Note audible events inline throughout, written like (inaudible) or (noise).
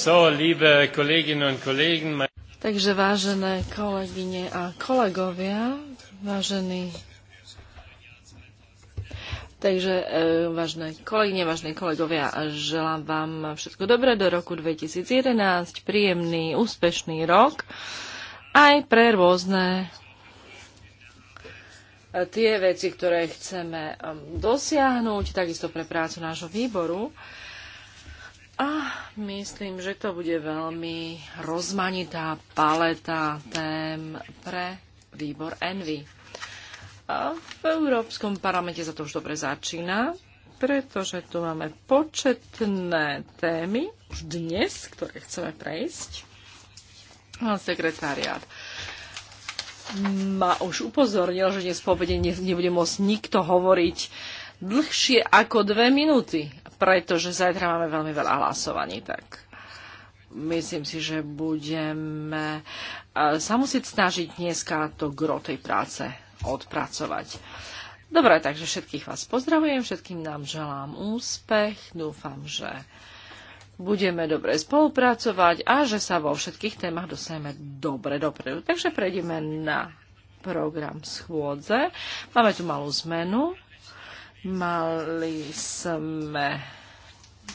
So, liebe Kolleginnen und Kollegen, mein... Takže vážené kolegyne a kolegovia, vážení Takže, e, vážne kolegyne, vážne kolegovia, želám vám všetko dobré do roku 2011, príjemný, úspešný rok, aj pre rôzne e, tie veci, ktoré chceme e, dosiahnuť, takisto pre prácu nášho výboru. A myslím, že to bude veľmi rozmanitá paleta tém pre výbor Envy. A v Európskom parlamente sa to už dobre začína, pretože tu máme početné témy už dnes, ktoré chceme prejsť. Sekretariát ma už upozornil, že dnes po obede nebude môcť nikto hovoriť dlhšie ako dve minúty pretože zajtra máme veľmi veľa hlasovaní. Tak myslím si, že budeme sa musieť snažiť dneska to gro tej práce odpracovať. Dobre, takže všetkých vás pozdravujem, všetkým nám želám úspech, dúfam, že budeme dobre spolupracovať a že sa vo všetkých témach dostaneme dobre dopredu. Takže prejdeme na program schôdze. Máme tu malú zmenu. Mali sme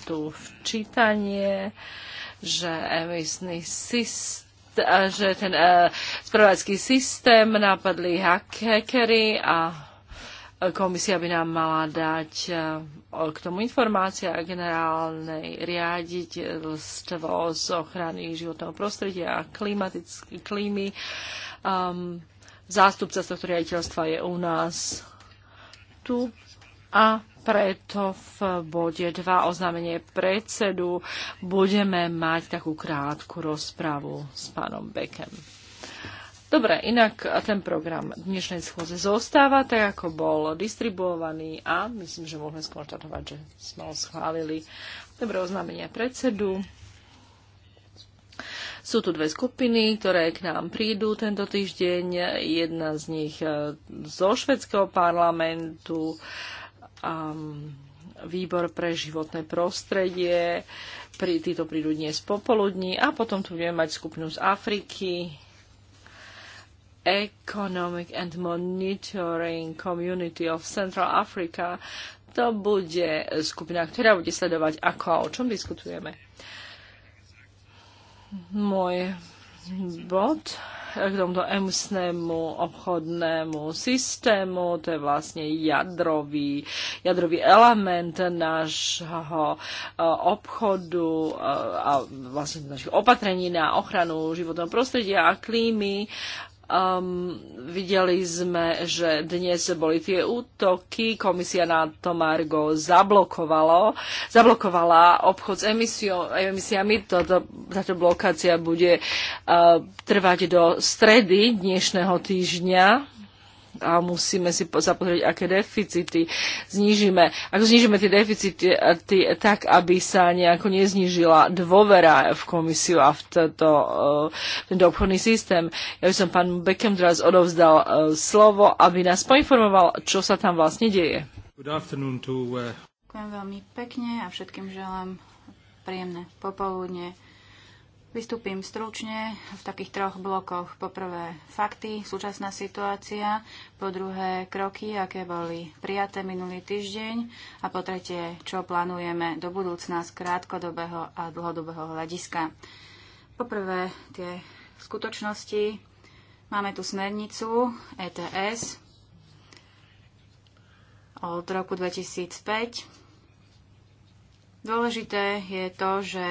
tu včítanie, že emisný systém že ten uh, spravodajský systém napadli hackery a komisia by nám mala dať e, k tomu informácia a generálnej riaditeľstvo z ochrany životného prostredia a klímy. Um, zástupca z tohto riaditeľstva je u nás tu a preto v bode 2 oznámenie predsedu budeme mať takú krátku rozpravu s pánom Bekem. Dobre, inak ten program dnešnej schôze zostáva tak, ako bol distribuovaný a myslím, že môžeme skonštatovať, že sme ho schválili. Dobre, oznámenie predsedu. Sú tu dve skupiny, ktoré k nám prídu tento týždeň. Jedna z nich eh, zo švedského parlamentu. Uh, um, výbor pre životné prostredie. Pri, títo prídu dnes popoludní a potom tu budeme mať skupinu z Afriky. Economic and Monitoring Community of Central Africa. To bude skupina, ktorá bude sledovať, ako a o čom diskutujeme. Môj bod k tomuto emusnému obchodnému systému. To je vlastne jadrový, jadrový element nášho e, obchodu e, a vlastne našich opatrení na ochranu životného prostredia a klímy. Um, videli sme, že dnes boli tie útoky, komisia na to Margo zablokovalo, zablokovala obchod s emisiou, emisiami. Toto, táto blokácia bude uh, trvať do stredy dnešného týždňa a musíme si zapozrieť, aké deficity znížime. Ak znížime tie deficity tý, tak, aby sa nejako neznížila dôvera v komisiu a v tento, uh, e, tento obchodný systém. Ja by som pán Beckham teraz odovzdal e, slovo, aby nás poinformoval, čo sa tam vlastne deje. E, Ďakujem veľmi pekne a všetkým želám príjemné popoludne. Vystúpim stručne v takých troch blokoch. Po prvé fakty, súčasná situácia, po druhé kroky, aké boli prijaté minulý týždeň a po tretie, čo plánujeme do budúcna z krátkodobého a dlhodobého hľadiska. Poprvé tie skutočnosti. Máme tu smernicu ETS od roku 2005. Dôležité je to, že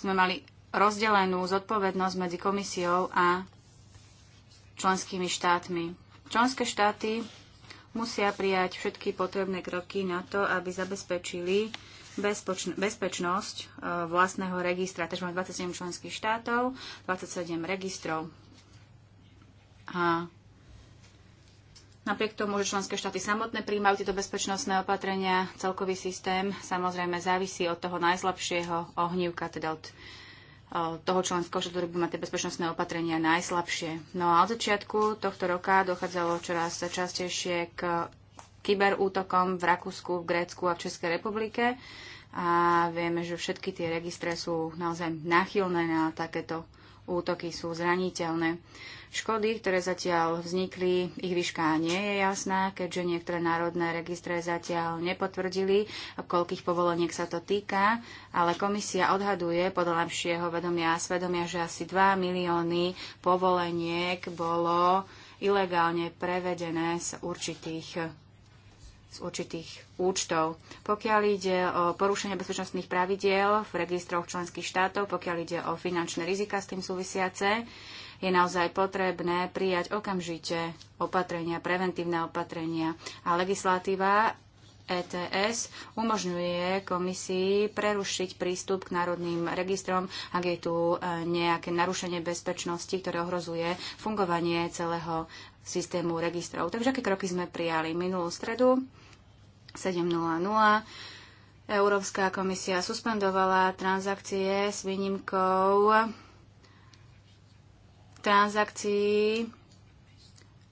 sme mali rozdelenú zodpovednosť medzi komisiou a členskými štátmi. Členské štáty musia prijať všetky potrebné kroky na to, aby zabezpečili bezpečnosť e, vlastného registra. Takže máme 27 členských štátov, 27 registrov. A Napriek tomu, že členské štáty samotné príjmajú tieto bezpečnostné opatrenia, celkový systém samozrejme závisí od toho najslabšieho ohnívka, teda od eh, toho členského štátu, ktorý má tie bezpečnostné opatrenia najslabšie. No a od začiatku tohto roka dochádzalo čoraz častejšie k kyberútokom v Rakúsku, v Grécku a v Českej republike a vieme, že všetky tie registre sú naozaj náchylné na takéto útoky sú zraniteľné. Škody, ktoré zatiaľ vznikli, ich výška nie je jasná, keďže niektoré národné registre zatiaľ nepotvrdili, koľkých povoleniek sa to týka, ale komisia odhaduje podľa lepšieho vedomia a svedomia, že asi 2 milióny povoleniek bolo ilegálne prevedené z určitých z určitých účtov. Pokiaľ ide o porušenie bezpečnostných pravidiel v registroch členských štátov, pokiaľ ide o finančné rizika s tým súvisiace, je naozaj potrebné prijať okamžite opatrenia, preventívne opatrenia. A legislatíva ETS umožňuje komisii prerušiť prístup k národným registrom, ak je tu e, nejaké narušenie bezpečnosti, ktoré ohrozuje fungovanie celého systému registrov. Takže aké kroky sme prijali? Minulú stredu 7.00 Európska komisia suspendovala transakcie s výnimkou transakcií,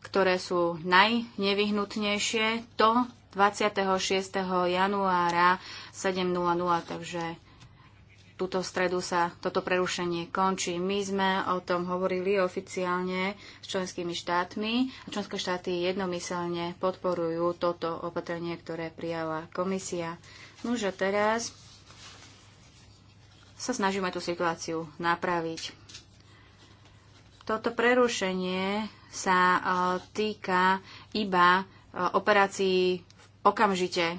ktoré sú najnevyhnutnejšie do 26. januára 7.00, takže túto stredu sa toto prerušenie končí. My sme o tom hovorili oficiálne s členskými štátmi a členské štáty jednomyselne podporujú toto opatrenie, ktoré prijala komisia. Nože teraz sa snažíme tú situáciu napraviť. Toto prerušenie sa e, týka iba e, operácií okamžite, e,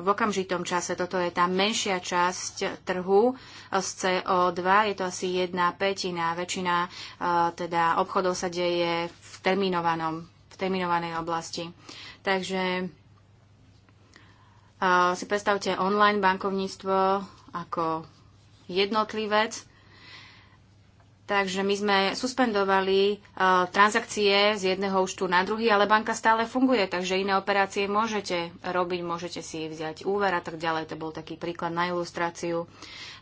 v okamžitom čase. Toto je tá menšia časť trhu e, z CO2, je to asi jedna pätina. Väčšina e, teda obchodov sa deje v terminovanom, v terminovanej oblasti. Takže si predstavte online bankovníctvo ako jednotlivec, Takže my sme suspendovali uh, transakcie z jedného účtu na druhý, ale banka stále funguje, takže iné operácie môžete robiť, môžete si vziať úver a tak ďalej. To bol taký príklad na ilustráciu.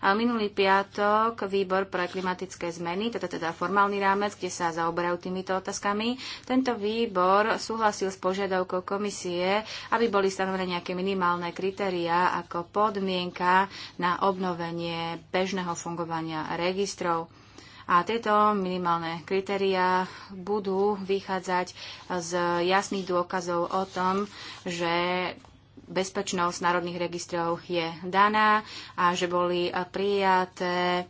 A minulý piatok výbor pre klimatické zmeny, toto teda formálny rámec, kde sa zaoberajú týmito otázkami, tento výbor súhlasil s požiadavkou komisie, aby boli stanovené nejaké minimálne kritériá ako podmienka na obnovenie bežného fungovania registrov. A tieto minimálne kritériá budú vychádzať z jasných dôkazov o tom, že bezpečnosť národných registrov je daná a že boli prijaté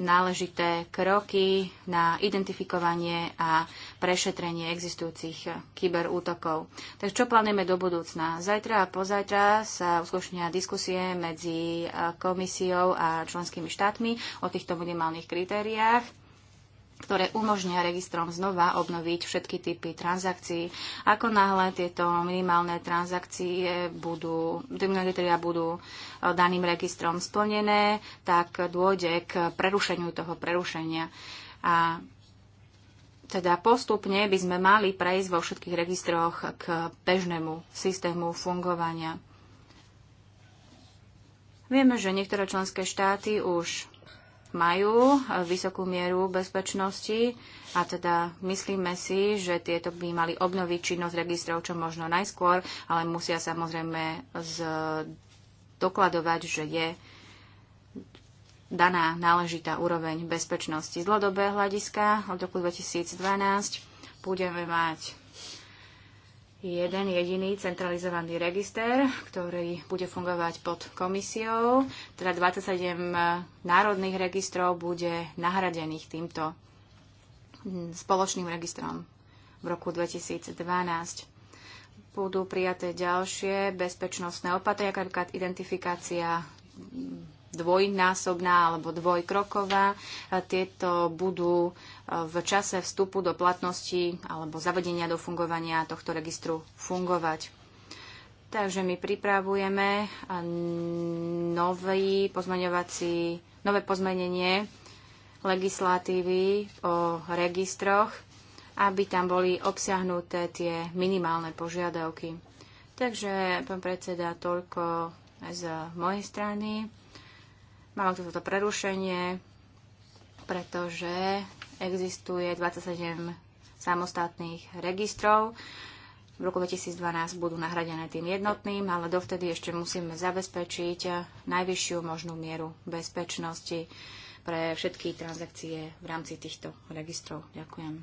náležité kroky na identifikovanie a prešetrenie existujúcich kyberútokov. Takže čo plánujeme do budúcna? Zajtra a pozajtra sa uskutočnia diskusie medzi e, komisiou a členskými štátmi o týchto minimálnych kritériách ktoré umožnia registrom znova obnoviť všetky typy transakcií. Ako náhle tieto minimálne transakcie budú, teda budú e, daným registrom splnené, tak dôjde k prerušeniu toho prerušenia. A teda postupne by sme mali prejsť vo všetkých registroch k bežnému systému fungovania. Vieme, že niektoré členské štáty už majú vysokú mieru bezpečnosti a teda myslíme si, že tieto by mali obnoviť činnosť registrov čo možno najskôr, ale musia samozrejme dokladovať, že je daná náležitá úroveň bezpečnosti. Z dlhodobého hľadiska od roku 2012 budeme mať jeden jediný centralizovaný register, ktorý bude fungovať pod komisiou. Teda 27 národných registrov bude nahradených týmto spoločným registrom v roku 2012. Budú prijaté ďalšie bezpečnostné opatrenia, napríklad identifikácia dvojnásobná alebo dvojkroková. Tieto budú e, v čase vstupu do platnosti alebo zavedenia do fungovania tohto registru fungovať. Takže my pripravujeme e, nový pozmeňovací, nové pozmenenie legislatívy o registroch, aby tam boli obsiahnuté tie minimálne požiadavky. Takže, pán predseda, toľko z mojej strany. Mám tu toto prerušenie, pretože existuje 27 samostatných registrov. V roku 2012 budú nahradené tým jednotným, ale dovtedy ešte musíme zabezpečiť najvyššiu možnú mieru bezpečnosti pre všetky transakcie v rámci týchto registrov. Ďakujem.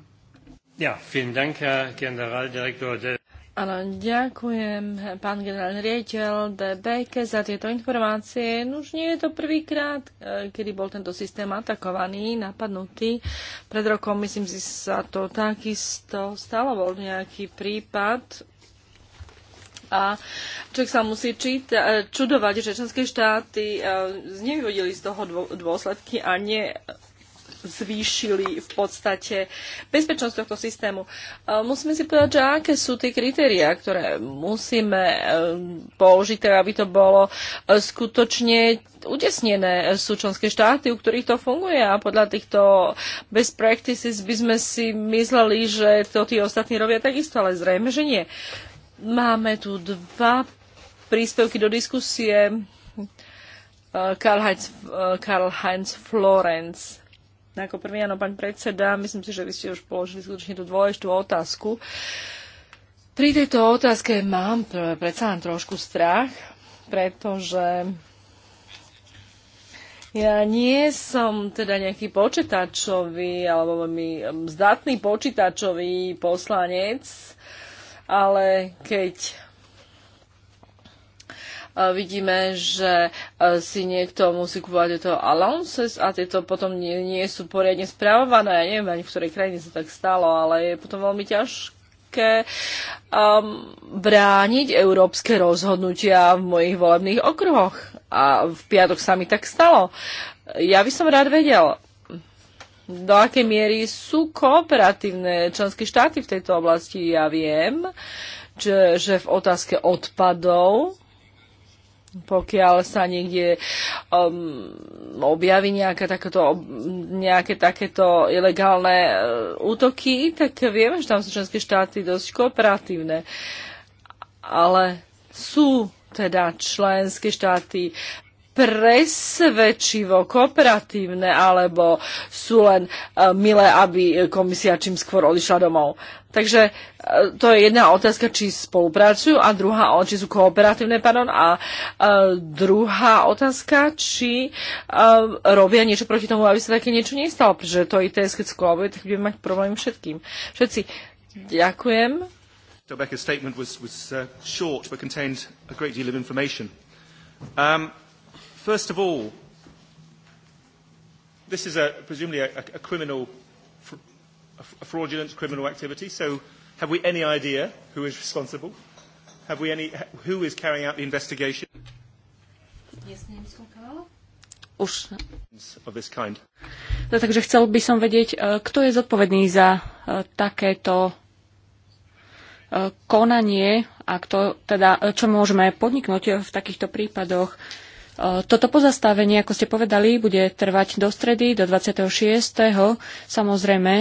Ja, vielen Dank, Herr Generaldirektor. Áno, ďakujem pán generálny riaditeľ DBK za tieto informácie. No už nie je to prvýkrát, e, kedy bol tento systém atakovaný, napadnutý. Pred rokom, myslím si, sa to takisto stalo, bol nejaký prípad a človek sa musí číta, e, čudovať, že členské štáty znevyvodili e, z toho dôsledky a nie zvýšili v podstate bezpečnosť tohto systému. Musíme si povedať, že aké sú tie kritériá, ktoré musíme e, použiť, teda aby to bolo e, skutočne utesnené sú členské štáty, u ktorých to funguje a podľa týchto best practices by sme si mysleli, že to tí ostatní robia takisto, ale zrejme, že nie. Máme tu dva príspevky do diskusie. E, Karl Heinz, Karl Heinz Florence No, ako prvý, áno, pán predseda, myslím si, že vy ste už položili skutočne tú dôležitú otázku. Pri tejto otázke mám predsa len trošku strach, pretože ja nie som teda nejaký počítačový alebo veľmi zdatný počítačový poslanec, ale keď vidíme, že e, si niekto musí kúpovať tieto allowances a tieto potom nie, nie sú poriadne správované. Ja neviem ani v ktorej krajine sa tak stalo, ale je potom veľmi ťažké um, brániť európske rozhodnutia v mojich volebných okruhoch. A v piatok sa mi tak stalo. Ja by som rád vedel, do akej miery sú kooperatívne členské štáty v tejto oblasti. Ja viem, že, že v otázke odpadov pokiaľ sa niekde um, objaví nejaké takéto, nejaké takéto ilegálne uh, útoky, tak vieme, že tam sú členské štáty dosť kooperatívne. Ale sú teda členské štáty presvedčivo, kooperatívne, alebo sú len uh, milé, aby komisia čím skôr odišla domov. Takže uh, to je jedna otázka, či spolupracujú a druhá, či sú kooperatívne, pardon, a uh, druhá otázka, či uh, robia niečo proti tomu, aby sa také niečo nestalo, pretože to ITS, keď skolabuje, tak budeme mať problémy všetkým. Všetci, ďakujem. Rebecca's statement was, was uh, short but contained a great deal of information. Um, First of all, this is a, presumably a, a criminal, a fraudulent criminal activity. So, have we any idea who is responsible? Have we any, who is carrying out the investigation? Už. Of this kind. No, takže chcel by som vedieť, e, kto je zodpovedný za e, takéto e, konanie a kto, teda, čo môžeme podniknúť v takýchto prípadoch. E, toto pozastavenie, ako ste povedali, bude trvať do stredy, do 26. Samozrejme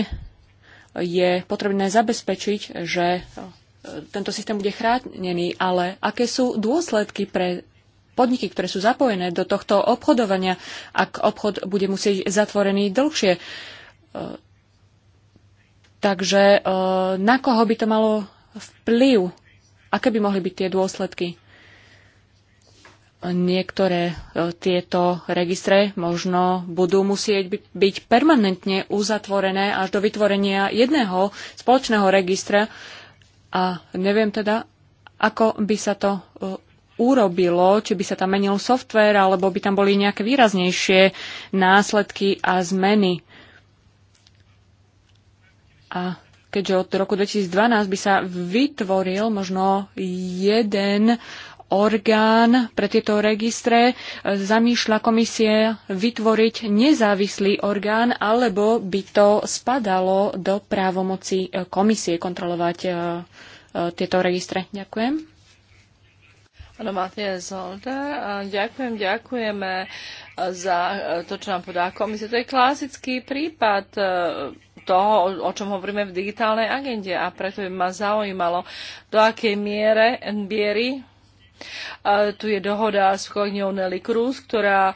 je potrebné zabezpečiť, že e, tento systém bude chránený, ale aké sú dôsledky pre podniky, ktoré sú zapojené do tohto obchodovania, ak obchod bude musieť zatvorený dlhšie. E, takže na koho by to malo vplyv? Aké by mohli byť tie dôsledky? niektoré e, tieto registre možno budú musieť byť permanentne uzatvorené až do vytvorenia jedného spoločného registra a neviem teda, ako by sa to e, urobilo, či by sa tam menil software, alebo by tam boli nejaké výraznejšie následky a zmeny. A keďže od roku 2012 by sa vytvoril možno jeden uh, orgán pre tieto registre. E, zamýšľa komisie vytvoriť nezávislý orgán, alebo by to spadalo do právomoci e, komisie kontrolovať e, tieto registre. Ďakujem. Áno, Matia Zolda. Ďakujem, ďakujeme za to, čo nám podá komisia. To je klasický prípad toho, o čom hovoríme v digitálnej agende a preto by ma zaujímalo, do akej miere, NBRI tu je dohoda s kolegyňou Nelly Cruz, ktorá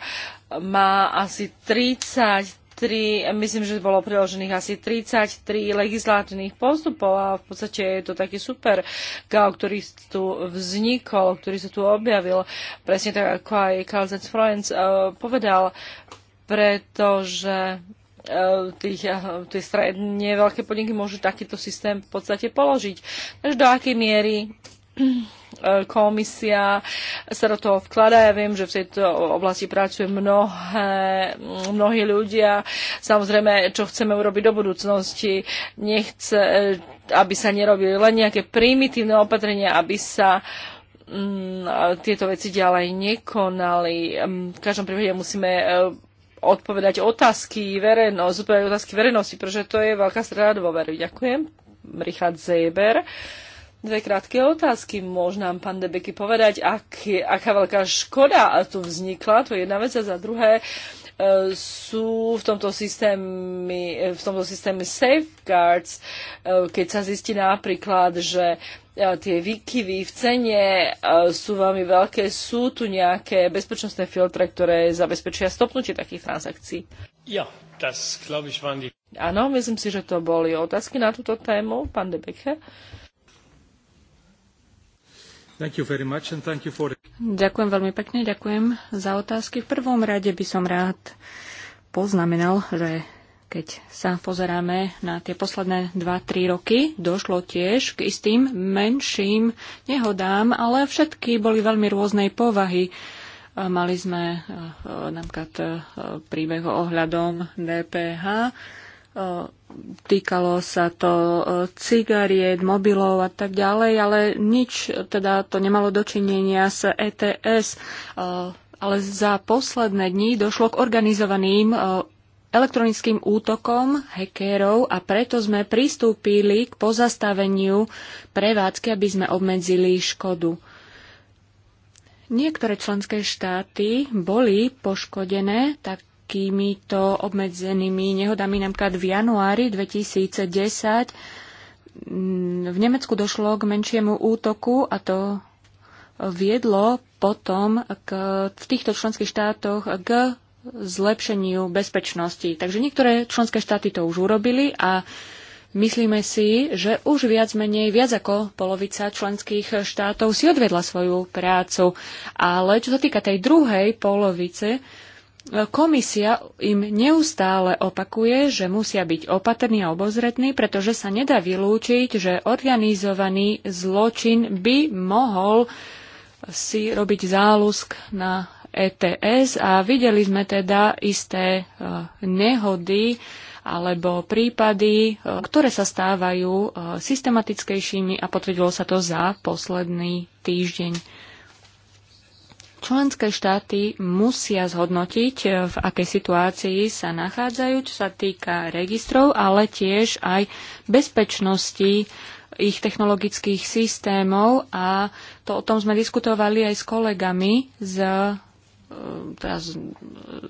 má asi 30 Tri, myslím, že bolo preložených asi 33 legislatívnych postupov a v podstate je to taký super Kao, ktorý tu vznikol, ktorý sa tu objavil, presne tak ako aj Karl Zetz Freund uh, povedal, pretože e, tých, e, tie stredne veľké podniky môžu takýto systém v podstate položiť. Takže do akej miery komisia sa do toho vkladá. Ja viem, že v tejto oblasti pracujú mnohé, mnohí ľudia. Samozrejme, čo chceme urobiť do budúcnosti, nechce, aby sa nerobili len nejaké primitívne opatrenia, aby sa mm, tieto veci ďalej nekonali. Mm, v každom prípade musíme e, odpovedať otázky, verejnosti, otázky verejnosti, pretože to je veľká strana dôvery. Ďakujem. Richard Zeber. Uh, Dve krátke otázky. Môže nám pán Debeky povedať, ak, aká veľká škoda tu vznikla? To je jedna vec. A za druhé, e, sú v tomto systéme, v tomto systéme safeguards, e, keď sa zistí napríklad, že e, tie výkyvy v cene sú veľmi veľké, sú tu nejaké bezpečnostné filtre, ktoré zabezpečia stopnutie takých transakcií? Ja, das ich die... Áno, myslím si, že to boli otázky na túto tému, pán Debeke. Uh, Ďakujem veľmi pekne, ďakujem za otázky. V prvom rade by som rád poznamenal, že keď sa pozeráme na tie posledné 2-3 roky, došlo tiež k istým menším nehodám, ale všetky boli veľmi rôznej povahy. Mali sme eh, napríklad eh, príbeh ohľadom DPH, Týkalo sa to e, cigariet, mobilov a tak ďalej, ale nič teda to nemalo dočinenia s ETS. E, ale za posledné dni došlo k organizovaným e, elektronickým útokom hackerov a preto sme pristúpili k pozastaveniu prevádzky, aby sme obmedzili škodu. Niektoré členské štáty boli poškodené tak takýmito obmedzenými nehodami. Napríklad v januári 2010 mm, v Nemecku došlo k menšiemu útoku a to viedlo potom k, v týchto členských štátoch k zlepšeniu bezpečnosti. Takže niektoré členské štáty to už urobili a Myslíme si, že už viac menej, viac ako polovica členských štátov si odvedla svoju prácu. Ale čo sa týka tej druhej polovice, komisia im neustále opakuje, že musia byť opatrní a obozretní, pretože sa nedá vylúčiť, že organizovaný zločin by mohol si robiť záľusk na ETS a videli sme teda isté e, nehody alebo prípady, e, ktoré sa stávajú e, systematickejšími a potvrdilo sa to za posledný týždeň. Členské štáty musia zhodnotiť, e, v akej situácii sa nachádzajú, čo sa týka registrov, ale tiež aj bezpečnosti ich technologických systémov a to, o tom sme diskutovali aj s kolegami z e, teda s,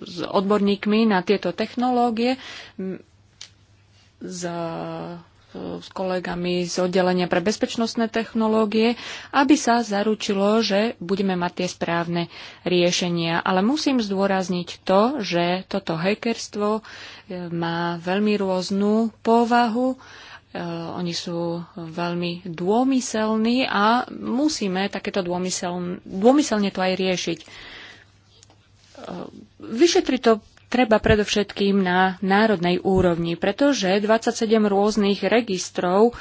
s odborníkmi na tieto technológie z s kolegami z oddelenia pre bezpečnostné technológie, aby sa zaručilo, že budeme mať tie správne riešenia. Ale musím zdôrazniť to, že toto hackerstvo e, má veľmi rôznu povahu e, oni sú veľmi dômyselní a musíme takéto dômyselne to aj riešiť. E, vyšetri to treba predovšetkým na národnej úrovni, pretože 27 rôznych registrov e,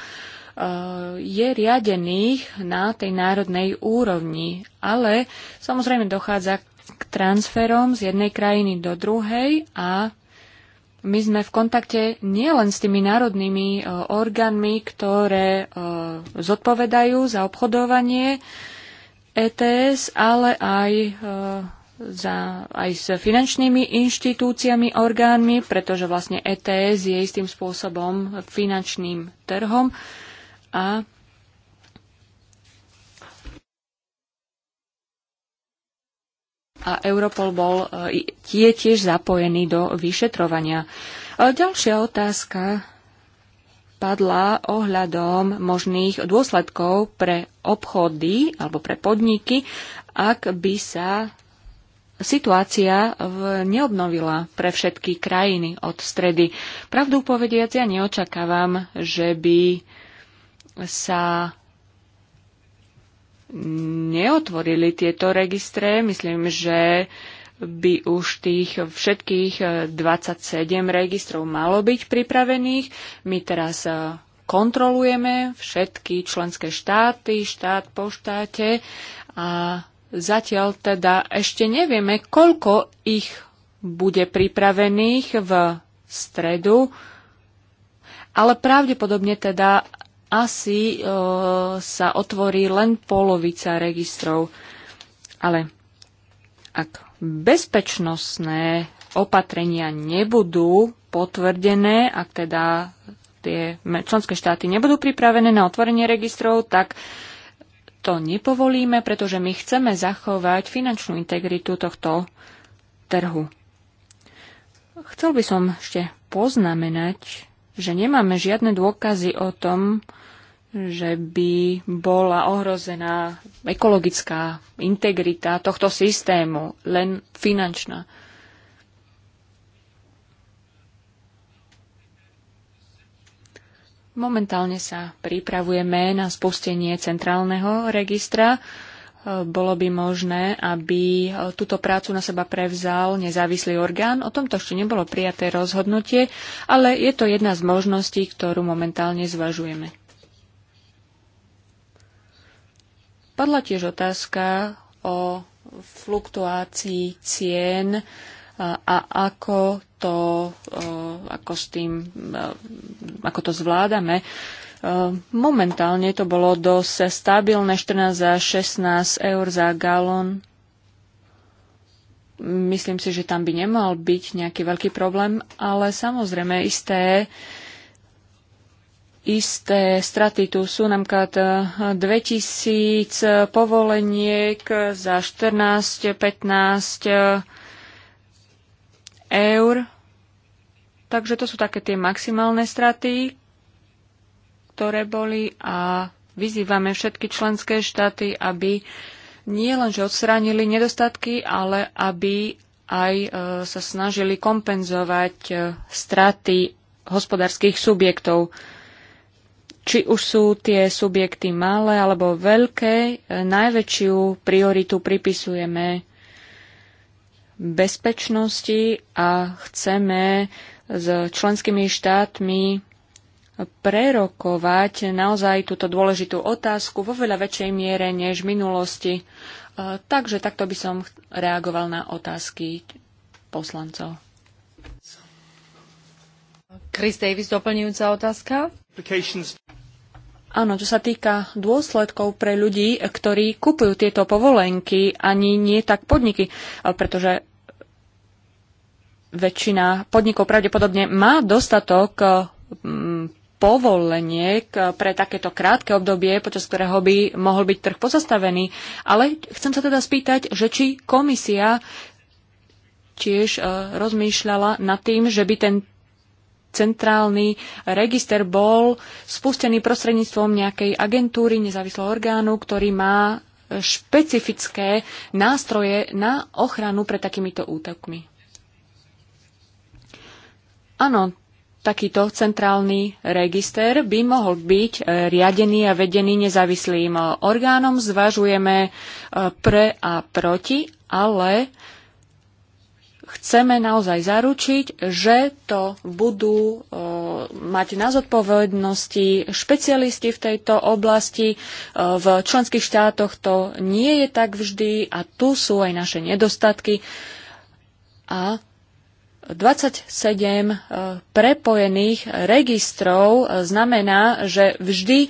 je riadených na tej národnej úrovni, ale samozrejme dochádza k transferom z jednej krajiny do druhej a my sme v kontakte nielen s tými národnými e, orgánmi, ktoré e, zodpovedajú za obchodovanie ETS, ale aj za, aj s finančnými inštitúciami, orgánmi, pretože vlastne ETS je istým spôsobom finančným trhom a a Europol bol tie tiež zapojený do vyšetrovania. Ďalšia otázka padla ohľadom možných dôsledkov pre obchody alebo pre podniky, ak by sa situácia v, neobnovila pre všetky krajiny od stredy. Pravdu povediac, ja neočakávam, že by sa neotvorili tieto registre. Myslím, že by už tých všetkých 27 eh, registrov malo byť pripravených. My teraz eh, kontrolujeme všetky členské štáty, štát po štáte a Zatiaľ teda ešte nevieme, koľko ich bude pripravených v stredu, ale pravdepodobne teda asi e, sa otvorí len polovica registrov. Ale ak bezpečnostné opatrenia nebudú potvrdené, ak teda tie členské štáty nebudú pripravené na otvorenie registrov, tak to nepovolíme, pretože my chceme zachovať finančnú integritu tohto trhu. Chcel by som ešte poznamenať, že nemáme žiadne dôkazy o tom, že by bola ohrozená ekologická integrita tohto systému, len finančná. Momentálne sa pripravujeme na spustenie centrálneho registra. E, bolo by možné, aby e, túto prácu na seba prevzal nezávislý orgán. O tomto ešte nebolo prijaté rozhodnutie, ale je to jedna z možností, ktorú momentálne zvažujeme. Padla tiež otázka o fluktuácii cien e, a ako to, e, ako s tým, e, ako to zvládame. E, momentálne to bolo dosť stabilné, 14 za 16 eur za galón. Myslím si, že tam by nemal byť nejaký veľký problém, ale samozrejme isté isté straty. Tu sú napríklad 2000 povoleniek za 14-15 eur Takže to sú také tie maximálne straty, ktoré boli a vyzývame všetky členské štáty, aby nie nielenže odstránili nedostatky, ale aby aj e, sa snažili kompenzovať e, straty hospodárskych subjektov. Či už sú tie subjekty malé alebo veľké, e, najväčšiu prioritu pripisujeme bezpečnosti a chceme s členskými štátmi prerokovať naozaj túto dôležitú otázku vo veľa väčšej miere než v minulosti. E, takže takto by som reagoval na otázky poslancov. Chris Davis, doplňujúca otázka. Áno, čo sa týka dôsledkov pre ľudí, ktorí kupujú tieto povolenky, ani nie tak podniky, e, pretože väčšina podnikov pravdepodobne má dostatok eh, povolenie eh, pre takéto krátke obdobie, počas ktorého by mohol byť trh pozastavený. Ale chcem sa teda spýtať, že či komisia tiež eh, rozmýšľala nad tým, že by ten centrálny register bol spustený prostredníctvom nejakej agentúry, nezávislého orgánu, ktorý má špecifické nástroje na ochranu pred takýmito útokmi. Áno, takýto centrálny register by mohol byť e, riadený a vedený nezávislým e, orgánom. Zvažujeme e, pre a proti, ale chceme naozaj zaručiť, že to budú mať na zodpovednosti špecialisti v tejto oblasti. V členských štátoch to nie je tak vždy a tu sú aj naše nedostatky. A 27 eh, prepojených registrov eh, znamená, že vždy eh,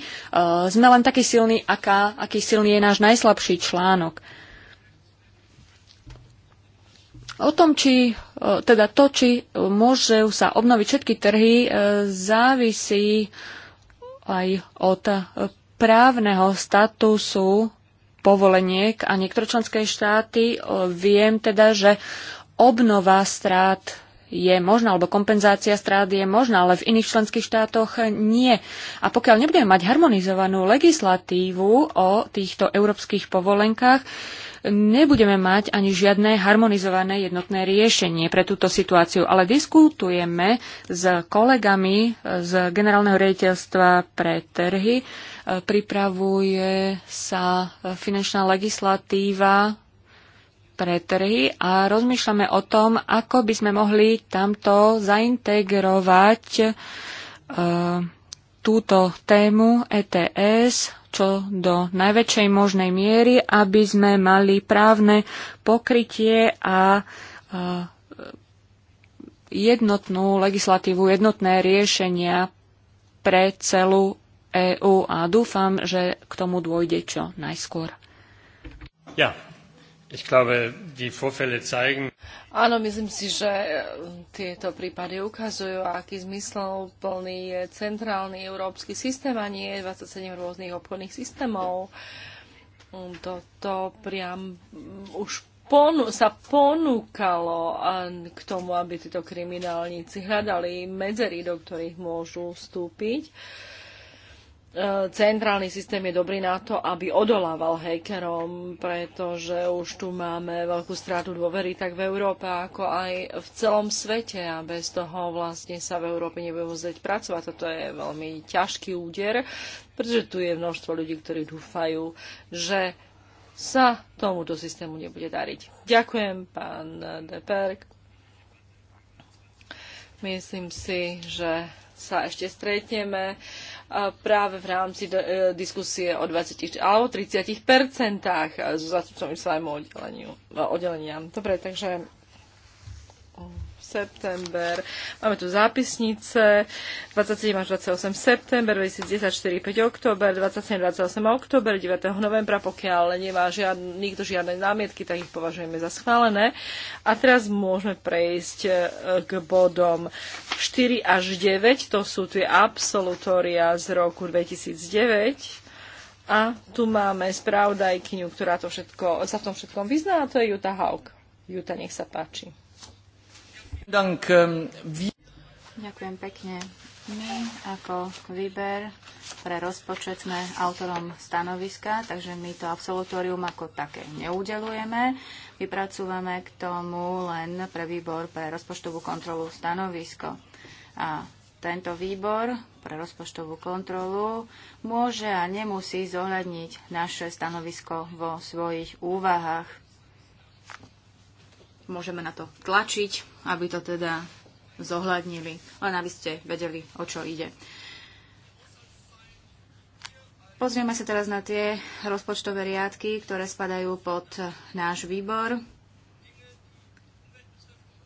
sme len taký silný, aká, aký silný je náš najslabší článok. O tom, či, teda to, či môžu sa obnoviť všetky trhy, závisí aj od právneho statusu povoleniek a niektoré členské štáty viem teda, že obnova strát je možná, alebo kompenzácia strát je možná, ale v iných členských štátoch nie. A pokiaľ nebudeme mať harmonizovanú legislatívu o týchto európskych povolenkách, nebudeme mať ani žiadne harmonizované jednotné riešenie pre túto situáciu, ale diskutujeme s kolegami z Generálneho riaditeľstva pre trhy. Pripravuje sa finančná legislatíva pre trhy a rozmýšľame o tom, ako by sme mohli tamto zaintegrovať e, túto tému ETS čo do najväčšej možnej miery, aby sme mali právne pokrytie a e, jednotnú legislatívu, jednotné riešenia pre celú EÚ a dúfam, že k tomu dôjde čo najskôr. Ja, Glaube, zeigen... Áno, myslím si, že e, tieto prípady ukazujú, aký plný je centrálny európsky systém a nie 27 rôznych obchodných systémov. Mm, toto priam mm, už ponu- sa ponúkalo k tomu, aby títo kriminálníci hľadali medzery, do ktorých môžu vstúpiť centrálny systém je dobrý na to, aby odolával hackerom, pretože už tu máme veľkú strátu dôvery tak v Európe, ako aj v celom svete a bez toho vlastne sa v Európe nebude môcť pracovať. Toto je veľmi ťažký úder, pretože tu je množstvo ľudí, ktorí dúfajú, že sa tomuto systému nebude dariť. Ďakujem, pán Deperk. Myslím si, že sa ešte stretneme práve v rámci e, diskusie o 20 alebo 30 percentách zo zástupcom islamu oddelenia. Dobre, takže september. Máme tu zápisnice 27 až 28 september, 2014 5 október, 27 28 október, 9. novembra, pokiaľ nemá žiad, nikto žiadne námietky, tak ich považujeme za schválené. A teraz môžeme prejsť e, k bodom 4 až 9, to sú tie absolutória z roku 2009. A tu máme správdajkyňu, ktorá to všetko, sa v tom všetkom vyzná, a to je Juta Haug. Juta, nech sa páči. Ehm, Ďakujem pekne. My ako výber pre rozpočet sme autorom stanoviska, takže my to absolutórium ako také neudelujeme. Vypracúvame k tomu len pre výbor pre rozpočtovú kontrolu stanovisko. A tento výbor pre rozpočtovú kontrolu môže a nemusí zohľadniť naše stanovisko vo svojich úvahách. Môžeme na to tlačiť, aby to teda zohľadnili, len aby ste vedeli, o čo ide. Pozrieme sa teraz na tie rozpočtové riadky, ktoré spadajú pod náš výbor.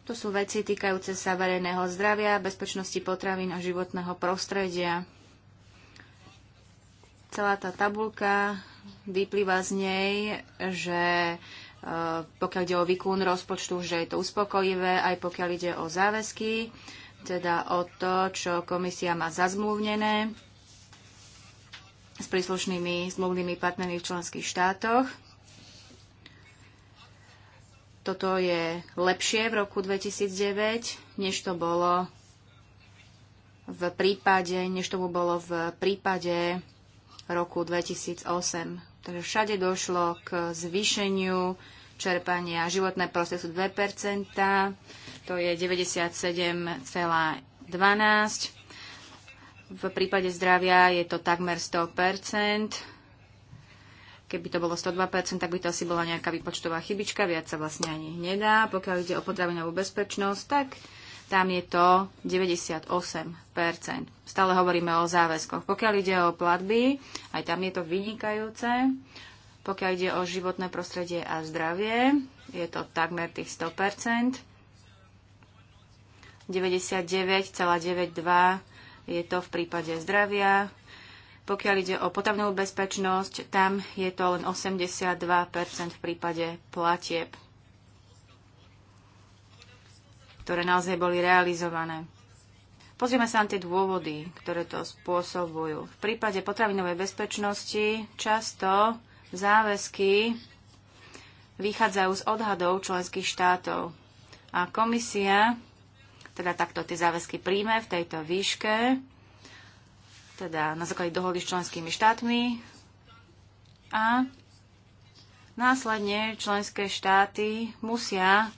To sú veci týkajúce sa verejného zdravia, bezpečnosti potravín a životného prostredia. Celá tá tabulka vyplýva z nej, že Eh, pokiaľ ide o výkon rozpočtu, že je to uspokojivé, aj pokiaľ ide o záväzky, teda o to, čo komisia má zazmluvnené s príslušnými zmluvnými partnermi v členských štátoch. Toto je lepšie v roku 2009, než to bolo v prípade, než tomu bolo v prípade roku 2008. Takže všade došlo k zvýšeniu čerpania. Životné prostredie sú 2%, to je 97,12. V prípade zdravia je to takmer 100%. Keby to bolo 102%, tak by to asi bola nejaká výpočtová chybička, viac sa vlastne ani nedá. Pokiaľ ide o potravinovú bezpečnosť, tak tam je to 98%. Stále hovoríme o záväzkoch. Pokiaľ ide o platby, aj tam je to vynikajúce. Pokiaľ ide o životné prostredie a zdravie, je to takmer tých 100%. 99,92 je to v prípade zdravia. Pokiaľ ide o potavnú bezpečnosť, tam je to len 82% v prípade platieb ktoré naozaj boli realizované. Pozrieme sa na tie dôvody, ktoré to spôsobujú. V prípade potravinovej bezpečnosti často záväzky vychádzajú z odhadov členských štátov. A komisia teda takto tie záväzky príjme v tejto výške, teda na základe dohody s členskými štátmi a následne členské štáty musia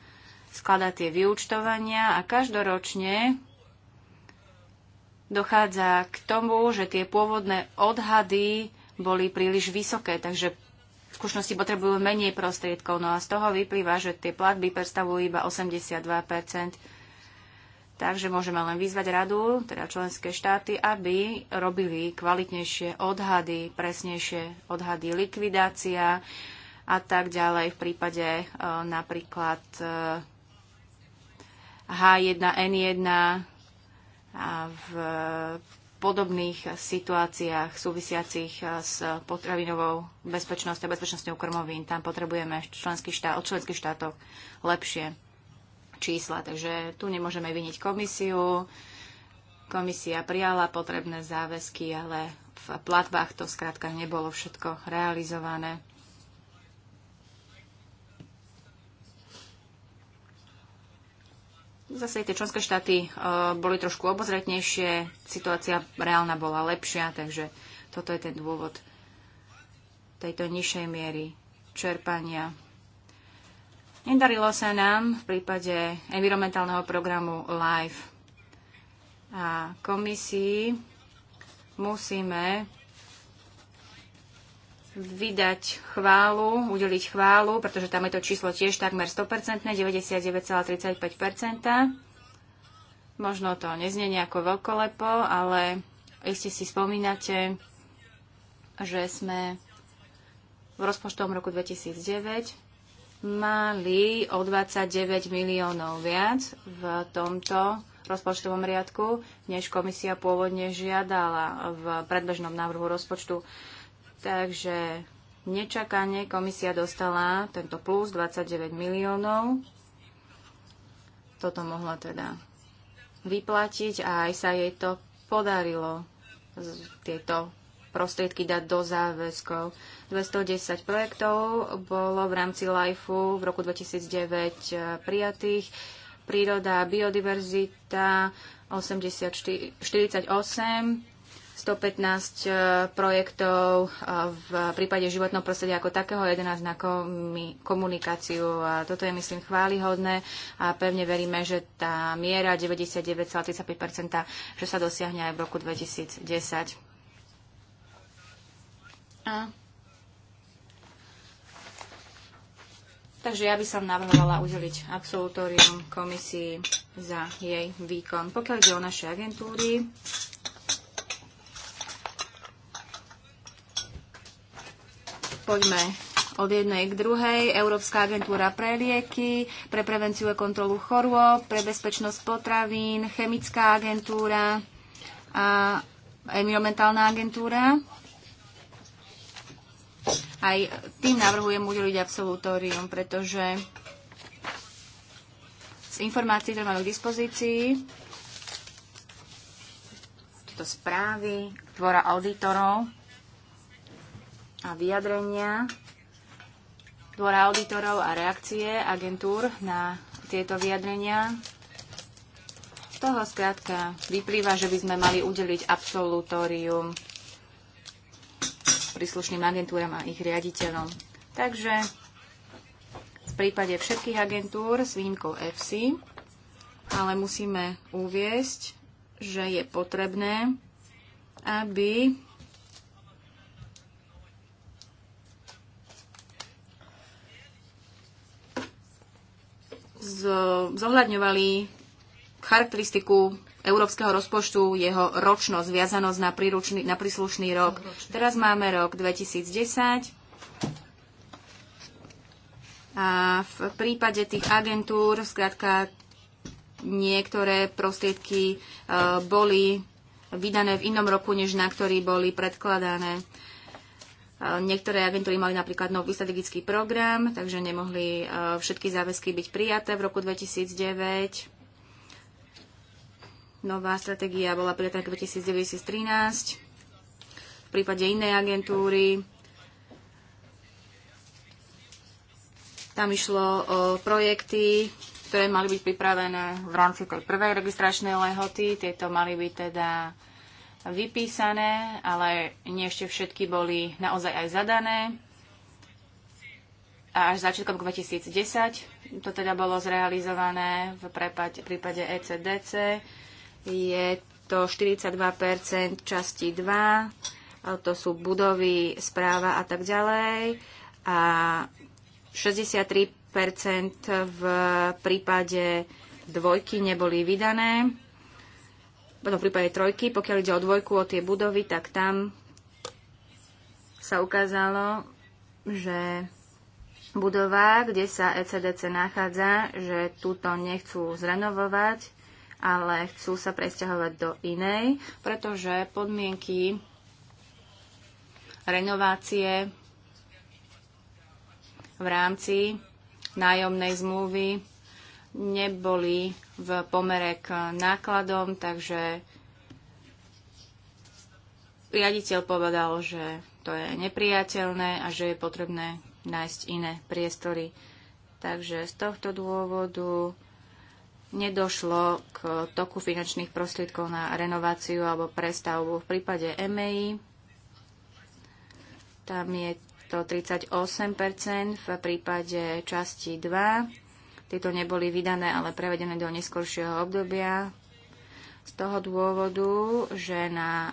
skladá tie vyúčtovania a každoročne dochádza k tomu, že tie pôvodné odhady boli príliš vysoké, takže v skutočnosti potrebujú menej prostriedkov. No a z toho vyplýva, že tie platby predstavujú iba 82 Takže môžeme len vyzvať radu, teda členské štáty, aby robili kvalitnejšie odhady, presnejšie odhady likvidácia a tak ďalej v prípade e, napríklad e, H1N1 a v podobných situáciách súvisiacich eh, s potravinovou bezpečnosťou a bezpečnosťou krmovín. Tam potrebujeme členský štát, od členských štátov lepšie čísla. Takže tu nemôžeme vyniť komisiu. Komisia prijala potrebné záväzky, ale v platbách to skrátka nebolo všetko realizované. Zase tie členské štáty e, boli trošku obozretnejšie, situácia reálna bola lepšia, takže toto je ten dôvod tejto nižšej miery čerpania. Nedarilo sa nám v prípade environmentálneho programu LIFE a komisii musíme vydať chválu, udeliť chválu, pretože tam je to číslo tiež takmer 100%, 99,35%. Možno to neznie nejako veľkolepo, ale iste si spomínate, že sme v rozpočtovom roku 2009 mali o 29 miliónov viac v tomto rozpočtovom riadku, než komisia pôvodne žiadala v predbežnom návrhu rozpočtu. Takže nečakane komisia dostala tento plus 29 miliónov. Toto mohla teda vyplatiť a aj sa jej to podarilo tieto prostriedky dať do záväzkov. 210 projektov bolo v rámci LIFE v roku 2009 eh, prijatých. Príroda, a biodiverzita 84, 48 115 e, projektov e, v prípade životného prostredia ako takého, 11 na komunikáciu. A toto je, myslím, chválihodné a pevne veríme, že tá miera 99,35%, že sa dosiahne aj v roku 2010. A. Takže ja by som navrhovala udeliť absolutórium komisii za jej výkon. Pokiaľ ide o naše agentúry, poďme od jednej k druhej. Európska agentúra pre lieky, pre prevenciu a kontrolu chorôb, pre bezpečnosť potravín, chemická agentúra a environmentálna agentúra. Aj tým navrhujem udeliť absolutórium, pretože z informácií, ktoré máme k dispozícii, tieto správy dvora auditorov, a vyjadrenia dvora auditorov a reakcie agentúr na tieto vyjadrenia. Z toho skrátka vyplýva, že by sme mali udeliť absolutórium príslušným agentúram a ich riaditeľom. Takže v prípade všetkých agentúr s výnimkou FC, ale musíme uviesť, že je potrebné, aby zohľadňovali charakteristiku európskeho rozpočtu, jeho ročnosť, viazanosť na, príručný, na príslušný rok. Teraz máme rok 2010 a v prípade tých agentúr, zkrátka niektoré prostriedky e, boli vydané v inom roku, než na ktorý boli predkladané. Niektoré agentúry mali napríklad nový strategický program, takže nemohli e, všetky záväzky byť prijaté v roku 2009. Nová stratégia bola prijatá v 2013. V prípade inej agentúry tam išlo o projekty, ktoré mali byť pripravené v rámci tej prvej registračnej lehoty. Tieto mali byť teda vypísané, ale nie ešte všetky boli naozaj aj zadané. A až začiatkom 2010 to teda bolo zrealizované v prípade ECDC. Je to 42 časti 2, to sú budovy, správa a tak ďalej. A 63 v prípade dvojky neboli vydané potom v prípade trojky, pokiaľ ide o dvojku, o tie budovy, tak tam sa ukázalo, že budova, kde sa ECDC nachádza, že túto nechcú zrenovovať, ale chcú sa presťahovať do inej, pretože podmienky renovácie v rámci nájomnej zmluvy neboli v pomere k nákladom, takže riaditeľ povedal, že to je nepriateľné a že je potrebné nájsť iné priestory. Takže z tohto dôvodu nedošlo k toku finančných prostriedkov na renováciu alebo prestavbu. V prípade EMEI tam je to 38%, v prípade časti 2 tieto neboli vydané, ale prevedené do neskoršieho obdobia. Z toho dôvodu, že na e,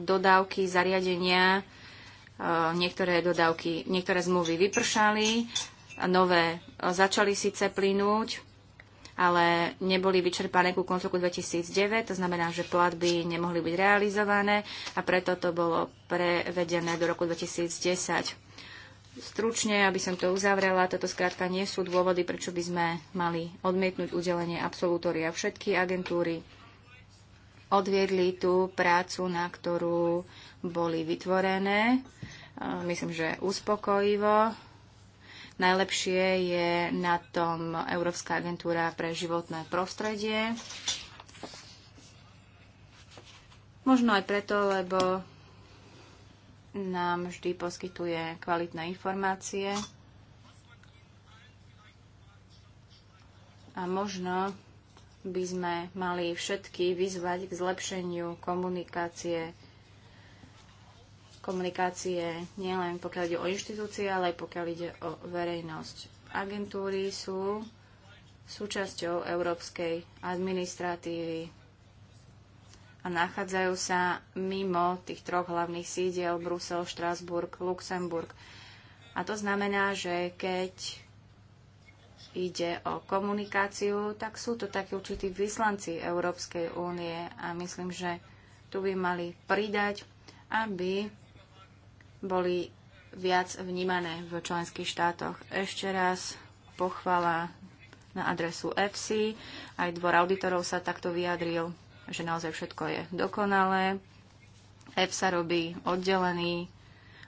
dodávky zariadenia e, niektoré dodávky, niektoré zmluvy vypršali, nové e, začali síce plynúť, ale neboli vyčerpané ku koncu roku 2009, to znamená, že platby nemohli byť realizované a preto to bolo prevedené do roku 2010 stručne, aby som to uzavrela, toto skrátka nie sú dôvody, prečo by sme mali odmietnúť udelenie absolutória. Všetky agentúry odviedli tú prácu, na ktorú boli vytvorené. Myslím, že uspokojivo. Najlepšie je na tom Európska agentúra pre životné prostredie. Možno aj preto, lebo nám vždy poskytuje kvalitné informácie a možno by sme mali všetky vyzvať k zlepšeniu komunikácie komunikácie nielen pokiaľ ide o inštitúcie, ale aj pokiaľ ide o verejnosť. Agentúry sú súčasťou európskej administratívy a nachádzajú sa mimo tých troch hlavných sídiel Brusel, Štrásburg, Luxemburg. A to znamená, že keď ide o komunikáciu, tak sú to takí určití vyslanci Európskej únie a myslím, že tu by mali pridať, aby boli viac vnímané v členských štátoch. Ešte raz pochvala na adresu FC, aj dvor auditorov sa takto vyjadril že naozaj všetko je dokonalé. sa robí oddelený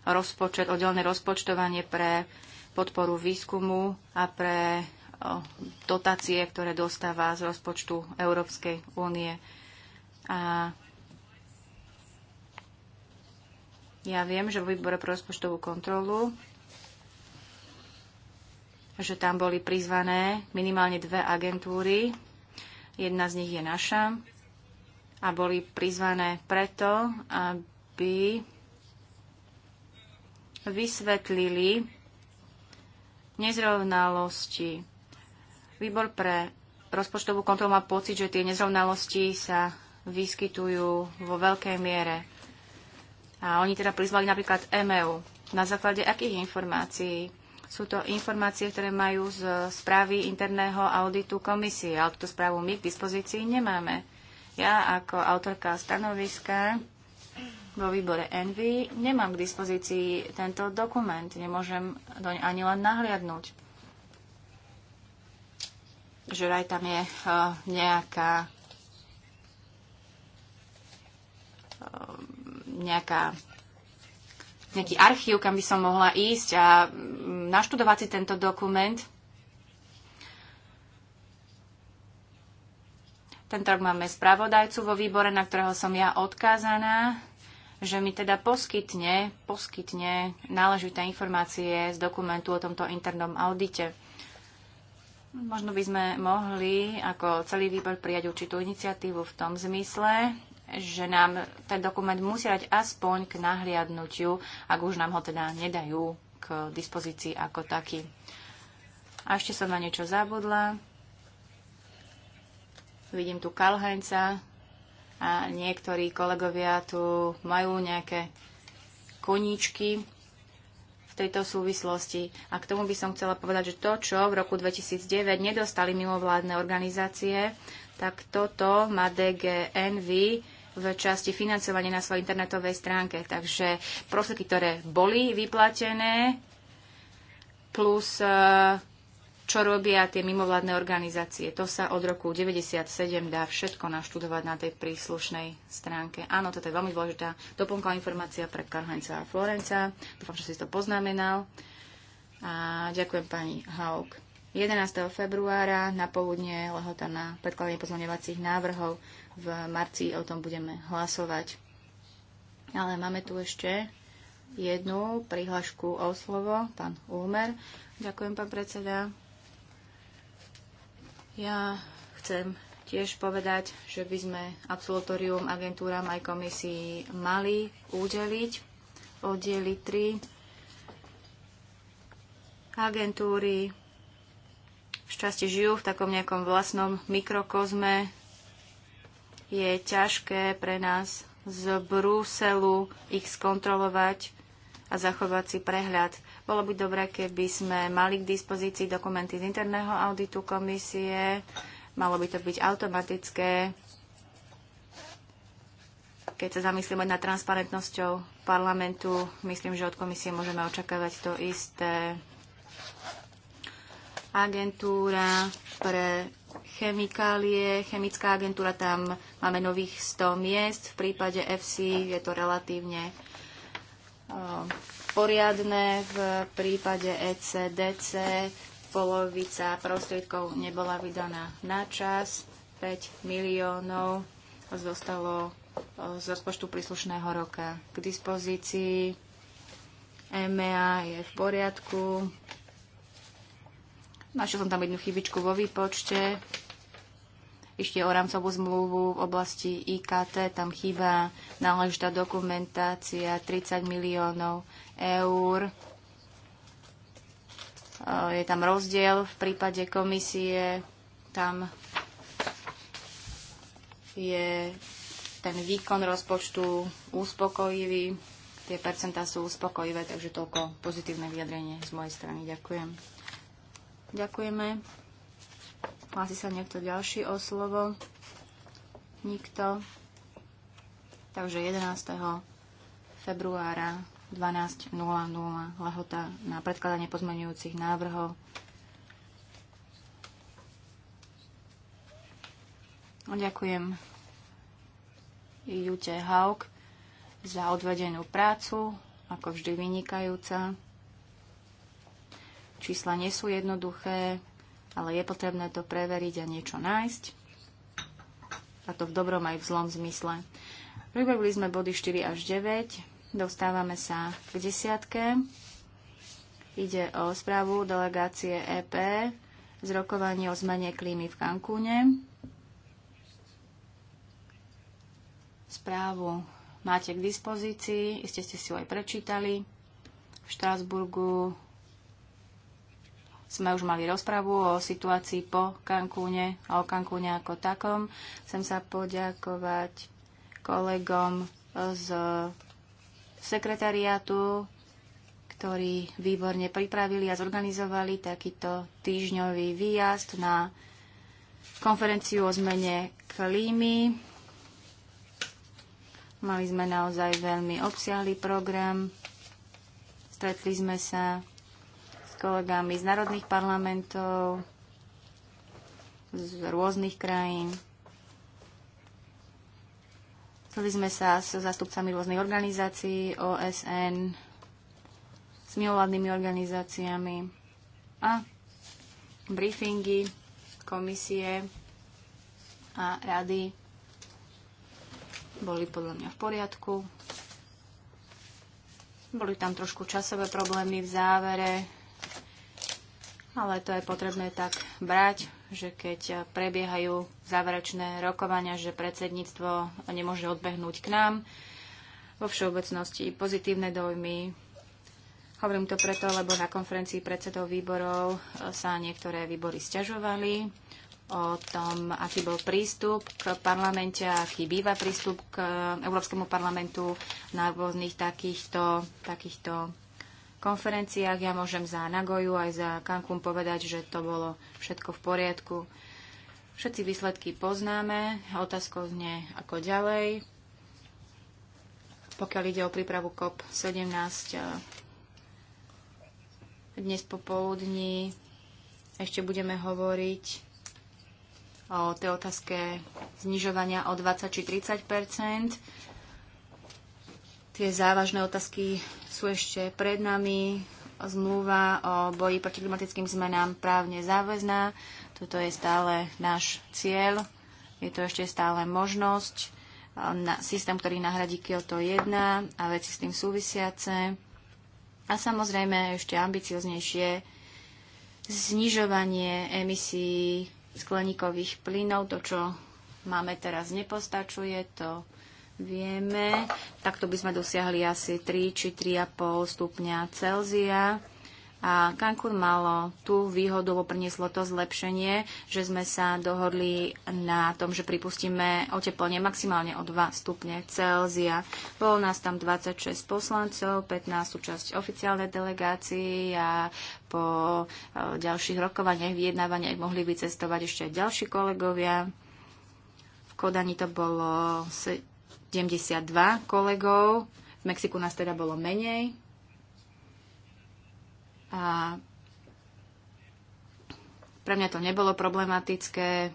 rozpočet, oddelené rozpočtovanie pre podporu výskumu a pre dotácie, ktoré dostáva z rozpočtu Európskej únie. A ja viem, že vo výbore pre rozpočtovú kontrolu že tam boli prizvané minimálne dve agentúry. Jedna z nich je naša, a boli prizvané preto, aby vysvetlili nezrovnalosti. Výbor pre rozpočtovú kontrolu má pocit, že tie nezrovnalosti sa vyskytujú vo veľkej miere. A oni teda prizvali napríklad EMEU. Na základe akých informácií? Sú to informácie, ktoré majú z správy interného auditu komisie, ale túto správu my k dispozícii nemáme. Ja ako autorka stanoviska vo výbore Envy nemám k dispozícii tento dokument. Nemôžem doň ani len nahliadnúť. Že aj tam je uh, nejaká uh, nejaká nejaký archív, kam by som mohla ísť a mm, naštudovať si tento dokument. Tento rok máme spravodajcu vo výbore, na ktorého som ja odkázaná, že mi teda poskytne, poskytne náležité informácie z dokumentu o tomto internom audite. Možno by sme mohli ako celý výbor prijať určitú iniciatívu v tom zmysle, že nám ten dokument musí dať aspoň k nahliadnutiu, ak už nám ho teda nedajú k dispozícii ako taký. A ešte som na niečo zabudla. Vidím tu Kalhaňca a niektorí kolegovia tu majú nejaké koníčky v tejto súvislosti. A k tomu by som chcela povedať, že to, čo v roku 2009 nedostali mimovládne organizácie, tak toto má DGNV v časti financovania na svojej internetovej stránke. Takže prostriedky, ktoré boli vyplatené, plus eh, čo robia tie mimovládne organizácie. To sa od roku 97 dá všetko naštudovať na tej príslušnej stránke. Áno, toto je veľmi dôležitá doplnková informácia pre Karhanca a Florenca. Dúfam, že si to poznamenal. A ďakujem pani Haug. 11. februára na poludne lehota na predkladanie pozmeňovacích návrhov. V marci o tom budeme hlasovať. Ale máme tu ešte jednu prihlášku o slovo, pán Úmer. Ďakujem, pán predseda. Ja chcem tiež povedať, že by sme absolutorium agentúram aj komisii mali udeliť. Oddeli 3. Agentúry šťastie žijú v takom nejakom vlastnom mikrokozme. Je ťažké pre nás z Bruselu ich skontrolovať a zachovať si prehľad. Bolo by dobré, keby sme mali k dispozícii dokumenty z interného auditu komisie. Malo by to byť automatické, keď sa zamyslíme nad transparentnosťou parlamentu, myslím, že od komisie môžeme očakávať to isté. Agentúra pre chemikálie, chemická agentúra, tam máme nových 100 miest. V prípade FC je to relatívne poriadne. V prípade ECDC polovica prostriedkov nebola vydaná na čas. 5 miliónov zostalo e, z rozpočtu príslušného roka k dispozícii. EMEA je v poriadku. Našiel som tam jednu chybičku vo výpočte. Ešte o rámcovú zmluvu v oblasti IKT. Tam chýba náležitá dokumentácia 30 miliónov eur. Eh, je tam rozdiel v prípade komisie, tam je ten výkon rozpočtu uspokojivý, tie percentá sú uspokojivé, takže toľko pozitívne vyjadrenie z mojej strany. Ďakujem. Ďakujeme. Hlási sa niekto ďalší o slovo? Nikto. Takže 11. februára 12.00 lehota na predkladanie pozmenujúcich návrhov. Ďakujem Jute Haug za odvedenú prácu, ako vždy vynikajúca. Čísla nie sú jednoduché, ale je potrebné to preveriť a niečo nájsť. A to v dobrom aj v zlom zmysle. Pripravili sme body 4 až 9. Dostávame sa k desiatke. Ide o správu delegácie EP z rokovania o zmene klímy v Cancúne. Správu máte k dispozícii, iste ste si ju aj prečítali. V Štrásburgu sme už mali rozpravu o situácii po Cancúne a o Cancúne ako takom. Chcem sa poďakovať kolegom z sekretariátu, ktorí výborne pripravili a zorganizovali takýto týždňový výjazd na konferenciu o zmene klímy. Mali sme naozaj veľmi obsiahly program. Stretli sme sa s kolegami z národných parlamentov, z rôznych krajín, Chceli sme sa s zastupcami rôznych organizácií, OSN, s mimovládnymi organizáciami a briefingy komisie a rady boli podľa mňa v poriadku. Boli tam trošku časové problémy v závere, ale to je potrebné tak brať že keď prebiehajú záverečné rokovania, že predsedníctvo nemôže odbehnúť k nám. Vo všeobecnosti pozitívne dojmy. Hovorím to preto, lebo na konferencii predsedov výborov e, sa niektoré výbory stiažovali o tom, aký bol prístup k parlamente, aký býva prístup k Európskemu parlamentu na rôznych takýchto, takýchto konferenciách. Ja môžem za Nagoju aj za Cancún povedať, že to bolo všetko v poriadku. Všetci výsledky poznáme. Otázka znie ako ďalej. Pokiaľ ide o prípravu COP17, eh, dnes popoludní ešte budeme hovoriť o tej otázke znižovania o 20 či 30 Tie závažné otázky sú ešte pred nami. Zmluva o boji proti klimatickým zmenám právne záväzná. Toto je stále náš cieľ. Je to ešte stále možnosť. Na, systém, ktorý nahradí Kyoto 1 a veci s tým súvisiace. A samozrejme ešte ambicioznejšie znižovanie emisí skleníkových plynov. To, čo máme teraz, nepostačuje. To vieme, takto by sme dosiahli asi 3 či 3,5 stupňa Celzia. A Cancún malo tú výhodu, bo prinieslo to zlepšenie, že sme sa dohodli na tom, že pripustíme oteplenie maximálne o 2 stupne Celzia. Bolo nás tam 26 poslancov, 15 súčasť oficiálnej delegácii a po e, ďalších rokovaniach, vyjednávaniach mohli vycestovať ešte aj ďalší kolegovia. V Kodani to bolo 72 kolegov. V Mexiku nás teda bolo menej. A pre mňa to nebolo problematické.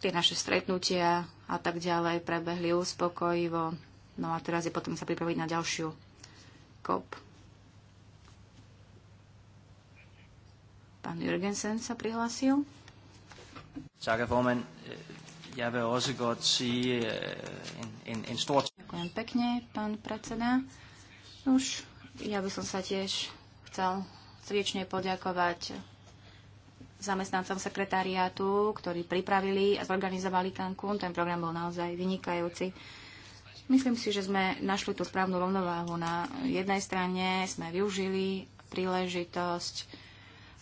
Tie naše stretnutia a tak ďalej prebehli uspokojivo. No a teraz je potom sa pripraviť na ďalšiu kop. Pán Jürgensen sa prihlásil. Ďakujem, Øh, Ďakujem pekne, pán predseda. Už ja by som sa tiež chcel srdečne poďakovať zamestnancom sekretariátu, ktorí pripravili a zorganizovali Cancún. Ten program bol naozaj vynikajúci. Myslím si, že sme našli tú správnu rovnováhu. Na jednej strane sme využili príležitosť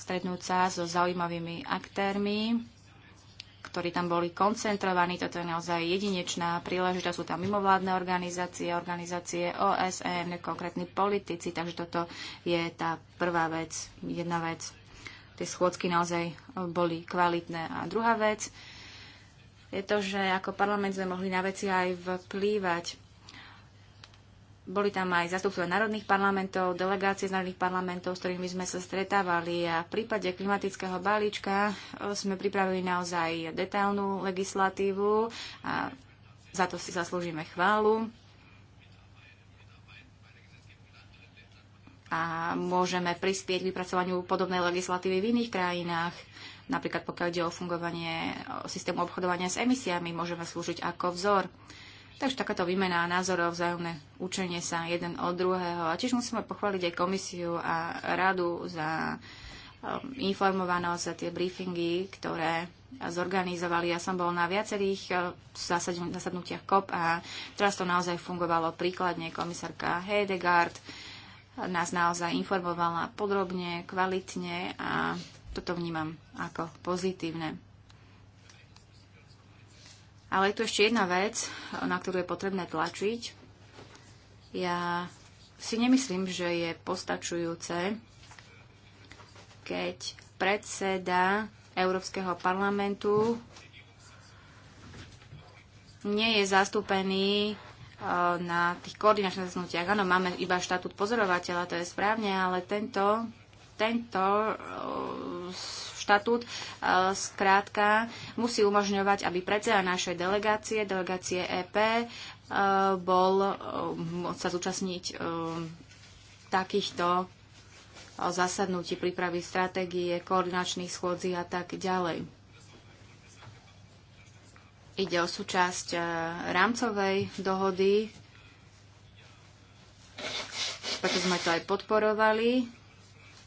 stretnúť sa so zaujímavými aktérmi, ktorí tam boli koncentrovaní. Toto je naozaj jedinečná príležitosť. Sú tam mimovládne organizácie, organizácie OSN, konkrétni politici, takže toto je tá prvá vec, jedna vec. Tie schôdzky naozaj e, boli kvalitné. A druhá vec je to, že ako parlament sme mohli na veci aj vplývať boli tam aj zastupcovia národných parlamentov, delegácie z národných parlamentov, s ktorými sme sa stretávali a v prípade klimatického balíčka e, sme pripravili naozaj detailnú legislatívu a za to si zaslúžime chválu. A môžeme prispieť k vypracovaniu podobnej legislatívy v iných krajinách. Napríklad pokiaľ ide o fungovanie o systému obchodovania s emisiami, môžeme slúžiť ako vzor. Takže takáto výmena názorov, vzájomné učenie sa jeden od druhého. A tiež musíme pochváliť aj komisiu a radu za um, informovanosť, za tie briefingy, ktoré zorganizovali. Ja som bol na viacerých uh, zasadnutiach COP a teraz to naozaj fungovalo príkladne. Komisárka Hedegaard nás naozaj informovala podrobne, kvalitne a toto vnímam ako pozitívne. Ale je tu ešte jedna vec, na ktorú je potrebné tlačiť. Ja si nemyslím, že je postačujúce, keď predseda Európskeho parlamentu nie je zastúpený e, na tých koordinačných zasnutiach. Áno, máme iba štatút pozorovateľa, to je správne, ale tento, tento e, štatút zkrátka e, musí umožňovať, aby predseda našej delegácie, delegácie EP, e, bol e, môcť sa zúčastniť takýchto zasadnutí, prípravy stratégie, koordinačných schôdzí a tak ďalej. Ide o súčasť rámcovej dohody, preto sme to aj podporovali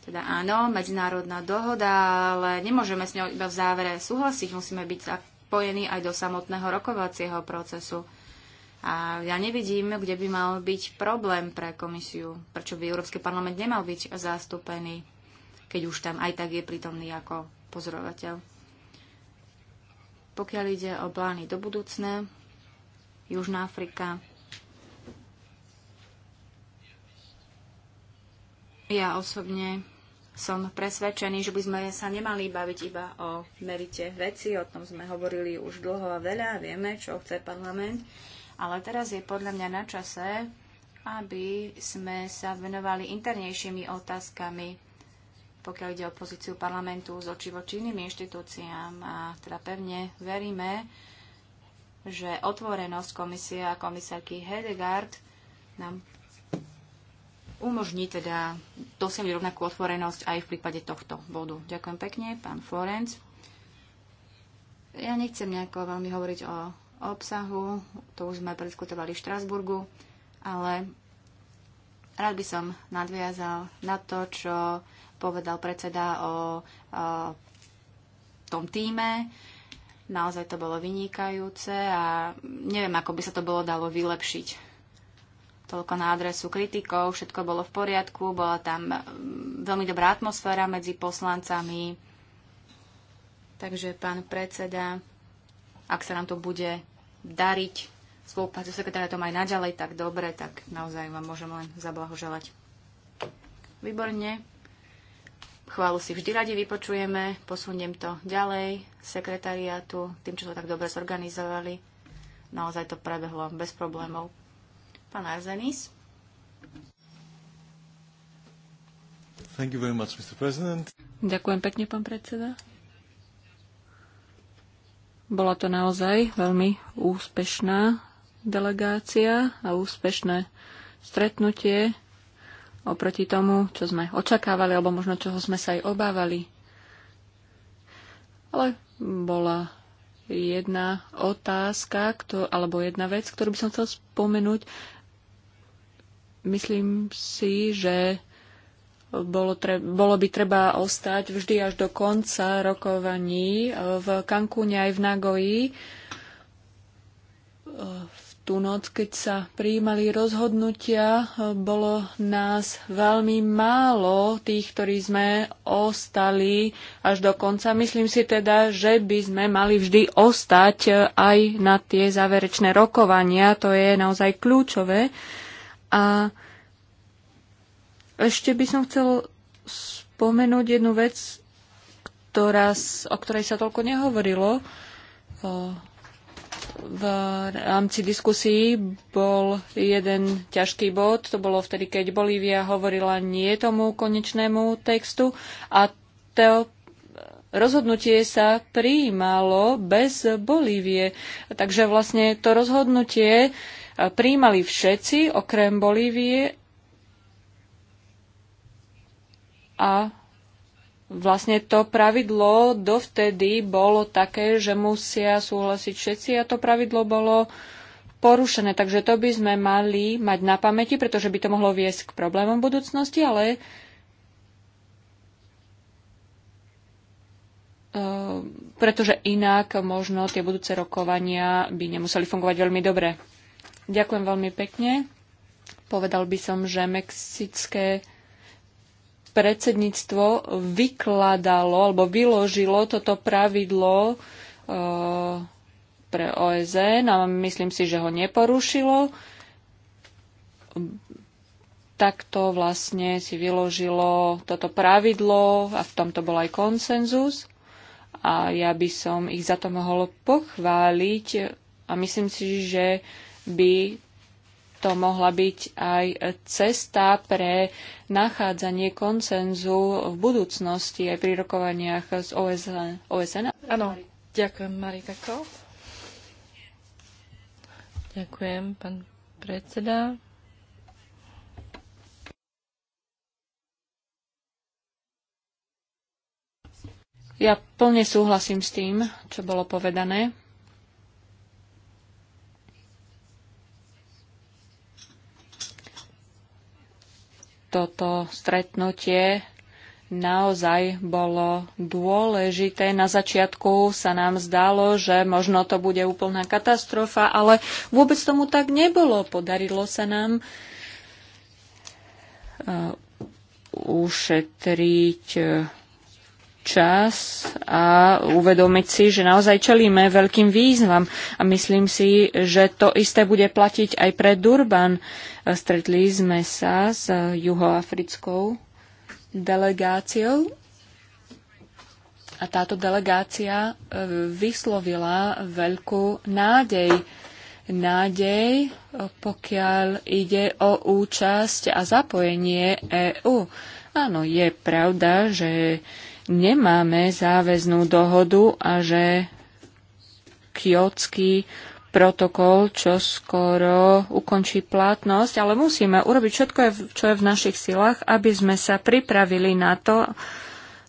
teda áno, medzinárodná dohoda, ale nemôžeme s ňou iba v závere súhlasiť, musíme byť zapojení aj do samotného rokovacieho procesu. A ja nevidím, kde by mal byť problém pre komisiu, prečo by Európsky parlament nemal byť zastúpený, keď už tam aj tak je prítomný ako pozorovateľ. Pokiaľ ide o plány do budúcne, Južná Afrika, ja osobne som presvedčený, že by sme sa nemali baviť iba o merite veci, o tom sme hovorili už dlho a veľa, vieme, čo chce parlament, ale teraz je podľa mňa na čase, aby sme sa venovali internejšími otázkami, pokiaľ ide o pozíciu parlamentu z očivočinným inštitúciám. A teda pevne veríme, že otvorenosť komisie a komisárky Hedegaard nám umožní teda dosiahnuť rovnakú otvorenosť aj v prípade tohto bodu. Ďakujem pekne, pán Florenc. Ja nechcem nejako veľmi hovoriť o obsahu, to už sme prediskutovali v Štrasburgu, ale rád by som nadviazal na to, čo povedal predseda o, o tom týme. Naozaj to bolo vynikajúce a neviem, ako by sa to bolo dalo vylepšiť Toľko na adresu kritikov, všetko bolo v poriadku, bola tam mm, veľmi dobrá atmosféra medzi poslancami. Takže pán predseda, ak sa nám to bude dariť spoluprácu s sekretariatom aj naďalej, tak dobre, tak naozaj vám môžem len zablahoželať. Výborne. Chválu si vždy radi vypočujeme, posuniem to ďalej sekretariátu, tým, čo to tak dobre zorganizovali. Naozaj to prebehlo bez problémov. Pán Arzenis. Thank you very much, Mr. President. Ďakujem pekne, pán predseda. Bola to naozaj veľmi úspešná delegácia a úspešné stretnutie oproti tomu, čo sme očakávali, alebo možno čoho sme sa aj obávali. Ale bola jedna otázka, kto, alebo jedna vec, ktorú by som chcel spomenúť. Myslím si, že bolo, tre- bolo by treba ostať vždy až do konca rokovaní e, v Cancúne aj v Nagoji e, v tú noc, keď sa prijímali rozhodnutia, e, bolo nás veľmi málo tých, ktorí sme ostali až do konca. Myslím si teda, že by sme mali vždy ostať aj na tie záverečné rokovania. To je naozaj kľúčové. A ešte by som chcel spomenúť jednu vec, ktorá, o ktorej sa toľko nehovorilo. V rámci diskusí bol jeden ťažký bod, to bolo vtedy, keď Bolívia hovorila nie tomu konečnému textu a to rozhodnutie sa prijímalo bez Bolívie. Takže vlastne to rozhodnutie uh, prijímali všetci, okrem Bolívie a vlastne to pravidlo dovtedy bolo také, že musia súhlasiť všetci a to pravidlo bolo porušené. Takže to by sme mali mať na pamäti, pretože by to mohlo viesť k problémom budúcnosti, ale e, pretože inak možno tie budúce rokovania by nemuseli fungovať veľmi dobre. Ďakujem veľmi pekne. Povedal by som, že mexické predsedníctvo vykladalo alebo vyložilo toto pravidlo eh, e, pre OSN a myslím si, že ho neporušilo. Takto vlastne si vyložilo toto pravidlo a v tomto bol aj konsenzus a ja by som ich za to mohol pochváliť a myslím si, že by to mohla byť aj cesta pre nachádzanie koncenzu v budúcnosti aj pri rokovaniach z OSN. OSN. Áno, ďakujem Marika Kov. Ďakujem, pán predseda. Ja plne súhlasím s tým, čo bolo povedané. toto stretnutie naozaj bolo dôležité. Na začiatku sa nám zdalo, že možno to bude úplná katastrofa, ale vôbec tomu tak nebolo. Podarilo sa nám eh, ušetriť eh, čas a uvedomiť si, že naozaj čelíme veľkým výzvam. A myslím si, že to isté bude platiť aj pre Durban. Stretli sme sa s juhoafrickou delegáciou a táto delegácia e, vyslovila veľkú nádej. Nádej, pokiaľ ide o účasť a zapojenie EÚ. Áno, je pravda, že uh, nemáme záväznú dohodu a že kiotský protokol, čo skoro ukončí platnosť, ale musíme urobiť všetko, čo je v našich silách, aby sme sa pripravili na to,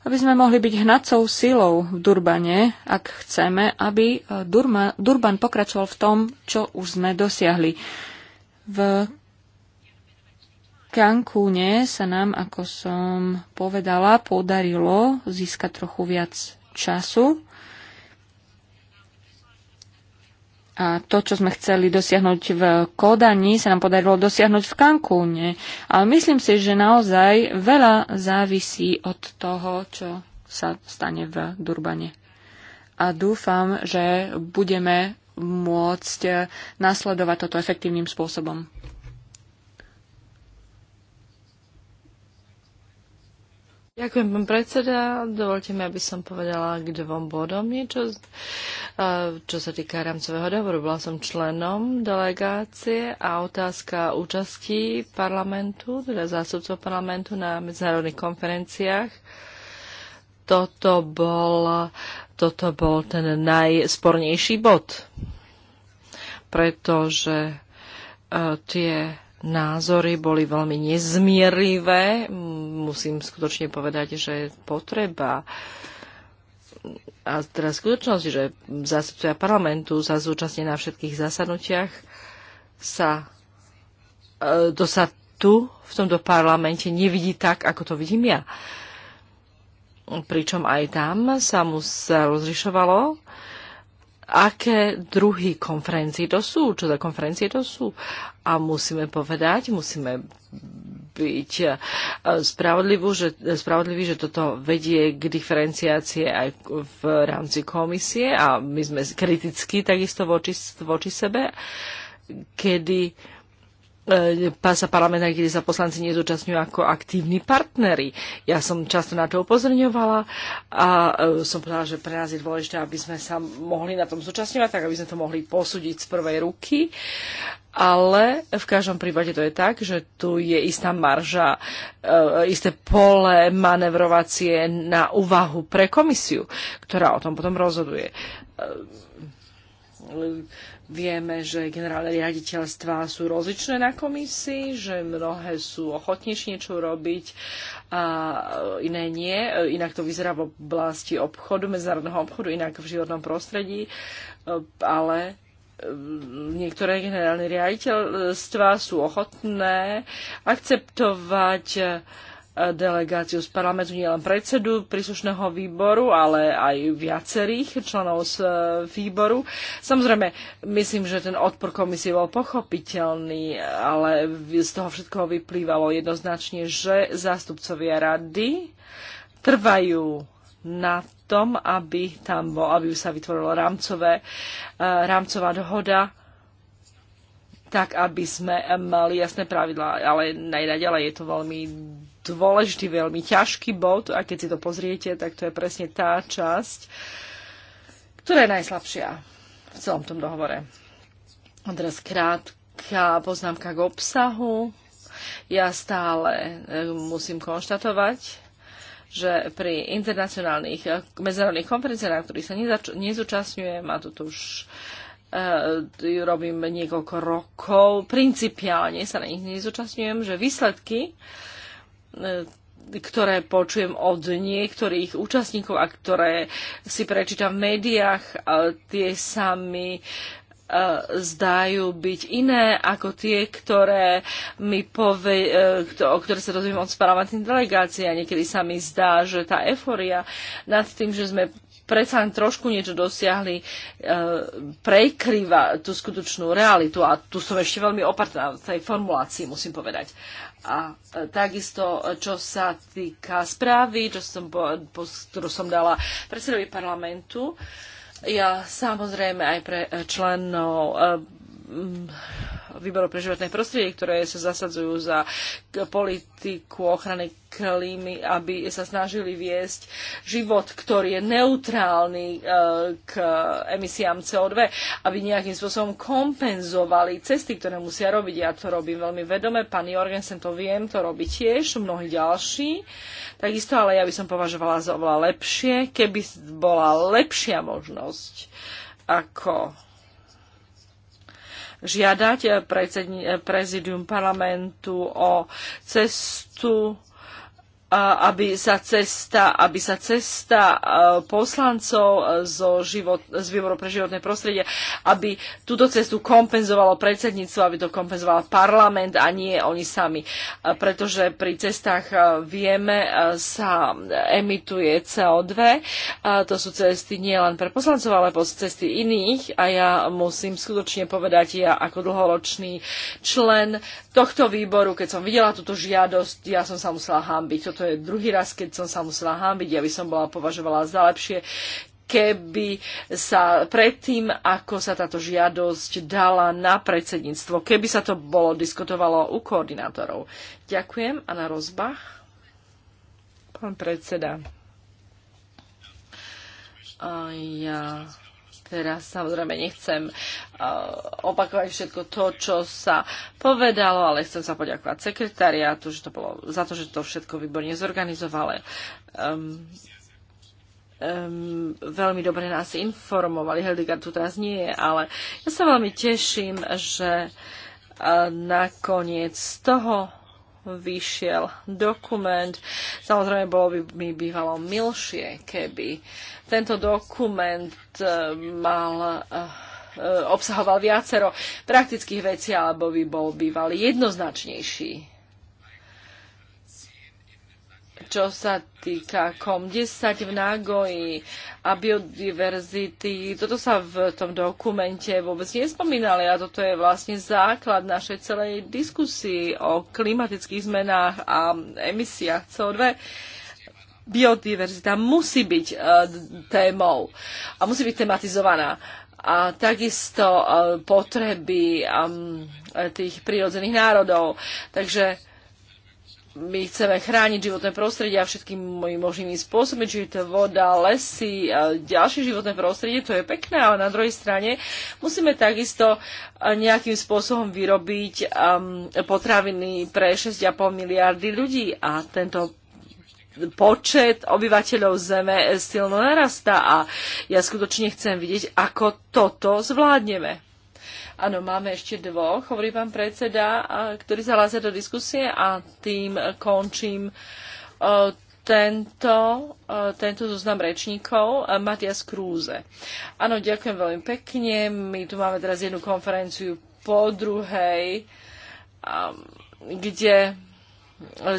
aby sme mohli byť hnacou silou v Durbane, ak chceme, aby eh, Durma, Durban pokračoval v tom, čo už sme dosiahli. V Cancúne sa nám, ako som povedala, podarilo získať trochu viac času. A to, čo sme chceli dosiahnuť v Kodani, sa nám podarilo dosiahnuť v Cancúne. Ale myslím si, že naozaj veľa závisí od toho, čo sa stane v Durbane. A dúfam, že budeme môcť nasledovať toto efektívnym spôsobom. Ďakujem, pán predseda. Dovolte mi, aby som povedala k dvom bodom niečo. Čo sa týka rámcového dohovoru, bola som členom delegácie a otázka účasti parlamentu, teda zástupcov parlamentu na medzinárodných konferenciách. Toto bol, toto bol ten najspornejší bod, pretože e, tie názory boli veľmi nezmierlivé. Musím skutočne povedať, že potreba a teraz skutočnosť, že zástupcovia parlamentu sa zúčastne na všetkých zasadnutiach, sa, e, to sa tu, v tomto parlamente, nevidí tak, ako to vidím ja. Pričom aj tam sa mu sa rozlišovalo aké druhy konferencií to sú, čo za konferencie to sú. A musíme povedať, musíme byť eh, spravodlivý, že, že toto vedie k diferenciácie aj v rámci komisie a my sme kritickí takisto voči, voči sebe, kedy E, sa aj kde sa poslanci nezúčastňujú ako aktívni partneri. Ja som často na to upozorňovala a e, som povedala, že pre nás je dôležité, aby sme sa mohli na tom zúčastňovať, tak aby sme to mohli posúdiť z prvej ruky. Ale v každom prípade to je tak, že tu je istá marža, e, isté pole manevrovacie na úvahu pre komisiu, ktorá o tom potom rozhoduje Vieme, že generálne riaditeľstva sú rozličné na komisii, že mnohé sú ochotnejšie niečo robiť a iné nie. Inak to vyzerá v oblasti obchodu, medzinárodného obchodu, inak v životnom prostredí, ale mm, niektoré generálne riaditeľstva sú ochotné akceptovať delegáciu z parlamentu, len predsedu príslušného výboru, ale aj viacerých členov z e, výboru. Samozrejme, myslím, že ten odpor komisie bol pochopiteľný, ale z toho všetkoho vyplývalo jednoznačne, že zástupcovia rady trvajú na tom, aby tam bol, aby sa vytvorilo rámcové, e, rámcová dohoda tak, aby sme mali jasné pravidlá, ale najďalej je to veľmi dôležitý, veľmi ťažký bod a keď si to pozriete, tak to je presne tá časť, ktorá je najslabšia v celom tom dohovore. A teraz krátka poznámka k obsahu. Ja stále eh, musím konštatovať, že pri internacionálnych eh, medzinárodných konferenciách, na ktorých sa nezúčastňujem, a toto už e, robím niekoľko rokov, principiálne sa na nich nezúčastňujem, že výsledky e, E, ktoré počujem od niektorých účastníkov a ktoré si prečítam v médiách, e, tie sa mi e, zdajú byť iné ako tie, ktoré mi pove, o ktoré sa dozviem od správacích delegácií. A niekedy sa mi zdá, že tá eforia nad tým, že sme predsa len trošku niečo dosiahli, prekryva tú skutočnú realitu. A tu som ešte veľmi opatrná v tej formulácii, musím povedať. A e, takisto, e, čo sa týka správy, čo som, po, po, ktorú som dala predsedovi parlamentu, ja samozrejme aj pre e, členov výboru pre životné prostredie, ktoré sa zasadzujú za politiku ochrany klímy, aby sa snažili viesť život, ktorý je neutrálny e, k emisiám CO2, aby nejakým spôsobom kompenzovali cesty, ktoré musia robiť. Ja to robím veľmi vedome, pán Jorgensen to viem, to robí tiež, mnohí ďalší. Takisto, ale ja by som považovala za oveľa lepšie, keby bola lepšia možnosť ako žiadať eh, eh, prezidium parlamentu o cestu aby sa cesta, aby sa cesta e, poslancov e, zo život, z výboru pre životné prostredie, aby túto cestu kompenzovalo predsedníctvo, aby to kompenzoval parlament a nie oni sami. E, pretože pri cestách vieme, sa emituje CO2. To sú cesty nie len pre poslancov, ale po cesty iných. A ja musím skutočne povedať, ja ako dlhoročný člen tohto výboru, keď som videla túto žiadosť, ja som sa musela hambiť. Toto to je druhý raz, keď som sa musela hábiť, aby som bola považovala za lepšie, keby sa predtým, ako sa táto žiadosť dala na predsedníctvo, keby sa to bolo diskutovalo u koordinátorov. Ďakujem. A na rozbach? Pán predseda. A ja Teraz samozrejme nechcem uh, opakovať všetko to, čo sa povedalo, ale chcem sa poďakovať sekretariátu že to bolo, za to, že to všetko výborne zorganizovali. Um, um, veľmi dobre nás informovali. Hildegard tu teraz nie je, ale ja sa veľmi teším, že uh, nakoniec z toho vyšiel dokument. Samozrejme, bolo by mi bývalo milšie, keby tento dokument eh, mal eh, obsahoval viacero praktických vecí alebo by bol býval jednoznačnejší čo sa týka kom 10 v Nágoji a biodiverzity. Toto sa v tom dokumente vôbec nespomínali a toto je vlastne základ našej celej diskusii o klimatických zmenách a emisiách CO2 biodiverzita musí byť uh, témou a musí byť tematizovaná. A takisto uh, potreby um, tých prírodzených národov. Takže my chceme chrániť životné prostredie a všetkými možnými spôsobmi, čiže to voda, lesy a ďalšie životné prostredie, to je pekné, ale na druhej strane musíme takisto e, nejakým spôsobom vyrobiť um, potraviny pre 6,5 miliardy ľudí a tento počet obyvateľov Zeme silno narastá a ja skutočne chcem vidieť, ako toto zvládneme. Áno, máme ešte dvoch, hovorí pán predseda, ktorí sa hlásia do diskusie a tým končím e, tento, e, tento zoznam rečníkov, e, Matias Krúze. Áno, ďakujem veľmi pekne. My tu máme teraz jednu konferenciu po druhej, kde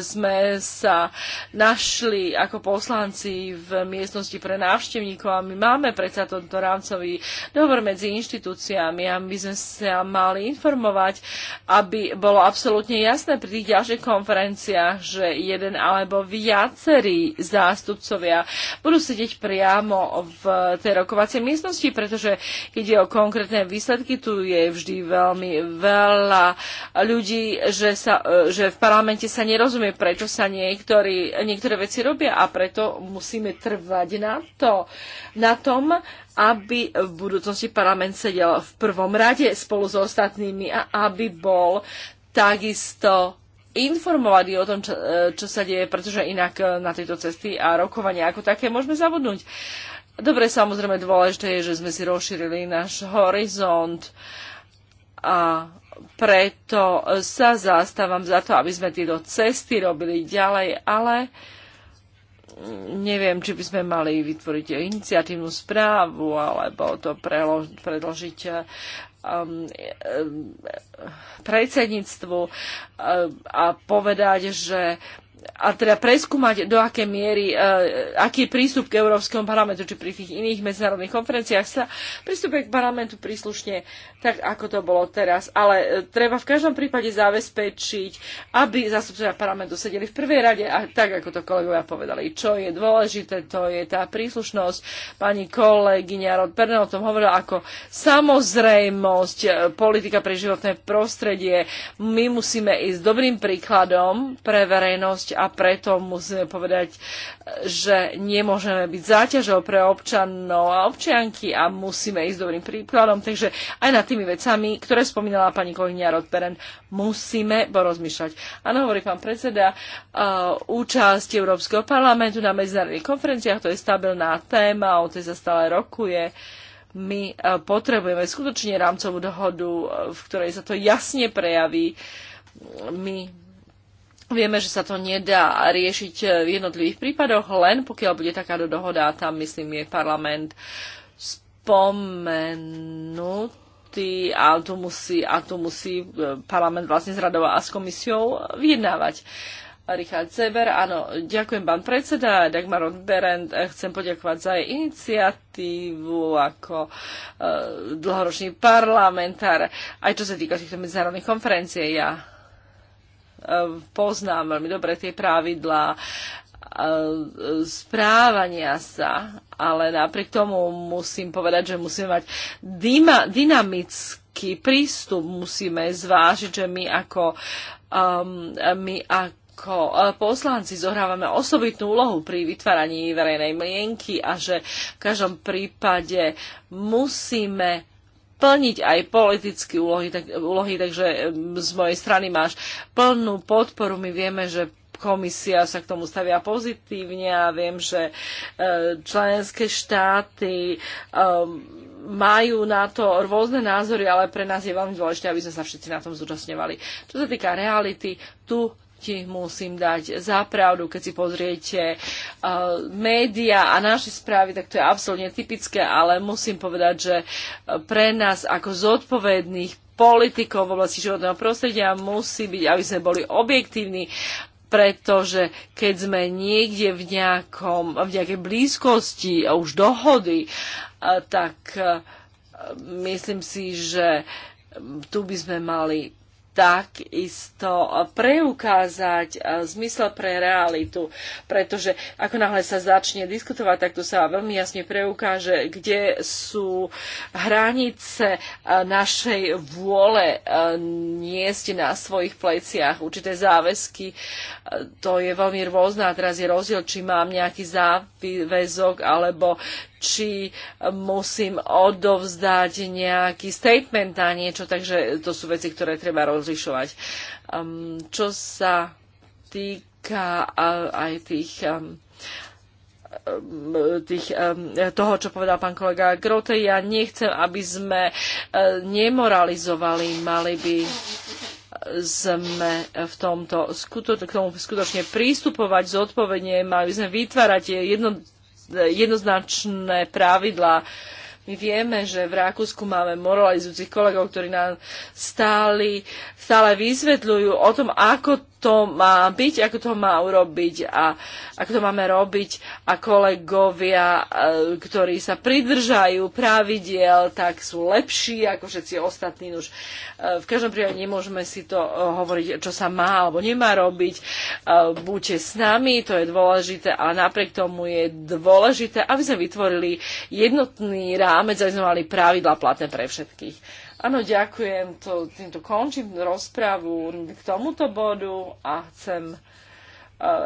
sme sa našli ako poslanci v miestnosti pre návštevníkov a my máme predsa tento rámcový dohovor medzi inštitúciami a my sme sa mali informovať, aby bolo absolútne jasné pri tých ďalších konferenciách, že jeden alebo viacerí zástupcovia budú sedieť priamo v tej rokovacej miestnosti, pretože keď je o konkrétne výsledky, tu je vždy veľmi veľa ľudí, že, sa, e, že v parlamente sa ne nerozumie, prečo sa niektorí, niektoré veci robia a preto musíme trvať na, to, na tom, aby v budúcnosti parlament sedel v prvom rade spolu s so ostatnými a aby bol takisto informovaný o tom, čo, e, čo sa deje, pretože inak e, na tejto cesty a rokovania ako také môžeme zabudnúť. Dobre, samozrejme dôležité je, že sme si rozšírili náš horizont a preto sa zastávam za to, aby sme tieto cesty robili ďalej, ale neviem, či by sme mali vytvoriť iniciatívnu správu alebo to prelož, predložiť um, predsedníctvu um, a povedať, že a teda preskúmať, do akej miery, uh, aký prístup k Európskemu parlamentu, či pri tých iných medzinárodných konferenciách sa prístup k parlamentu príslušne tak ako to bolo teraz. Ale e, treba v každom prípade zabezpečiť, aby zastupcovia parlamentu sedeli v prvej rade a tak, ako to kolegovia povedali. Čo je dôležité, to je tá príslušnosť. Pani kolegyňa Rod Perne o tom hovorila ako samozrejmosť e, politika pre životné prostredie. My musíme ísť dobrým príkladom pre verejnosť a preto musíme povedať že nemôžeme byť záťažou pre občanov a občianky a musíme ísť dobrým príkladom. Takže aj nad tými vecami, ktoré spomínala pani kolegyňa Rodperen, musíme porozmýšľať. Áno, hovorí pán predseda, účasť Európskeho parlamentu na medzinárodných konferenciách, to je stabilná téma, o tej sa stále rokuje. My potrebujeme skutočne rámcovú dohodu, v ktorej sa to jasne prejaví. My Vieme, že sa to nedá riešiť eh, v jednotlivých prípadoch, len pokiaľ bude taká dohoda, a tam myslím je parlament spomenúť a tu musí, a tu musí eh, parlament vlastne s radou a s komisiou vyjednávať. Richard Zeber, áno, ďakujem pán predseda, Dagmar Berend, eh, chcem poďakovať za jej iniciatívu ako e, dlhoročný parlamentár, aj čo sa týka týchto medzinárodných konferencií. Ja poznám veľmi dobre tie pravidlá e, správania sa, ale napriek tomu musím povedať, že musíme mať dyma, dynamický prístup, musíme zvážiť, že my ako, um, my ako e, poslanci zohrávame osobitnú úlohu pri vytváraní verejnej mienky a že v každom prípade musíme plniť aj politické úlohy, tak, úlohy, takže z mojej strany máš plnú podporu. My vieme, že komisia sa k tomu stavia pozitívne a viem, že e, členské štáty majú na to rôzne názory, ale pre nás je veľmi dôležité, aby sme sa všetci na tom zúčastňovali. Čo sa týka reality, tu ti musím dať zápravdu, keď si pozriete uh, eh, média a naše správy, tak to je absolútne typické, ale musím povedať, že eh, pre nás ako zodpovedných politikov v oblasti životného prostredia musí byť, aby sme boli objektívni, pretože keď sme niekde v, nejakom, v nejakej blízkosti už dohody, eh, tak myslím si, že tu by sme mali takisto preukázať e, zmysel pre realitu. Pretože ako náhle sa začne diskutovať, tak to sa veľmi jasne preukáže, kde sú hranice e, našej vôle e, niesť na svojich pleciach určité záväzky. To je veľmi rôzne a teraz je rozdiel, či mám nejaký záväzok alebo či musím odovzdať nejaký statement na niečo, takže to sú veci, ktoré treba rozlišovať. Um, čo sa týka uh, aj tých um, um tých, um, toho, čo povedal pán kolega Grote. Ja nechcem, aby sme uh, nemoralizovali, mali by sme v tomto skuto, k tomu skutočne prístupovať zodpovedne, mali by sme vytvárať jedno, jednoznačné pravidlá. My vieme, že v Rakúsku máme moralizujúcich kolegov, ktorí nám stáli, stále vysvetľujú o tom, ako to má byť, ako to má urobiť a ako to máme robiť a kolegovia, e, ktorí sa pridržajú pravidiel, tak sú lepší ako všetci ostatní. Už e, v každom prípade nemôžeme si to e, hovoriť, čo sa má alebo nemá robiť. Buďte s nami, to je dôležité a napriek tomu je dôležité, aby sme vytvorili jednotný rámec, aby sme mali pravidla platné pre všetkých. Áno, ďakujem. To, týmto končím rozprávu k tomuto bodu a chcem e,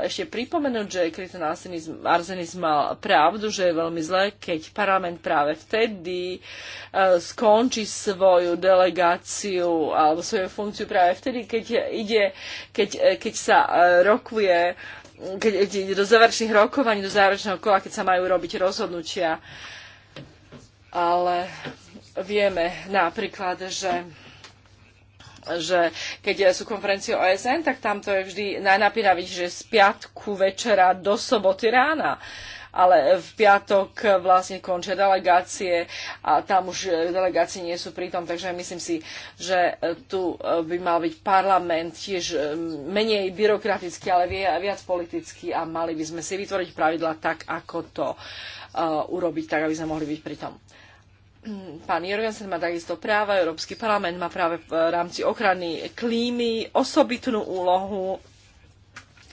ešte pripomenúť, že Kristen Arsenis mal pravdu, že je veľmi zlé, keď parlament práve vtedy e, skončí svoju delegáciu alebo svoju funkciu práve vtedy, keď, ide, keď, e, keď sa rokuje keď ide do záverečných rokovaní, do záverečného kola, keď sa majú robiť rozhodnutia. Ale Vieme napríklad, že že keď sú konferencie OSN, tak tam to je vždy najnapínavejšie, že z piatku večera do soboty rána. Ale v piatok vlastne končia delegácie a tam už e, delegácie nie sú pritom, takže myslím si, že e, tu e, by mal byť parlament tiež menej byrokratický, ale viac politický a mali by sme si vytvoriť pravidla tak, ako to urobiť, tak aby sme mohli byť pritom pán Jorgensen má takisto práva, Európsky parlament má práve v rámci ochrany klímy osobitnú úlohu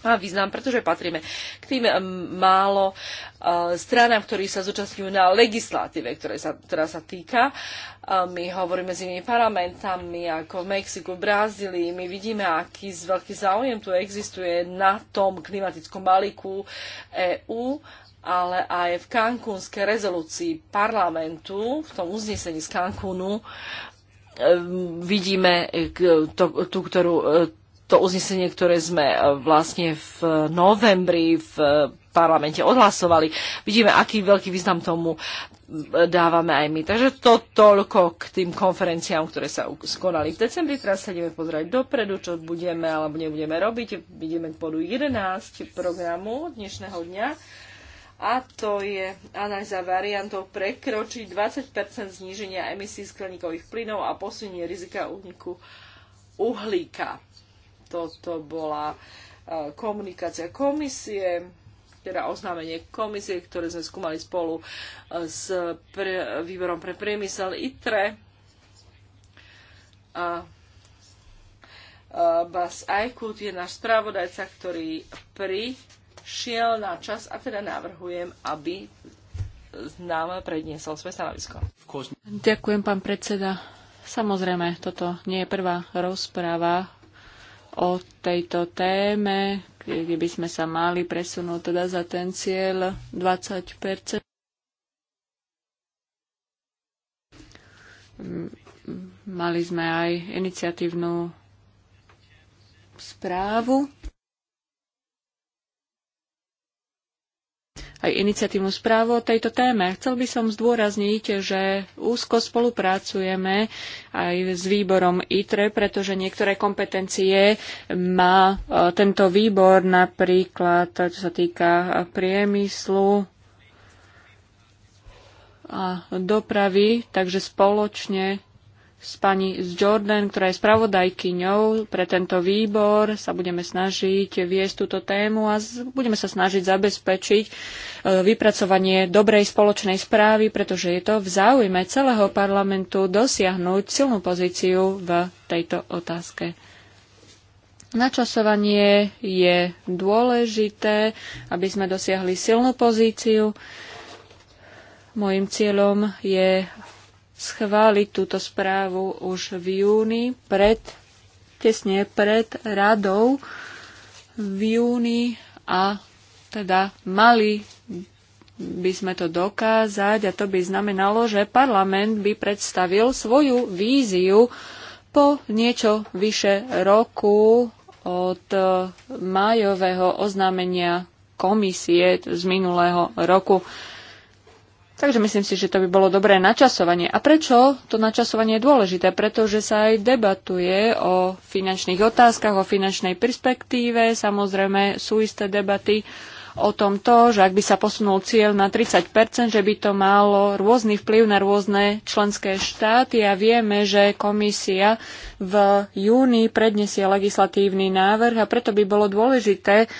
a význam, pretože patríme k tým málo eh, stranám, ktorí sa zúčastňujú na legislatíve, ktoré sa, ktorá sa týka. Eh, my hovoríme s inými parlamentami, ako v Mexiku, v Brazílii. My vidíme, aký veľký záujem tu existuje na tom klimatickom balíku EÚ. EU ale aj v kankúnskej rezolúcii parlamentu, v tom uznesení z Cancúnu, e, vidíme e, to, tú, ktorú, e, to uznesenie, ktoré sme vlastne v novembri v parlamente odhlasovali. Vidíme, aký veľký význam tomu dávame aj my. Takže to toľko k tým konferenciám, ktoré sa skonali v decembri. Teraz sa ideme pozerať dopredu, čo budeme alebo nebudeme robiť. Vidíme k bodu 11 programu dnešného dňa a to je analýza variantov prekročiť 20 zníženia emisí skleníkových plynov a posunie rizika úniku uhlíka. Toto bola e, komunikácia komisie, teda oznámenie komisie, ktoré sme skúmali spolu e, s výborom pre priemysel ITRE. A, e, Bas Aykut je náš správodajca, ktorý pri šiel na čas a teda navrhujem, aby nám predniesol svoje stanovisko. Ďakujem, pán predseda. Samozrejme, toto nie je prvá rozpráva o tejto téme, kde by sme sa mali presunúť teda za ten cieľ 20 Mali sme aj iniciatívnu správu aj iniciatívnu správu o tejto téme. Chcel by som zdôrazniť, že úzko spolupracujeme aj s výborom ITRE, pretože niektoré kompetencie má e, tento výbor, napríklad čo sa týka priemyslu a dopravy, takže spoločne s pani Jordan, ktorá je spravodajkyňou pre tento výbor. Sa budeme snažiť viesť túto tému a budeme sa snažiť zabezpečiť e, vypracovanie dobrej spoločnej správy, pretože je to v záujme celého parlamentu dosiahnuť silnú pozíciu v tejto otázke. Načasovanie je dôležité, aby sme dosiahli silnú pozíciu. Mojím cieľom je schváliť túto správu už v júni, pred, tesne pred radou v júni a teda mali by sme to dokázať a to by znamenalo, že parlament by predstavil svoju víziu po niečo vyše roku od májového oznámenia komisie z minulého roku. Takže myslím si, že to by bolo dobré načasovanie. A prečo to načasovanie je dôležité? Pretože sa aj debatuje o finančných otázkach, o finančnej perspektíve. Samozrejme sú isté debaty o tomto, že ak by sa posunul cieľ na 30%, že by to malo rôzny vplyv na rôzne členské štáty a vieme, že komisia v júni predniesie legislatívny návrh a preto by bolo dôležité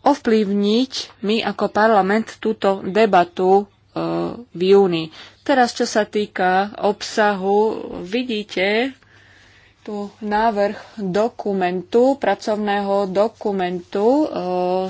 ovplyvniť my ako parlament túto debatu v júni. Teraz, čo sa týka obsahu, vidíte, tu návrh dokumentu, pracovného dokumentu. E,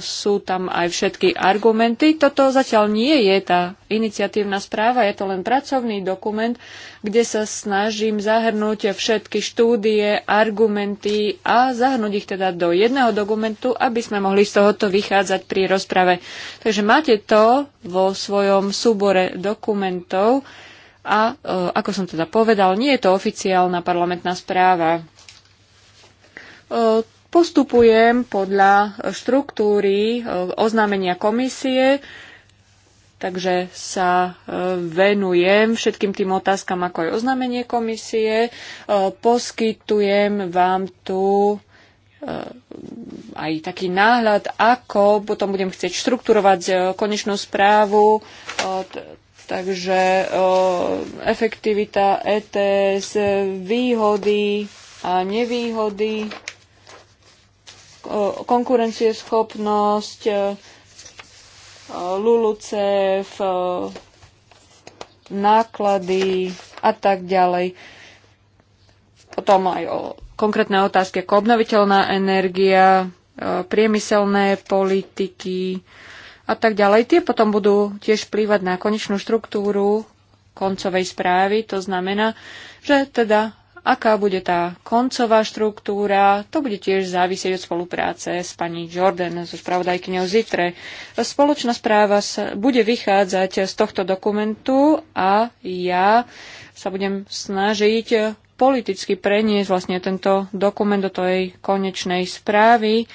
sú tam aj všetky argumenty. Toto zatiaľ nie je tá iniciatívna správa, je to len pracovný dokument, kde sa snažím zahrnúť všetky štúdie, argumenty a zahrnúť ich teda do jedného dokumentu, aby sme mohli z tohoto vychádzať pri rozprave. Takže máte to vo svojom súbore dokumentov a e, ako som teda povedal, nie je to oficiálna parlamentná správa. E, postupujem podľa štruktúry e, oznámenia komisie, takže sa venujem všetkým tým otázkam, ako je oznámenie komisie. Poskytujem vám tu aj taký náhľad, ako potom budem chcieť štrukturovať konečnú správu Takže efektivita ETS, výhody a nevýhody, konkurencieschopnosť, LULUCEF, náklady a tak ďalej. Potom aj o konkrétne otázky ako obnoviteľná energia, priemyselné politiky, a tak ďalej, tie potom budú tiež vplývať na konečnú štruktúru koncovej správy. To znamená, že teda aká bude tá koncová štruktúra, to bude tiež závisieť od spolupráce s pani Jordan, so spravodajkyňou Zitre. Spoločná správa bude vychádzať z tohto dokumentu a ja sa budem snažiť politicky preniesť vlastne tento dokument do tej konečnej správy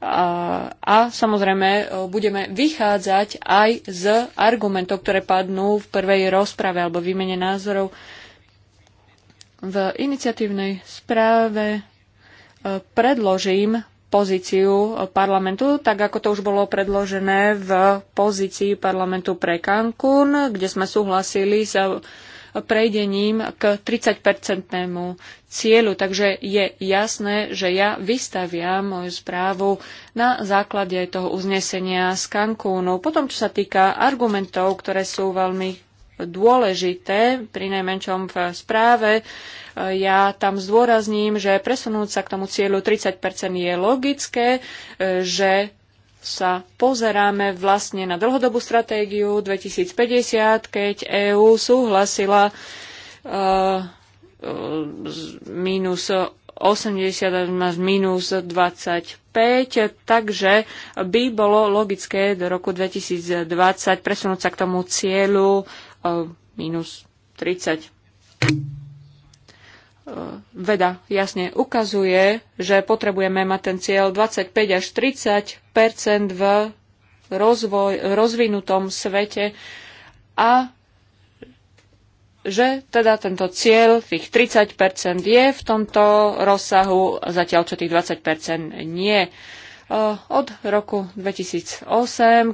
a, a samozrejme e, budeme vychádzať aj z argumentov, ktoré padnú v prvej rozprave alebo výmene názorov. V iniciatívnej správe e, predložím pozíciu parlamentu, tak ako to už bolo predložené v pozícii parlamentu pre Cancún, kde sme súhlasili s prejdením k 30-percentnému cieľu. Takže je jasné, že ja vystaviam moju správu na základe toho uznesenia z Cancúnu. Potom, čo sa týka argumentov, ktoré sú veľmi dôležité, pri najmenšom v správe. E, ja tam zdôrazním, že presunúť sa k tomu cieľu 30 je logické, e, že sa pozeráme vlastne na dlhodobú stratégiu 2050, keď EÚ súhlasila uh, uh, minus 80 až minus 25, takže by bolo logické do roku 2020 presunúť sa k tomu cieľu uh, minus 30. E, veda jasne ukazuje, že potrebujeme mať ten cieľ 25 až 30 v rozvoj, rozvinutom svete a že teda tento cieľ, tých 30 je v tomto rozsahu, zatiaľ čo tých 20 nie. E, od roku 2008,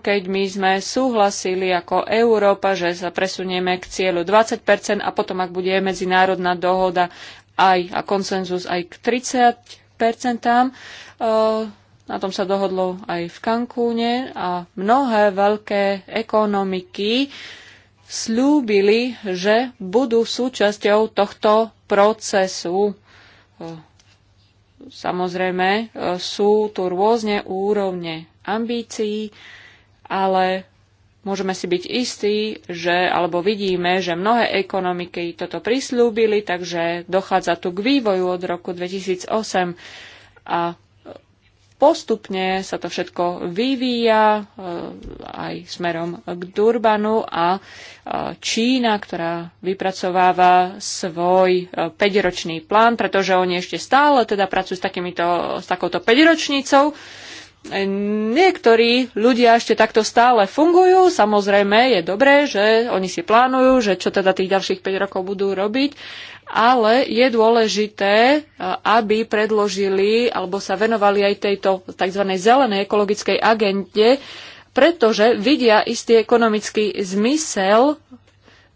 keď my sme súhlasili ako Európa, že sa presunieme k cieľu 20 a potom, ak bude medzinárodná dohoda aj a konsenzus aj k 30 Na tom sa dohodlo aj v Kankúne a mnohé veľké ekonomiky slúbili, že budú súčasťou tohto procesu. Samozrejme, sú tu rôzne úrovne ambícií, ale môžeme si byť istí, že, alebo vidíme, že mnohé ekonomiky toto prislúbili, takže dochádza tu k vývoju od roku 2008 a postupne sa to všetko vyvíja eh, aj smerom k Durbanu a eh, Čína, ktorá vypracováva svoj 5-ročný eh, plán, pretože oni ešte stále teda pracujú s, takýmito, s takouto 5-ročnicou, niektorí ľudia ešte takto stále fungujú. Samozrejme, je dobré, že oni si plánujú, že čo teda tých ďalších 5 rokov budú robiť, ale je dôležité, eh, aby predložili alebo sa venovali aj tejto tzv. zelenej ekologickej agende, pretože vidia istý ekonomický zmysel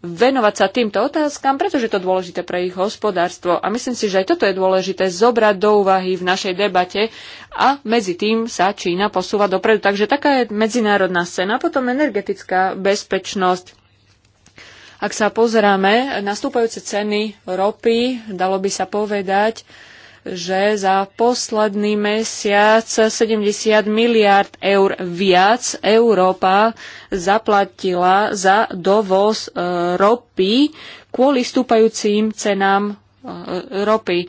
venovať sa týmto otázkam, pretože je to dôležité pre ich hospodárstvo. A myslím si, že aj toto je dôležité zobrať do úvahy v našej debate a medzi tým sa Čína posúva dopredu. Takže taká je medzinárodná scéna. Potom energetická bezpečnosť. Ak sa pozeráme na stúpajúce ceny ropy, dalo by sa povedať, že za posledný mesiac 70 miliard eur viac Európa zaplatila za dovoz e, ropy kvôli stúpajúcim cenám e, ropy.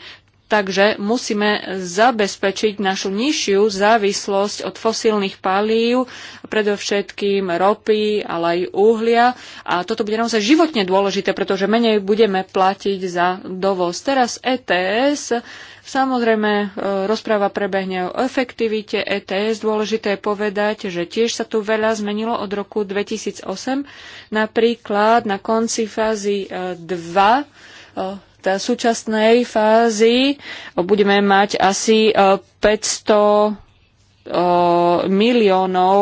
Takže musíme zabezpečiť našu nižšiu závislosť od fosílnych palív, predovšetkým ropy, ale aj uhlia. A toto bude naozaj životne dôležité, pretože menej budeme platiť za dovoz. Teraz ETS Samozrejme, e, rozpráva prebehne o efektivite ETS. Dôležité je povedať, že tiež sa tu veľa zmenilo od roku 2008. Napríklad na konci fázy 2 e, e, tá súčasnej fázy budeme mať asi 500 miliónov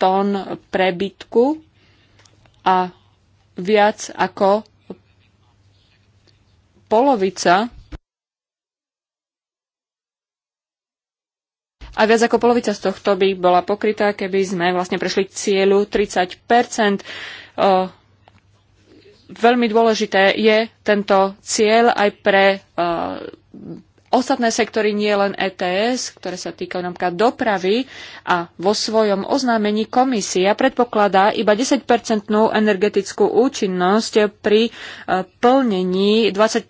tón prebytku a viac ako polovica a viac ako polovica z tohto by bola pokrytá, keby sme vlastne prešli k cieľu 30 Veľmi dôležité je tento cieľ aj pre ostatné sektory, nie len ETS, ktoré sa týkajú napríklad dopravy a vo svojom oznámení komisia predpokladá iba 10-percentnú energetickú účinnosť pri plnení 20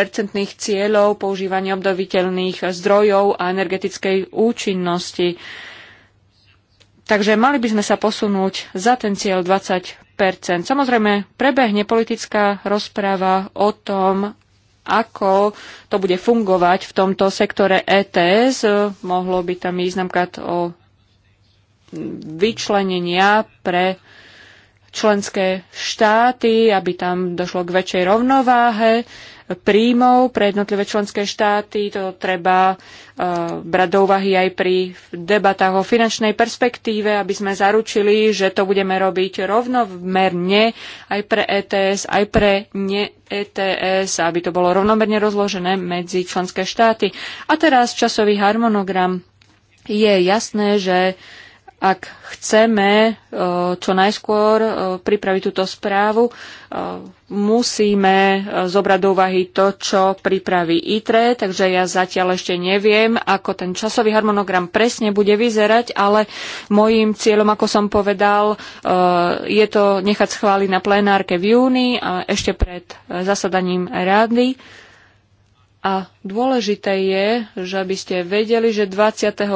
percentných cieľov používania obdoviteľných zdrojov a energetickej účinnosti. Takže mali by sme sa posunúť za ten cieľ 20 Samozrejme, prebehne politická rozpráva o tom, ako to bude fungovať v tomto sektore ETS. Mohlo by tam ísť napríklad o vyčlenenia pre členské štáty, aby tam došlo k väčšej rovnováhe príjmov pre jednotlivé členské štáty. To treba eh, brať do úvahy aj pri debatách o finančnej perspektíve, aby sme zaručili, že to budeme robiť rovnomerne aj pre ETS, aj pre ne-ETS, aby to bolo rovnomerne rozložené medzi členské štáty. A teraz časový harmonogram. Je jasné, že ak chceme e, čo najskôr e, pripraviť túto správu, e, musíme zobrať do úvahy to, čo pripraví ITRE, takže ja zatiaľ ešte neviem, ako ten časový harmonogram presne bude vyzerať, ale môjim cieľom, ako som povedal, je to nechať schváliť na plenárke v júni a ešte pred zasadaním rady a dôležité je, že by ste vedeli, že 28.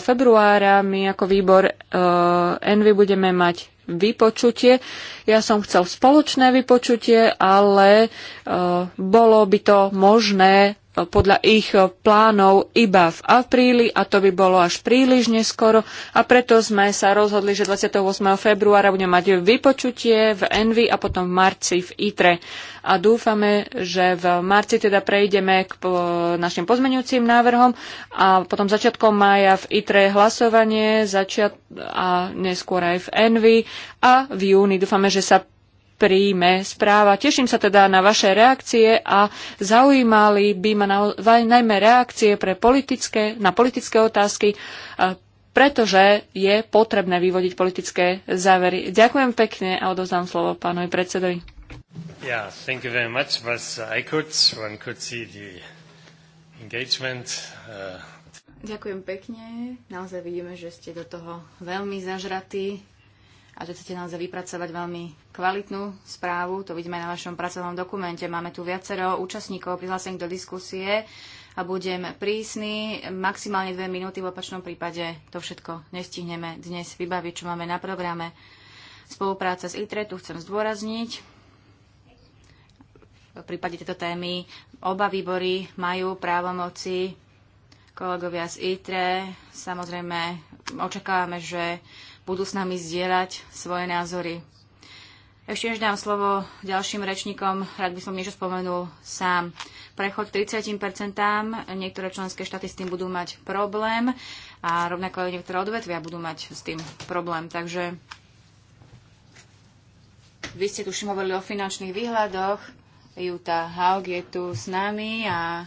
februára my ako výbor uh, Envy budeme mať vypočutie. Ja som chcel spoločné vypočutie, ale uh, bolo by to možné E, podľa ich e, plánov iba v apríli a to by bolo až príliš neskoro a preto sme sa rozhodli, že 28. februára budeme mať vypočutie v Envy a potom v marci v ITRE. A dúfame, že v marci teda prejdeme k e, našim pozmenujúcim návrhom a potom začiatkom mája v ITRE hlasovanie začiat- a neskôr aj v Envy a v júni dúfame, že sa príjme správa. Teším sa teda na vaše reakcie a zaujímali by ma najmä reakcie pre politické, na politické otázky, pretože je potrebné vyvodiť politické závery. Ďakujem pekne a odozdám slovo pánovi predsedovi. Yeah, thank you very much. I could, one could see the engagement. Uh... Ďakujem pekne. Naozaj vidíme, že ste do toho veľmi zažratí a že chcete naozaj vypracovať veľmi kvalitnú správu. To vidíme na vašom pracovnom dokumente. Máme tu viacero účastníkov prihlásených do diskusie a budem prísny. Maximálne dve minúty, v opačnom prípade to všetko nestihneme dnes vybaviť, čo máme na programe. Spolupráca s ITRE, tu chcem zdôrazniť, v prípade tejto témy oba výbory majú právomoci. Kolegovia z ITRE, samozrejme očakávame, že budú s nami zdieľať svoje názory. Ešte než dám slovo ďalším rečníkom, rád by som niečo spomenul sám. Prechod 30%, niektoré členské štáty s tým budú mať problém a rovnako aj niektoré odvetvia budú mať s tým problém. Takže vy ste tu hovorili o finančných výhľadoch. Juta Haug je tu s nami a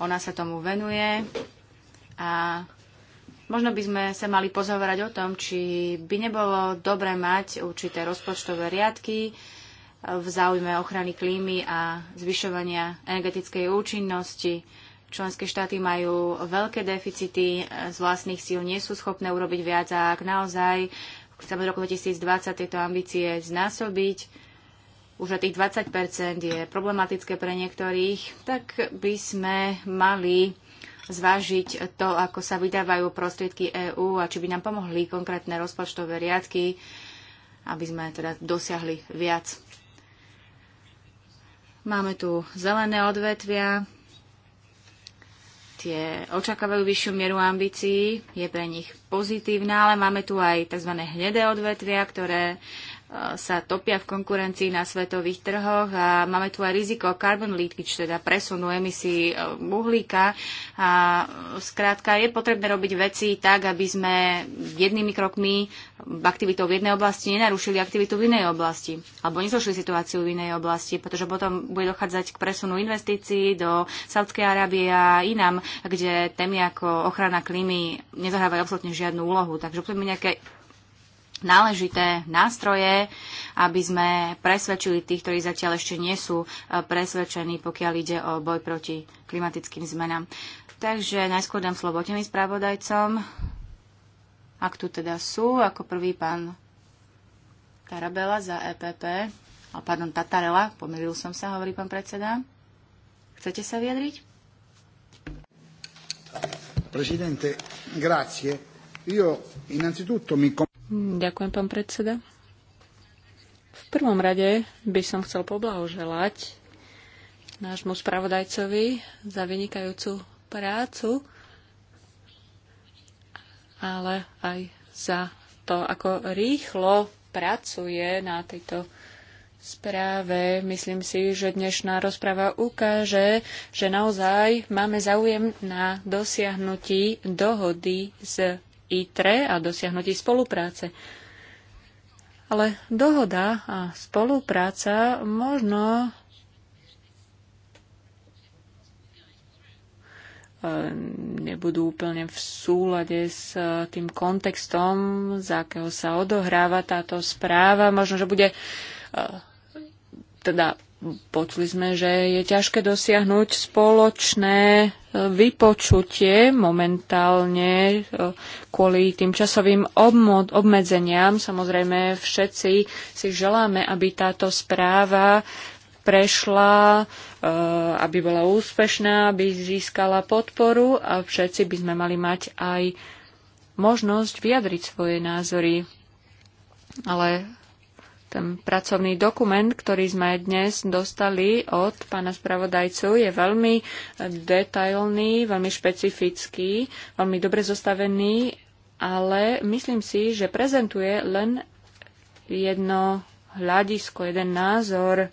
ona sa tomu venuje. A Možno by sme sa mali pozoverať o tom, či by nebolo dobré mať určité rozpočtové riadky v záujme ochrany klímy a zvyšovania energetickej účinnosti. Členské štáty majú veľké deficity, z vlastných síl nie sú schopné urobiť viac a ak naozaj chceme v roku 2020 tieto ambície znásobiť, už na tých 20% je problematické pre niektorých, tak by sme mali zvážiť to, ako sa vydávajú prostriedky EÚ a či by nám pomohli konkrétne rozpočtové riadky, aby sme teda dosiahli viac. Máme tu zelené odvetvia, tie očakávajú vyššiu mieru ambícií, je pre nich pozitívna, ale máme tu aj tzv. hnedé odvetvia, ktoré sa topia v konkurencii na svetových trhoch a máme tu aj riziko carbon leakage, teda presunu emisí e, uhlíka. A e, skrátka je potrebné robiť veci tak, aby sme jednými krokmi aktivitou v jednej oblasti nenarušili aktivitu v inej oblasti alebo nezošli situáciu v inej oblasti, pretože potom bude dochádzať k presunu investícií do Saudskej Arábie a inám, kde témy ako ochrana klímy nezahrávajú absolútne žiadnu úlohu. Takže potom nejaké náležité nástroje, aby sme presvedčili tých, ktorí zatiaľ ešte nie sú e, presvedčení, pokiaľ ide o boj proti klimatickým zmenám. Takže najskôr dám slovo tým spravodajcom, ak tu teda sú, ako prvý pán Tarabela za EPP, ale pardon, Tatarela, pomýlil som sa, hovorí pán predseda. Chcete sa vyjadriť? Prezidente, grazie. Io innanzitutto mi... Ďakujem, pán predseda. V prvom rade by som chcel poblahoželať nášmu spravodajcovi za vynikajúcu prácu, ale aj za to, ako rýchlo pracuje na tejto správe. Myslím si, že dnešná rozprava ukáže, že naozaj máme záujem na dosiahnutí dohody s ITRE a dosiahnutí spolupráce. Ale dohoda a spolupráca možno e, nebudú úplne v súlade s e, tým kontextom, za akého sa odohráva táto správa. Možno, že bude e, teda Počuli sme, že je ťažké dosiahnuť spoločné e, vypočutie momentálne e, kvôli tým časovým obmedzeniam. Samozrejme, všetci si želáme, aby táto správa prešla, e, aby bola úspešná, aby získala podporu a všetci by sme mali mať aj možnosť vyjadriť svoje názory. Ale ten pracovný dokument, ktorý sme dnes dostali od pána spravodajcu, je veľmi detailný, veľmi špecifický, veľmi dobre zostavený, ale myslím si, že prezentuje len jedno hľadisko, jeden názor.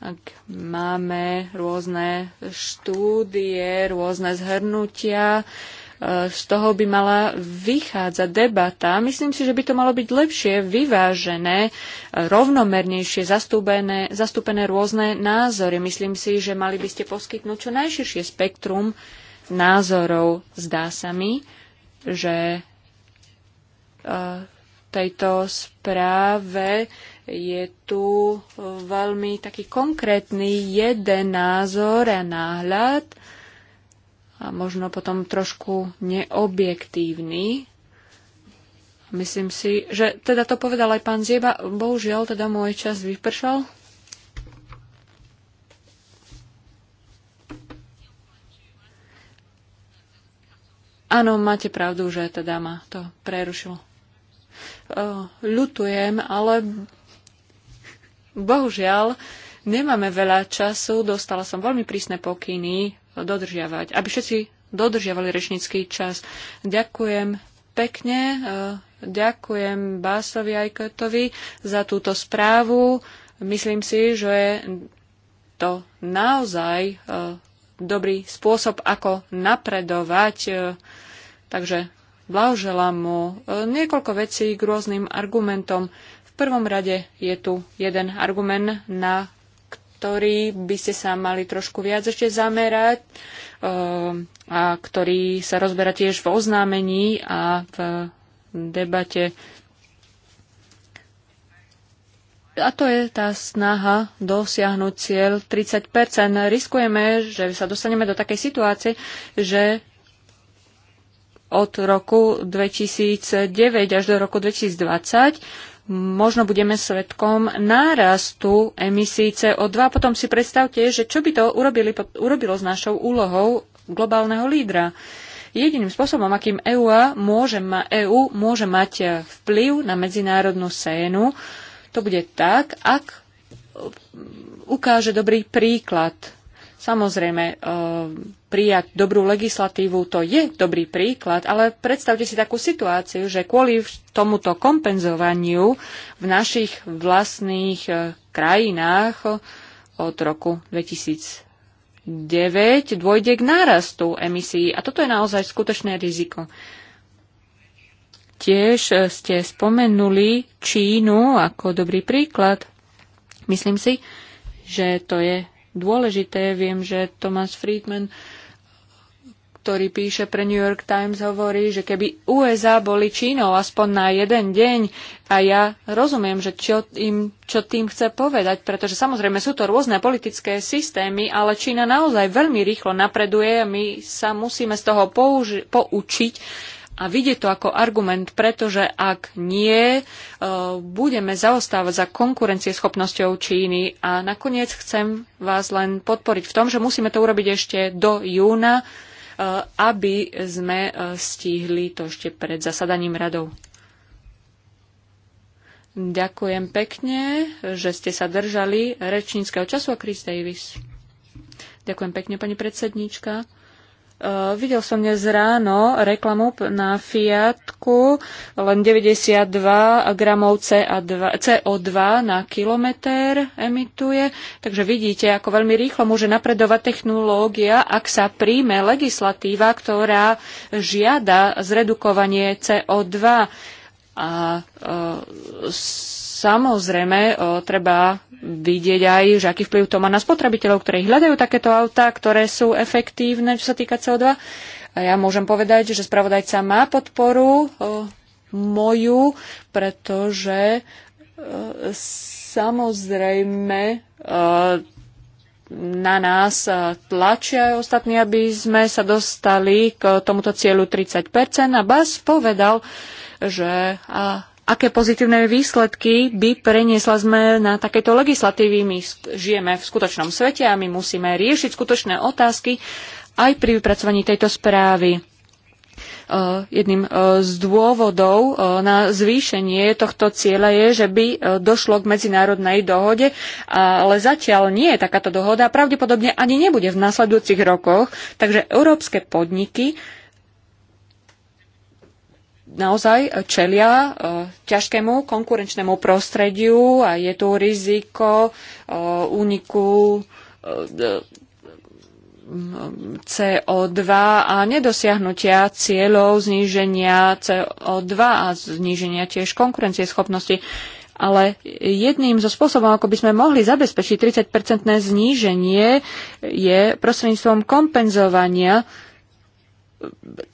Ak máme rôzne štúdie, rôzne zhrnutia, z toho by mala vychádzať debata. Myslím si, že by to malo byť lepšie vyvážené, rovnomernejšie zastúpené, zastúpené rôzne názory. Myslím si, že mali by ste poskytnúť čo najširšie spektrum názorov. Zdá sa mi, že e, tejto správe je tu e, veľmi taký konkrétny jeden názor a náhľad a možno potom trošku neobjektívny. Myslím si, že teda to povedal aj pán Zieba. Bohužiaľ, teda môj čas vypršal. Áno, máte pravdu, že teda ma to prerušilo. Ľutujem, ale bohužiaľ nemáme veľa času. Dostala som veľmi prísne pokyny dodržiavať, aby všetci dodržiavali rečnícky čas. Ďakujem pekne, eh, ďakujem Básovi Ajkotovi za túto správu. Myslím si, že je to naozaj eh, dobrý spôsob, ako napredovať. Eh, takže blahoželám mu niekoľko vecí k rôznym argumentom. V prvom rade je tu jeden argument, na ktorý by ste sa mali trošku viac ešte zamerať eh, a ktorý sa rozberá tiež v oznámení a v debate. A to je tá snaha dosiahnuť cieľ 30 Riskujeme, že sa dostaneme do takej situácie, že od roku 2009 až do roku 2020 možno budeme svetkom nárastu emisí CO2. Potom si predstavte, že čo by to urobili, urobilo s našou úlohou globálneho lídra. Jediným spôsobom, akým EU môže ma, EU môže mať eh, vplyv na medzinárodnú scénu, to bude tak, ak eh, ukáže dobrý príklad Samozrejme, eh, prijať dobrú legislatívu to je dobrý príklad, ale predstavte si takú situáciu, že kvôli tomuto kompenzovaniu v našich vlastných eh, krajinách eh, od roku 2009 dôjde k nárastu emisí. A toto je naozaj skutočné riziko. Tiež ste spomenuli Čínu ako dobrý príklad. Myslím si, že to je dôležité. Viem, že Thomas Friedman ktorý píše pre New York Times, hovorí, že keby USA boli Čínou aspoň na jeden deň a ja rozumiem, že čo, im, čo tým chce povedať, pretože samozrejme sú to rôzne politické systémy, ale Čína naozaj veľmi rýchlo napreduje a my sa musíme z toho použi- poučiť a vidie to ako argument, pretože ak nie, e, budeme zaostávať za konkurencieschopnosťou Číny. A nakoniec chcem vás len podporiť v tom, že musíme to urobiť ešte do júna, e, aby sme e, stihli to ešte pred zasadaním radov. Ďakujem pekne, že ste sa držali rečníckého času a Chris Davis. Ďakujem pekne, pani predsedníčka. Uh, videl som dnes ráno reklamu na Fiatku, len 92 gramov CO2, CO2 na kilometr emituje. Takže vidíte, ako veľmi rýchlo môže napredovať technológia, ak sa príjme legislatíva, ktorá žiada zredukovanie CO2. A uh, Samozrejme, e, treba vidieť aj, že aký vplyv to má na spotrebiteľov, ktorí hľadajú takéto autá, ktoré sú efektívne, čo sa týka CO2. A ja môžem povedať, že spravodajca má podporu e, moju, pretože e, samozrejme na nás tlačia aj ostatní, aby sme sa dostali k tomuto cieľu 30%. A Bas povedal, že a aké pozitívne výsledky by preniesla sme na takéto legislatívy. My žijeme v skutočnom svete a my musíme riešiť skutočné otázky aj pri vypracovaní tejto správy. E, jedným e, z dôvodov e, na zvýšenie tohto cieľa je, že by došlo k medzinárodnej dohode, ale zatiaľ nie je takáto dohoda a pravdepodobne ani nebude v následujúcich rokoch, takže európske podniky naozaj čelia e, ťažkému konkurenčnému prostrediu a je tu riziko e, úniku e, CO2 a nedosiahnutia cieľov zníženia CO2 a zníženia tiež konkurencieschopnosti. Ale jedným zo spôsobov, ako by sme mohli zabezpečiť 30-percentné zníženie, je prostredníctvom kompenzovania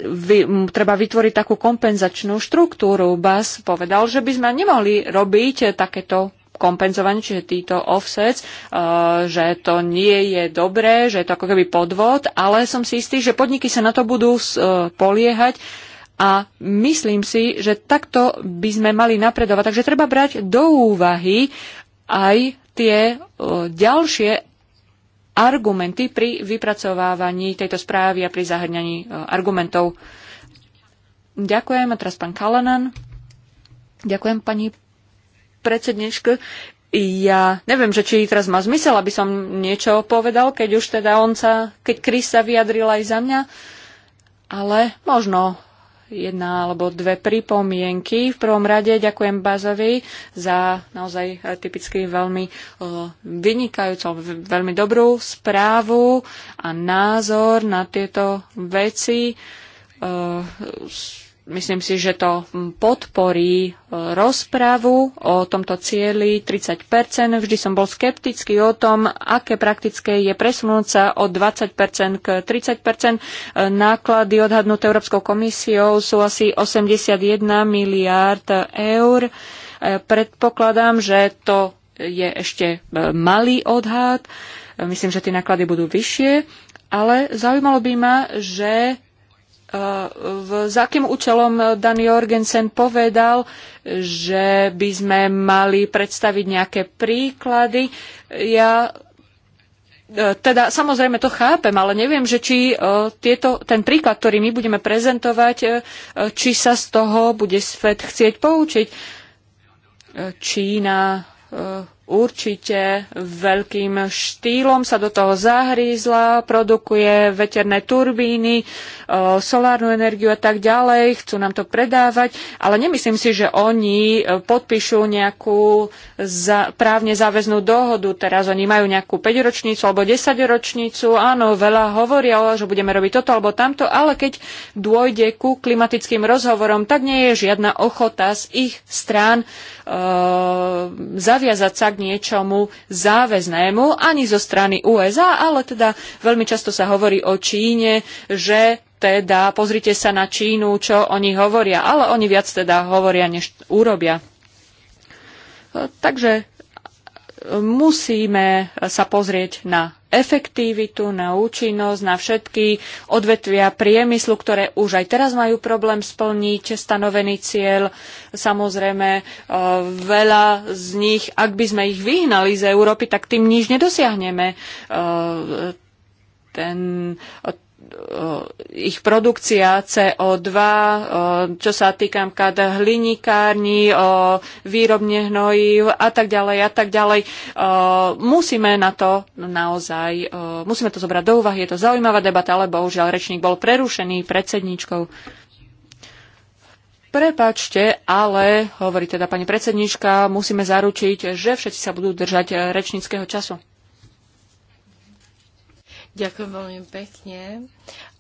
vy, treba vytvoriť takú kompenzačnú štruktúru. Bas povedal, že by sme nemohli robiť takéto kompenzovanie, čiže týto offsets, uh, že to nie je dobré, že je to ako keby podvod, ale som si istý, že podniky sa na to budú uh, poliehať a myslím si, že takto by sme mali napredovať. Takže treba brať do úvahy aj tie uh, ďalšie argumenty pri vypracovávaní tejto správy a pri zahrňaní e, argumentov. Ďakujem. A teraz pán Kalanan. Ďakujem, pani predsedničku. Ja neviem, že či teraz má zmysel, aby som niečo povedal, keď už teda on sa, keď Chris sa vyjadril aj za mňa, ale možno jedna alebo dve pripomienky. V prvom rade ďakujem Bazovi za naozaj e, typicky veľmi e, vynikajúcu, veľmi dobrú správu a názor na tieto veci. E, Myslím si, že to podporí e, rozpravu o tomto cieli 30 Vždy som bol skeptický o tom, aké praktické je presunúť sa od 20 k 30 e, Náklady odhadnuté Európskou komisiou sú asi 81 miliárd eur. E, predpokladám, že to je ešte malý odhad. Myslím, že tie náklady budú vyššie. Ale zaujímalo by ma, že v, za akým účelom Dan Jorgensen povedal, že by sme mali predstaviť nejaké príklady. Ja e, teda samozrejme to chápem, ale neviem, že či e, tieto, ten príklad, ktorý my budeme prezentovať, e, či sa z toho bude svet chcieť poučiť. Čína určite veľkým štýlom sa do toho zahrízla, produkuje veterné turbíny, e, solárnu energiu a tak ďalej, chcú nám to predávať, ale nemyslím si, že oni e, podpíšu nejakú za, právne záväznú dohodu. Teraz oni majú nejakú 5-ročnicu alebo 10-ročnicu, áno, veľa hovoria, že budeme robiť toto alebo tamto, ale keď dôjde ku klimatickým rozhovorom, tak nie je žiadna ochota z ich strán e, zaviazať sa k niečomu záväznému ani zo strany USA, ale teda veľmi často sa hovorí o Číne, že teda pozrite sa na Čínu, čo oni hovoria, ale oni viac teda hovoria, než urobia. E, takže musíme sa pozrieť na efektivitu, na účinnosť, na všetky odvetvia priemyslu, ktoré už aj teraz majú problém splniť stanovený cieľ. Samozrejme, e, veľa z nich, ak by sme ich vyhnali z Európy, tak tým nič nedosiahneme. E, ten, Eh, ich produkcia CO2, eh, čo sa týka MKD hlinikárni, eh, výrobne hnojív a tak ďalej a tak ďalej. Musíme na to naozaj, musíme to zobrať do úvahy. Je to zaujímavá debata, ale bohužiaľ rečník bol prerušený predsedničkou. Prepačte, ale, hovorí teda pani predsednička, musíme zaručiť, že všetci sa budú držať rečníckého času. Ďakujem veľmi pekne.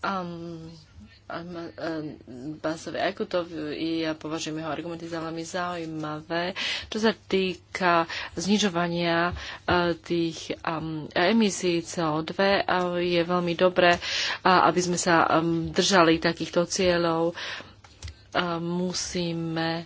Um, Basovi Ajkutovi, ja považujem jeho argumenty za veľmi zaujímavé. Čo sa týka znižovania e, tých emisí CO2, e, je veľmi dobré, e, aby sme sa držali takýchto cieľov. Musíme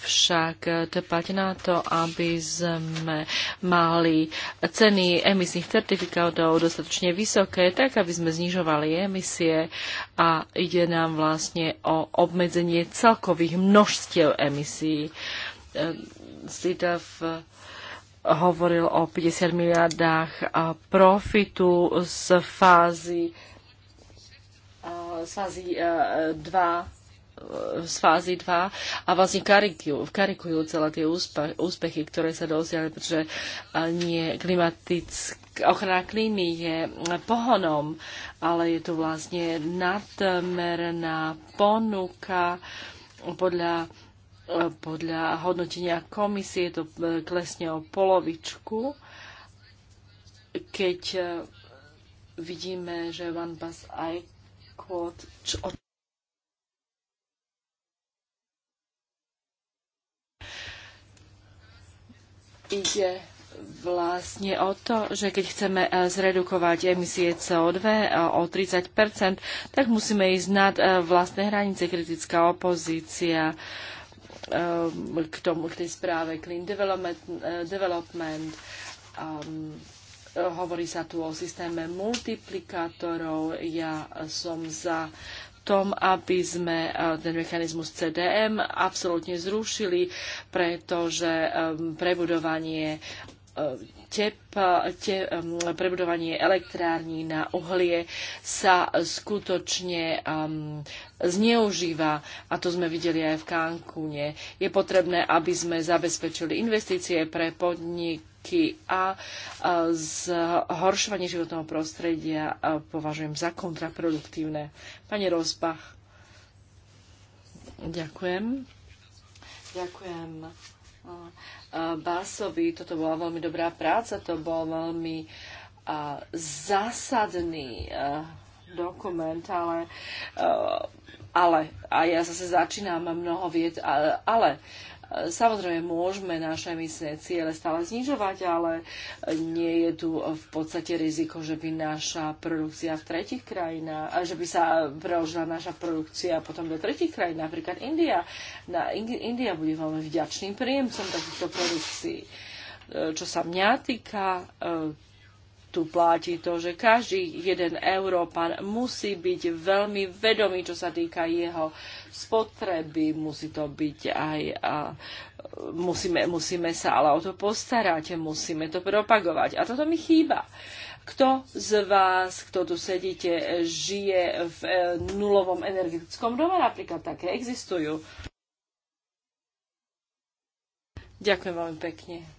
však trpať na to, aby sme mali ceny emisných certifikátov dostatočne vysoké, tak aby sme znižovali emisie a ide nám vlastne o obmedzenie celkových množstiev emisí. Sita hovoril o 50 miliardách profitu z fázy z fázy 2 z fázy 2 a vlastne karikujú, karikujú celé tie úspe, úspechy, ktoré sa dosiahli, pretože nie klimatické ochrana klímy je pohonom, ale je to vlastne nadmerná ponuka podľa, podľa hodnotenia komisie to e, klesne o polovičku, keď e, vidíme, že One Bus I Quote, čo, ide vlastne o to, že keď chceme e, zredukovať emisie CO2 o 30 e, tak musíme ísť nad e, vlastné hranice. Kritická opozícia k tomu, k tej správe Clean Development, development um, hovorí sa tu o systéme multiplikátorov. Ja som za tom, aby sme eh, ten mechanizmus CDM absolútne zrušili, pretože ehm, prebudovanie eh, tep, te, ehm, prebudovanie elektrární na uhlie sa skutočne um, zneužíva a to sme videli aj v Kánkune. Je potrebné, aby sme zabezpečili investície pre podnik politiky a zhoršovanie životného prostredia považujem za kontraproduktívne. Pani Rozbach. Ďakujem. Ďakujem. E, e, Básovi, toto bola veľmi dobrá práca, to bol veľmi e, zásadný dokument, ale ale, a ja zase začínam mnoho vied, ale, ale Samozrejme, môžeme naše emisné ciele stále znižovať, ale nie je tu v podstate riziko, že by naša produkcia v tretich krajinách, že by sa preložila naša produkcia potom do tretich krajín, napríklad India. Na, India bude veľmi vďačným príjemcom takýchto produkcií. E, čo sa mňa týka, e, tu platí to, že každý jeden Európan musí byť veľmi vedomý, čo sa týka jeho spotreby. Musí to byť aj... A, musíme, musíme sa ale o to postarať, musíme to propagovať. A toto mi chýba. Kto z vás, kto tu sedíte, žije v e, nulovom energetickom dome, napríklad také existujú. Ďakujem veľmi pekne.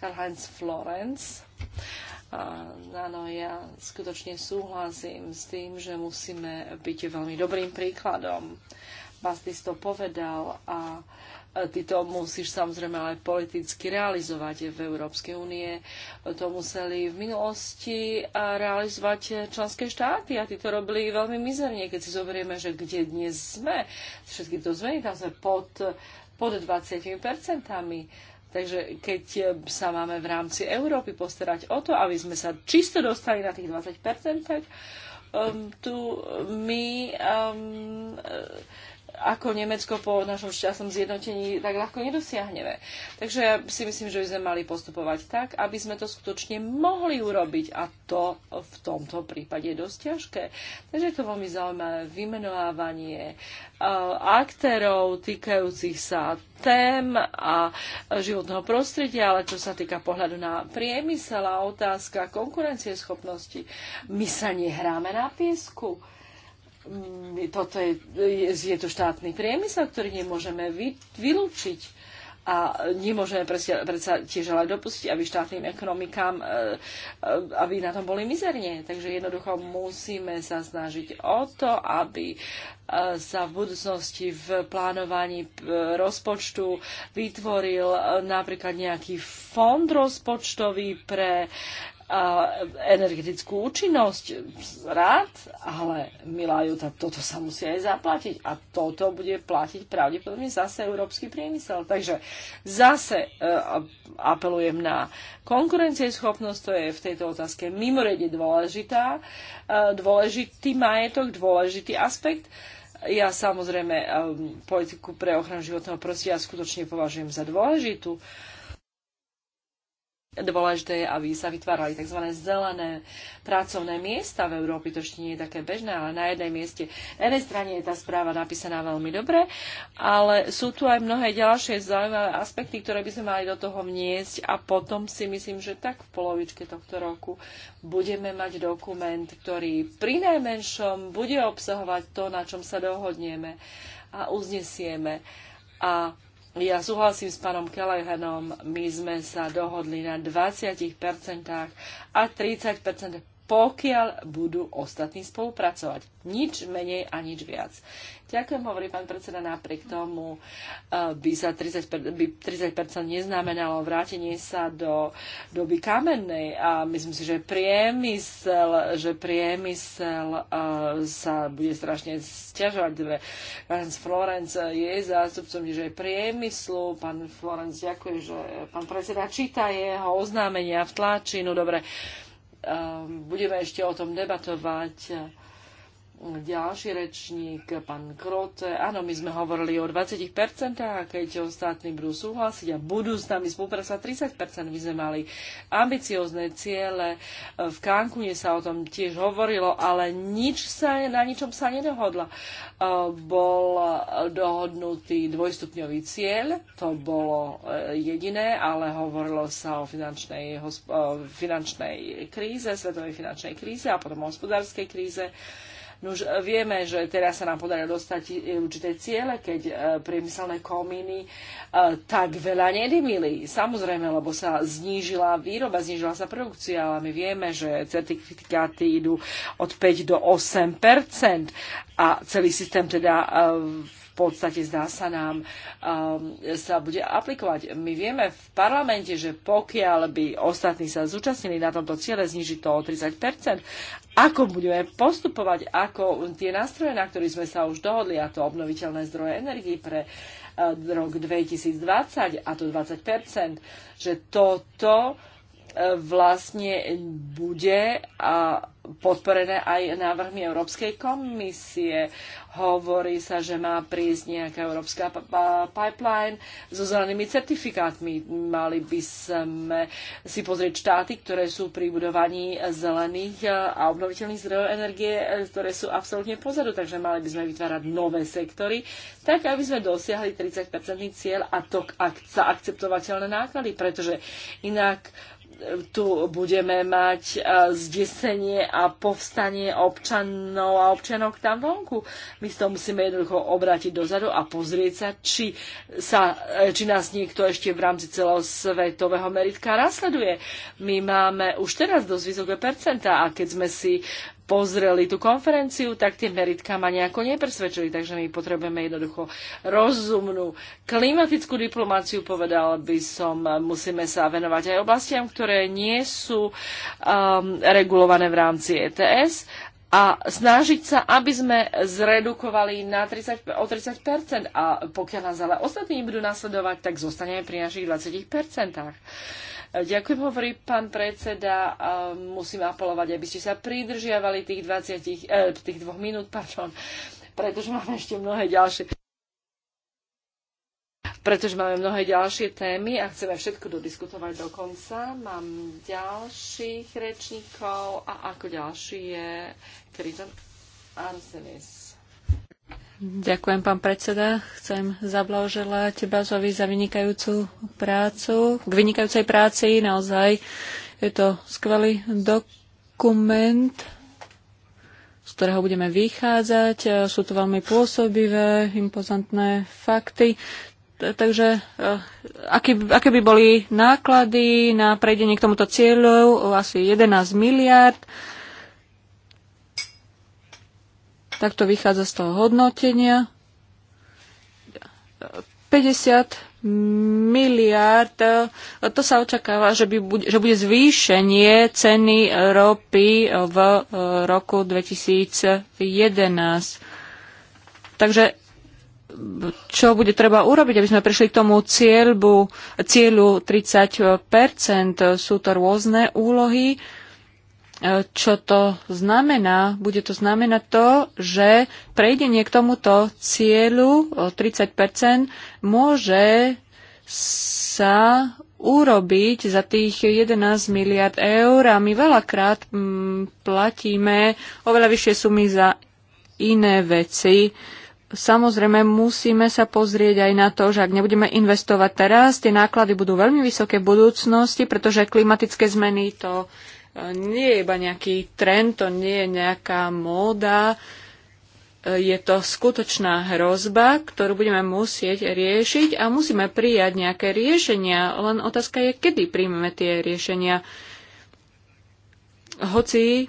Karl-Heinz Florenz. A, áno, ja skutočne súhlasím s tým, že musíme byť veľmi dobrým príkladom. Bastis to povedal a ty to musíš samozrejme ale politicky realizovať v Európskej únie. To museli v minulosti realizovať členské štáty a ty to robili veľmi mizerne, keď si zoberieme, že kde dnes sme. Všetky to zmeny, tam sme pod, pod 20 percentami Takže keď eh, sa máme v rámci Európy postarať o to, aby sme sa čisto dostali na tých 20%, tak um, tu my um, ako Nemecko po našom šťastnom zjednotení tak ľahko nedosiahneme. Takže ja si myslím, že by sme mali postupovať tak, aby sme to skutočne mohli urobiť a to v tomto prípade je dosť ťažké. Takže je to veľmi zaujímavé vymenovávanie eh, aktérov týkajúcich sa tém a životného prostredia, ale čo sa týka pohľadu na priemysel a otázka konkurencieschopnosti, my sa nehráme na piesku Mm, toto je, je to štátny priemysel, ktorý nemôžeme vy, vylúčiť. A nemôžeme predsa, predsa tiež ale dopustiť, aby štátnym ekonomikám, e, e, aby na tom boli mizerne. Takže jednoducho musíme sa snažiť o to, aby e, sa v budúcnosti v plánovaní rozpočtu vytvoril napríklad nejaký fond rozpočtový pre energetickú účinnosť. Rád, ale milá Juta, toto sa musí aj zaplatiť a toto bude platiť pravdepodobne zase európsky priemysel. Takže zase uh, apelujem na konkurencieschopnosť, to je v tejto otázke mimoriadne dôležitá, uh, dôležitý majetok, dôležitý aspekt. Ja samozrejme um, politiku pre ochranu životného prostredia skutočne považujem za dôležitú, Dôležité je, aby sa vytvárali tzv. zelené pracovné miesta v Európe. To ešte nie je také bežné, ale na jednej mieste, na jednej strane je tá správa napísaná veľmi dobre, ale sú tu aj mnohé ďalšie zaujímavé aspekty, ktoré by sme mali do toho vniesť a potom si myslím, že tak v polovičke tohto roku budeme mať dokument, ktorý pri najmenšom bude obsahovať to, na čom sa dohodneme a uznesieme. A ja súhlasím s pánom Kelehenom, my sme sa dohodli na 20% a 30% pokiaľ budú ostatní spolupracovať. Nič menej a nič viac. Ďakujem, hovorí pán predseda, napriek tomu e, by sa 30%, by 30% neznamenalo vrátenie sa do doby kamennej a myslím si, že priemysel, že priemysel e, sa bude strašne stiažovať. Pán Florenc je zástupcom, že je priemyslu. Pán Florenc ďakuje, že pán predseda číta jeho oznámenia v tlači. No dobre, e, budeme ešte o tom debatovať ďalší rečník, pán Krote. Áno, my sme hovorili o 20%, a keď ostatní budú súhlasiť a budú s nami spolupracovať 30%, my sme mali ambiciozne ciele. V Kankune sa o tom tiež hovorilo, ale nič sa, na ničom sa nedohodla. E, bol dohodnutý dvojstupňový cieľ, to bolo e, jediné, ale hovorilo sa o finančnej, finančnej kríze, svetovej finančnej kríze a potom o hospodárskej kríze No už e, vieme, že teraz sa nám podarilo dostať e, určité ciele, keď e, priemyselné komíny tak veľa nedymili. Samozrejme, lebo sa znížila výroba, znížila sa produkcia, ale my vieme, že certifikáty idú od 5 do 8 a celý systém teda podstate zdá sa nám, um, sa bude aplikovať. My vieme v parlamente, že pokiaľ by ostatní sa zúčastnili na tomto ciele znižiť to o 30 ako budeme postupovať, ako tie nástroje, na ktorých sme sa už dohodli, a to obnoviteľné zdroje energii pre uh, rok 2020 a to 20 že toto uh, vlastne bude a uh, podporené aj návrhmi Európskej komisie. Hovorí sa, že má prísť nejaká európska pipeline so zelenými certifikátmi. Mali by sme si pozrieť štáty, ktoré sú pri budovaní zelených a obnoviteľných zdrojov energie, ktoré sú absolútne pozadu, takže mali by sme vytvárať nové sektory, tak aby sme dosiahli 30-percentný cieľ a to ak sa akceptovateľné náklady, pretože inak tu budeme mať e, zdesenie a povstanie občanov a občanok tam vonku. My to musíme jednoducho obrátiť dozadu a pozrieť sa, či, sa, e, či nás niekto ešte v rámci celosvetového meritka nasleduje. My máme už teraz dosť vysoké percentá a keď sme si pozreli tú konferenciu, tak tie meritká ma nejako nepresvedčili, takže my potrebujeme jednoducho rozumnú klimatickú diplomáciu, povedal by som, musíme sa venovať aj oblastiam, ktoré nie sú um, regulované v rámci ETS a snažiť sa, aby sme zredukovali na 30, o 30 a pokiaľ nás ale ostatní budú nasledovať, tak zostaneme pri našich 20 Ďakujem, hovorí pán predseda. Musím apelovať, aby ste sa pridržiavali tých, 20, eh, tých dvoch minút, pardon, pretože máme ešte mnohé ďalšie pretože máme mnohé ďalšie témy a chceme všetko dodiskutovať do konca. Mám ďalších rečníkov a ako ďalší je Kryton Arsenis. Ďakujem, pán predseda. Chcem zablahoželať Bazovi za vynikajúcu prácu, k vynikajúcej práci. Naozaj je to skvelý dokument, z ktorého budeme vychádzať. Sú to veľmi pôsobivé, impozantné fakty. Takže eh, aké, aké by boli náklady na prejdenie k tomuto cieľu? Asi 11 miliard. Takto vychádza z toho hodnotenia. 50 miliard, to sa očakáva, že, by bude, že bude zvýšenie ceny ropy v e, roku 2011. Takže čo bude treba urobiť, aby sme prišli k tomu cieľbu, cieľu 30 Sú to rôzne úlohy čo to znamená? Bude to znamenať to, že prejdenie k tomuto cieľu o 30 môže sa urobiť za tých 11 miliard eur a my veľakrát mm, platíme oveľa vyššie sumy za iné veci. Samozrejme, musíme sa pozrieť aj na to, že ak nebudeme investovať teraz, tie náklady budú veľmi vysoké v budúcnosti, pretože klimatické zmeny to nie je iba nejaký trend, to nie je nejaká móda, je to skutočná hrozba, ktorú budeme musieť riešiť a musíme prijať nejaké riešenia. Len otázka je, kedy príjmeme tie riešenia. Hoci e,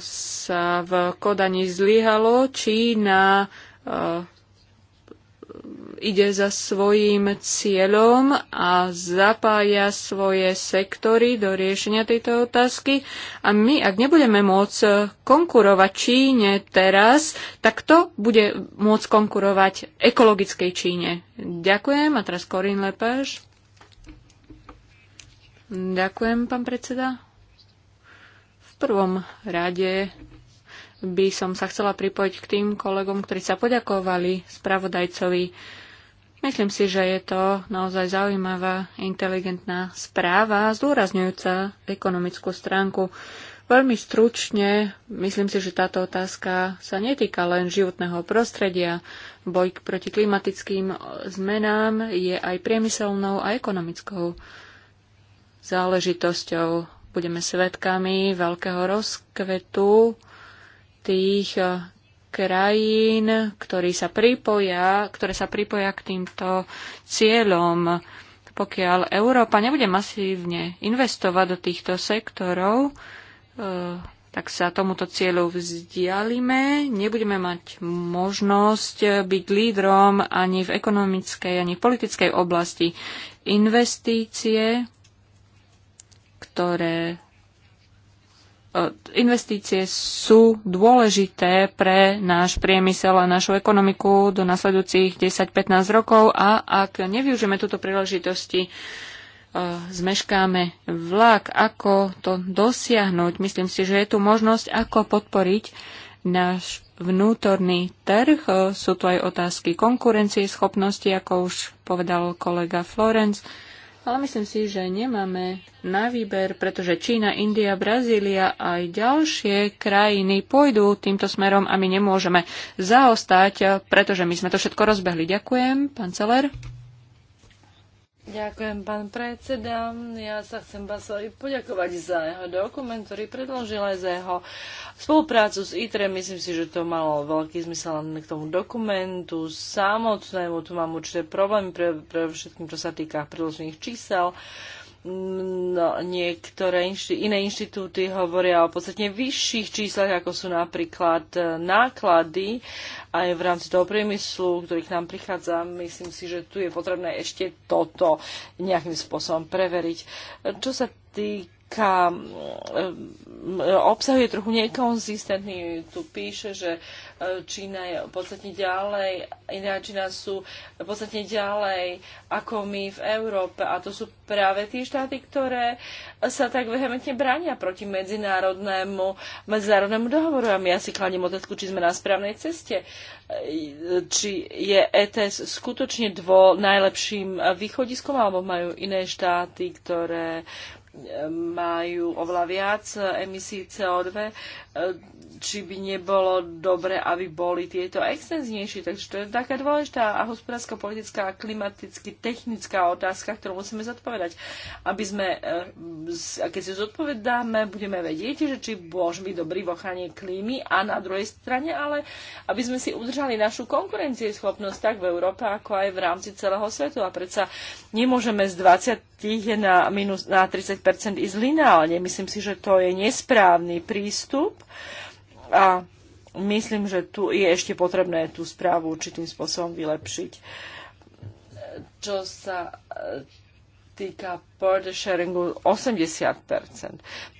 sa v Kodani zlyhalo, Čína na. Eh, ide za svojím cieľom a zapája svoje sektory do riešenia tejto otázky. A my, ak nebudeme môcť konkurovať Číne teraz, tak to bude môcť konkurovať ekologickej Číne. Ďakujem. A teraz Korín Lepáš. Ďakujem, pán predseda. V prvom rade by som sa chcela pripojiť k tým kolegom, ktorí sa poďakovali spravodajcovi Myslím si, že je to naozaj zaujímavá, inteligentná správa, zdôrazňujúca ekonomickú stránku. Veľmi stručne, myslím si, že táto otázka sa netýka len životného prostredia. Boj proti klimatickým zmenám je aj priemyselnou a ekonomickou záležitosťou. Budeme svedkami veľkého rozkvetu tých krajín, ktorý sa pripoja, ktoré sa pripoja k týmto cieľom. Pokiaľ Európa nebude masívne investovať do týchto sektorov, e, tak sa tomuto cieľu vzdialime. Nebudeme mať možnosť byť lídrom ani v ekonomickej, ani v politickej oblasti. Investície, ktoré investície sú dôležité pre náš priemysel a našu ekonomiku do nasledujúcich 10-15 rokov a ak nevyužijeme túto príležitosti, e, zmeškáme vlak, ako to dosiahnuť. Myslím si, že je tu možnosť, ako podporiť náš vnútorný trh. Sú tu aj otázky konkurencie, schopnosti, ako už povedal kolega Florence ale myslím si, že nemáme na výber, pretože Čína, India, Brazília a aj ďalšie krajiny pôjdu týmto smerom a my nemôžeme zaostať, pretože my sme to všetko rozbehli. Ďakujem, pán Celer. Ďakujem, pán predseda. Ja sa chcem Basovi poďakovať za jeho dokument, ktorý predložil aj za jeho spoluprácu s ITRE. Myslím si, že to malo veľký zmysel len k tomu dokumentu samotnému. Tu mám určité problémy, pre, pre všetkým, čo sa týka predložených čísel. Uh, no, niektoré inši, iné inštitúty hovoria o podstatne vyšších číslach, ako sú napríklad e, náklady aj v rámci toho priemyslu, ktorý k nám prichádza. Myslím si, že tu je potrebné ešte toto nejakým spôsobom preveriť. Čo sa týka taká, mm, e, obsah je trochu nekonzistentný. Tu píše, že e, Čína je podstatne ďalej, iná Čína sú podstatne ďalej ako my v Európe. A to sú práve tie štáty, ktoré sa tak vehementne bránia proti medzinárodnému, medzinárodnému dohovoru. A my ja si kladím otázku, či sme na správnej ceste. E, či je ETS skutočne dvo najlepším východiskom, alebo majú iné štáty, ktoré majú oveľa viac emisí CO2, eh, či by nebolo dobre, aby boli tieto extenznejšie. Takže to je taká dôležitá a hospodárska, politická a klimaticky technická otázka, ktorú musíme zodpovedať. Aby sme, eh, a keď si zodpovedáme, budeme vedieť, že či môžeme byť dobrý v ochrane klímy a na druhej strane, ale aby sme si udržali našu konkurencieschopnosť tak v Európe, ako aj v rámci celého svetu. A predsa nemôžeme z 20 na, minus, na 30 ísť lineálne. Myslím si, že to je nesprávny prístup a myslím, že tu je ešte potrebné tú správu určitým spôsobom vylepšiť. Čo sa e, týka border sharingu 80%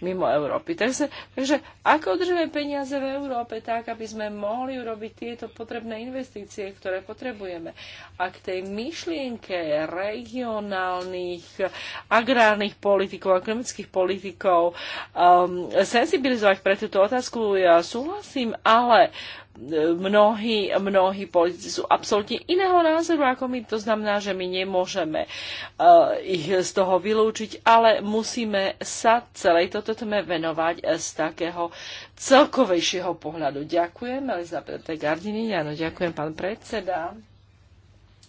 mimo Európy. Takže, takže ako držíme peniaze v Európe tak, aby sme mohli urobiť tieto potrebné investície, ktoré potrebujeme. A k tej myšlienke regionálnych agrárnych politikov, ekonomických politikov um, sensibilizovať pre túto otázku, ja súhlasím, ale e, mnohí, mnohí politici sú absolútne iného názoru ako my. To znamená, že my nemôžeme uh, ich z toho vylúčiť, ale musíme sa celej toto téme venovať eh, z takého celkovejšieho pohľadu. Ďakujem, Elizabete Gardini, áno, ďakujem, pán predseda.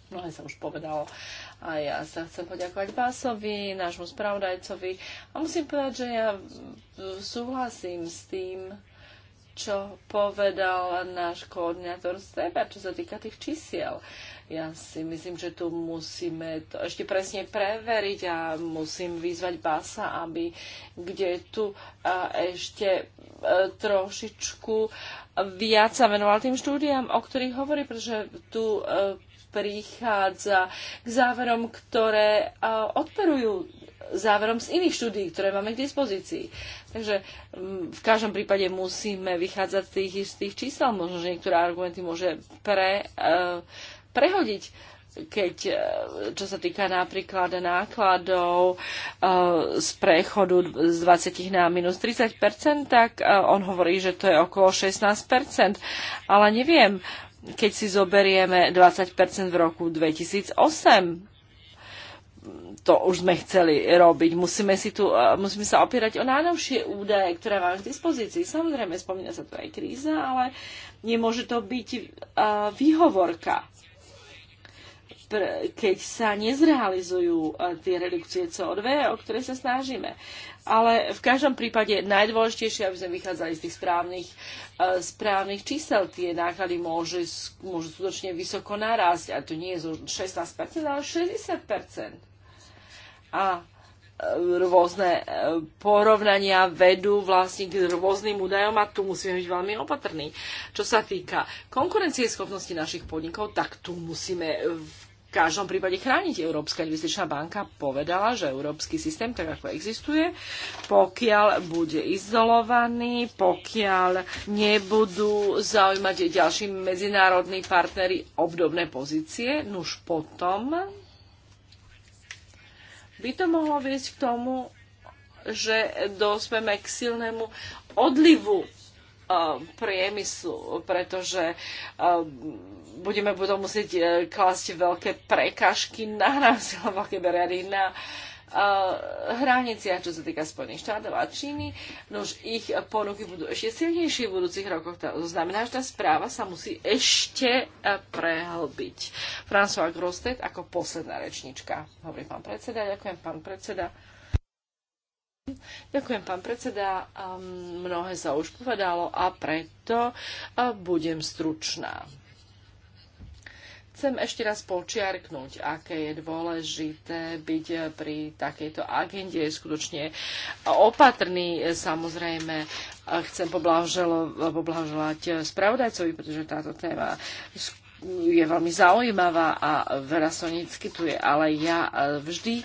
Mnohé sa už povedalo. A ja sa chcem poďakovať Básovi, nášmu spravodajcovi. A musím povedať, že ja mm, súhlasím s tým, čo povedal náš koordinátor Seba, čo sa týka tých čísiel. Ja si myslím, že tu musíme to ešte presne preveriť a musím vyzvať Basa, aby kde tu ešte e, trošičku viac sa venoval tým štúdiám, o ktorých hovorí, pretože tu e, prichádza k záverom, ktoré odperujú záverom z iných štúdií, ktoré máme k dispozícii. Takže mm, v každom prípade musíme vychádzať z tých istých čísel. Možno, že niektoré argumenty môže pre, e, prehodiť keď, e, čo sa týka napríklad nákladov e, z prechodu z 20 na minus 30 tak on hovorí, že to je okolo 16 ale neviem, keď si zoberieme 20 v roku 2008, to už sme chceli robiť. Musíme, si tu, musíme sa opierať o najnovšie údaje, ktoré máme k dispozícii. Samozrejme, spomína sa tu aj kríza, ale nemôže to byť výhovorka, keď sa nezrealizujú tie redukcie CO2, o ktoré sa snažíme. Ale v každom prípade najdôležitejšie, aby sme vychádzali z tých správnych, správnych čísel. Tie náklady môžu, môžu skutočne vysoko narásť. A to nie je zo 16%, ale 60% a e, rôzne e, porovnania vedú vlastne k rôznym údajom a tu musíme byť veľmi opatrní. Čo sa týka konkurencieschopnosti našich podnikov, tak tu musíme v každom prípade chrániť. Európska investičná banka povedala, že európsky systém, tak ako existuje, pokiaľ bude izolovaný, pokiaľ nebudú zaujímať ďalší medzinárodní partnery obdobné pozície, nuž potom by to mohlo viesť k tomu, že dospeme k silnému odlivu eh, priemyslu, pretože eh, budeme potom musieť eh, klásť veľké prekažky naraz, (laughs) veľké bariéry na, hraniciach, čo sa týka Spojených štátov a Číny. No už ich ponuky budú ešte silnejšie v budúcich rokoch. To znamená, že tá správa sa musí ešte e, prehlbiť. François Grostet ako posledná rečnička. Hovorí pán predseda, ďakujem pán predseda. Ďakujem, pán predseda. Ehm, mnohé sa už povedalo a preto e, budem stručná. Chcem ešte raz počiarknúť, aké je dôležité byť pri takejto agende skutočne opatrný. Samozrejme, chcem poblahoželať spravodajcovi, pretože táto téma je veľmi zaujímavá a veľa sa neskytuje, ale ja vždy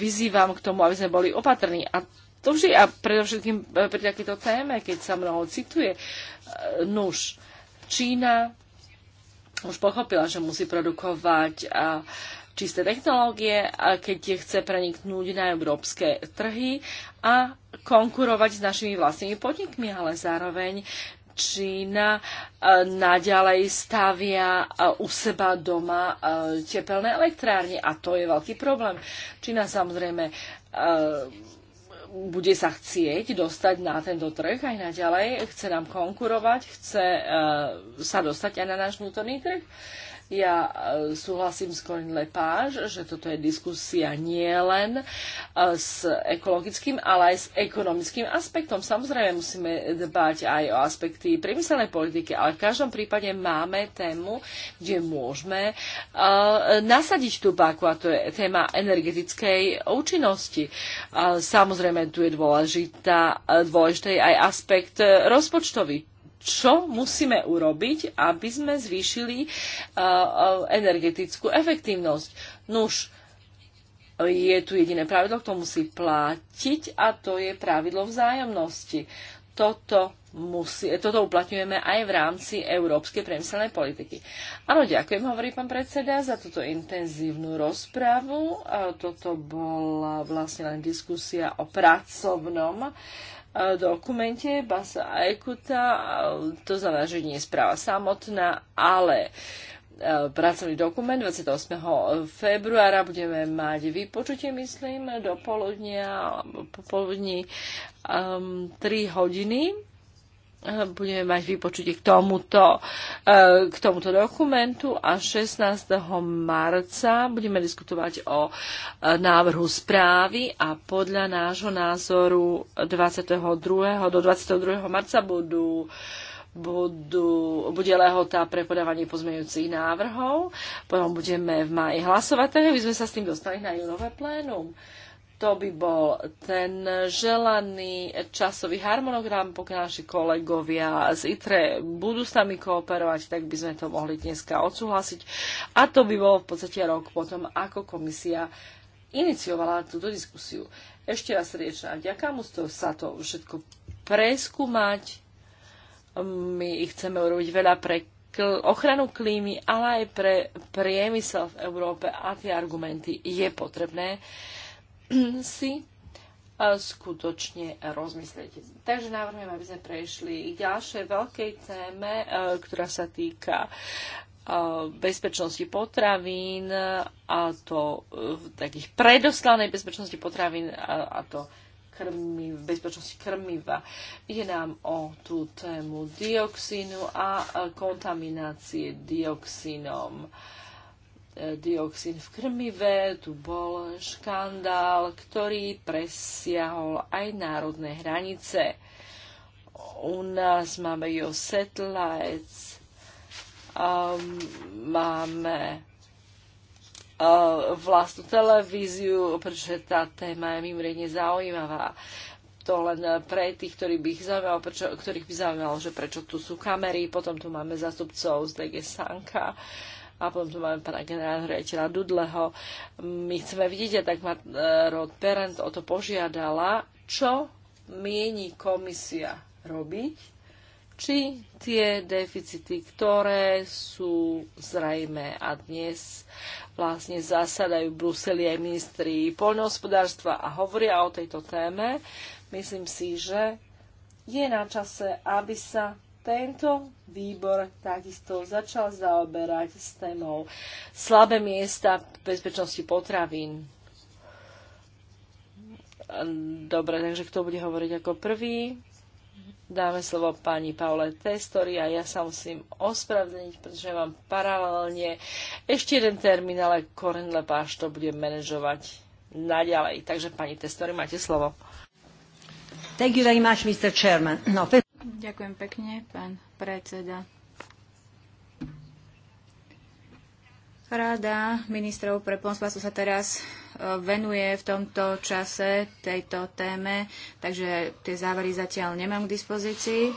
vyzývam k tomu, aby sme boli opatrní. A to vždy a predovšetkým pri takejto téme, keď sa mnoho cituje, nuž, Čína už pochopila, že musí produkovať a čisté technológie, a keď chce preniknúť na európske trhy a konkurovať s našimi vlastnými podnikmi, ale zároveň Čína naďalej stavia u seba doma tepelné elektrárne a to je veľký problém. Čína samozrejme bude sa chcieť dostať na tento trh aj naďalej, chce nám konkurovať, chce uh, sa dostať aj na náš vnútorný trh. Ja e, súhlasím s Corinne Lepage, že toto je diskusia nie len e, s ekologickým, ale aj s ekonomickým aspektom. Samozrejme musíme dbať aj o aspekty priemyselnej politiky, ale v každom prípade máme tému, kde môžeme e, nasadiť tú baku a to je téma energetickej účinnosti. Samozrejme tu je dôležitá, dôležitý aj aspekt rozpočtový čo musíme urobiť, aby sme zvýšili eh, eh, energetickú efektívnosť. Nuž, je tu jediné pravidlo, kto musí platiť a to je pravidlo vzájomnosti. Toto, musí, toto uplatňujeme aj v rámci európskej priemyselnej politiky. Áno, ďakujem, hovorí pán predseda, za túto intenzívnu rozprávu. Eh, toto bola vlastne len diskusia o pracovnom dokumente Basa Aikuta, to znamená, že nie je správa samotná, ale e, pracovný dokument 28. februára budeme mať vypočutie, myslím, do poludnia po popoludní um, 3 hodiny budeme mať vypočutie k tomuto, e, k tomuto dokumentu a 16. marca budeme diskutovať o e, návrhu správy a podľa nášho názoru 22. do 22. marca budú budú, bude lehota pre podávanie pozmeňujúcich návrhov. Potom budeme v máji hlasovať, tak by sme sa s tým dostali na júnové plénum. Uh, to by bol ten želaný časový harmonogram, pokiaľ naši kolegovia z ITRE budú s nami kooperovať, tak by sme to mohli dneska odsúhlasiť. A to by bolo v podstate rok potom, ako komisia iniciovala túto diskusiu. Ešte raz riečná vďaka, musí sa to všetko preskúmať. My chceme urobiť veľa pre ochranu klímy, ale aj pre priemysel v Európe a tie argumenty je potrebné (clears throat) si e, skutočne rozmyslieť. Takže navrhujem, aby sme prešli k ďalšej veľkej téme, e, ktorá sa týka e, bezpečnosti potravín a to takých predoslanej bezpečnosti potravín a, a to krmiv, bezpečnosti krmiva. Ide nám o tú tému dioxínu a kontaminácie dioxínom. Uh, dioxín v krmive, tu bol škandál, ktorý presiahol aj národné hranice. U nás máme jo satellites, um, máme uh, vlastnú televíziu, pretože tá téma je mimoriadne zaujímavá. To len pre tých, ktorých by, ich zaujímalo, prečo, ktorých by zaujímalo, že prečo tu sú kamery. Potom tu máme zastupcov z DG Sanka. Uh, a potom máme pána generátora riaditeľa Dudleho. My chceme vidieť, a tak ma e, Rod Perent o to požiadala, čo mieni komisia robiť, či tie deficity, ktoré sú zrejme a dnes vlastne zasadajú v Bruseli aj ministri poľnohospodárstva a hovoria o tejto téme, myslím si, že je na čase, aby sa tento výbor takisto začal zaoberať s témou slabé miesta bezpečnosti potravín. Dobre, takže kto bude hovoriť ako prvý? Dáme slovo pani Paule Testori a ja sa musím ospravedlniť, pretože mám paralelne ešte jeden termín, ale Koren Lepáš to bude manažovať naďalej. Takže pani Testori, máte slovo. Thank you very much, Mr. Chairman. No, Ďakujem pekne, pán predseda. Rada ministrov pre plnospodárstvo sa teraz e, venuje v tomto čase tejto téme, takže tie závery zatiaľ nemám k dispozícii.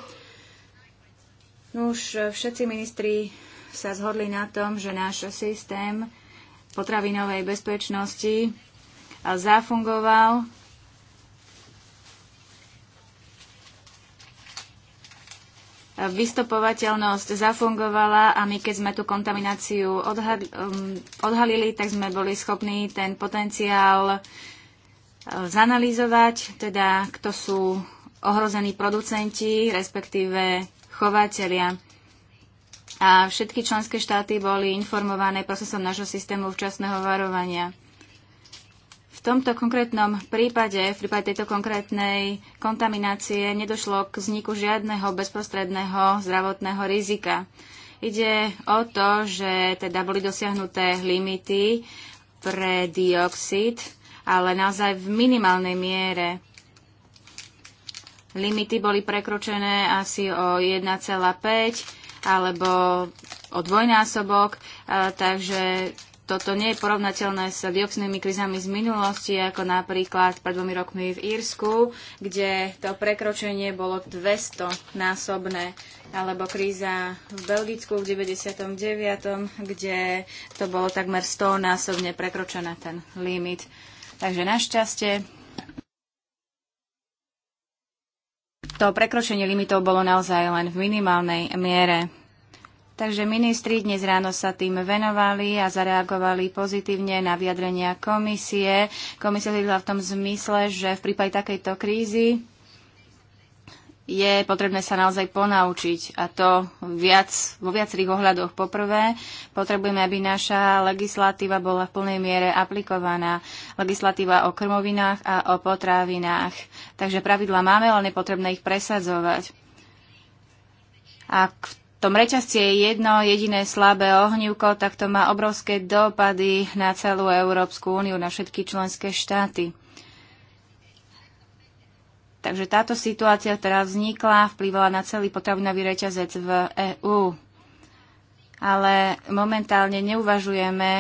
Už e, všetci ministri sa zhodli na tom, že náš systém potravinovej bezpečnosti e, zafungoval vystopovateľnosť zafungovala a my keď sme tú kontamináciu um, odhalili, tak sme boli schopní ten potenciál uh, zanalýzovať, teda kto sú ohrození producenti, respektíve chovateľia. A všetky členské štáty boli informované procesom nášho systému včasného varovania tomto konkrétnom prípade, v prípade tejto konkrétnej kontaminácie, nedošlo k vzniku žiadneho bezprostredného zdravotného rizika. Ide o to, že teda boli dosiahnuté limity pre dioxid, ale naozaj v minimálnej miere. Limity boli prekročené asi o 1,5 alebo o dvojnásobok, eh, takže toto nie je porovnateľné s dioxinovými krizami z minulosti, ako napríklad pred dvomi rokmi v Írsku, kde to prekročenie bolo 200-násobné, alebo kríza v Belgicku v 99., kde to bolo takmer 100-násobne prekročené ten limit. Takže našťastie to prekročenie limitov bolo naozaj len v minimálnej miere. Takže ministri dnes ráno sa tým venovali a zareagovali pozitívne na vyjadrenia komisie. Komisia hovorila v tom zmysle, že v prípade takejto krízy je potrebné sa naozaj ponaučiť a to viac, vo viacerých ohľadoch. Poprvé, potrebujeme, aby naša legislatíva bola v plnej miere aplikovaná. Legislatíva o krmovinách a o potravinách. Takže pravidla máme, ale nepotrebné ich presadzovať. A v tom reťazci je jedno jediné slabé ohnívko, tak to má obrovské dopady na celú Európsku úniu, na všetky členské štáty. Takže táto situácia, ktorá vznikla, vplyvala na celý potravinový reťazec v EÚ. Ale momentálne neuvažujeme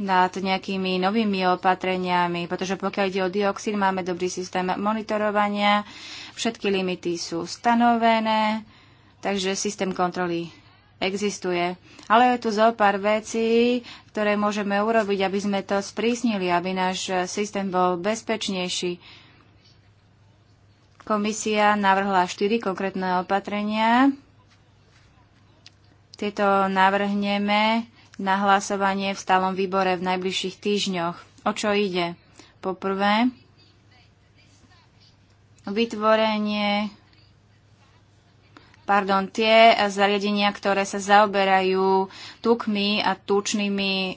nad nejakými novými opatreniami, pretože pokiaľ ide o dioxín, máme dobrý systém monitorovania, všetky limity sú stanovené, Takže systém kontroly existuje. Ale je tu zo pár vecí, ktoré môžeme urobiť, aby sme to sprísnili, aby náš systém bol bezpečnejší. Komisia navrhla štyri konkrétne opatrenia. Tieto navrhneme na hlasovanie v stálom výbore v najbližších týždňoch. O čo ide? Poprvé, vytvorenie pardon, tie zariadenia, ktoré sa zaoberajú tukmi a tučnými eh,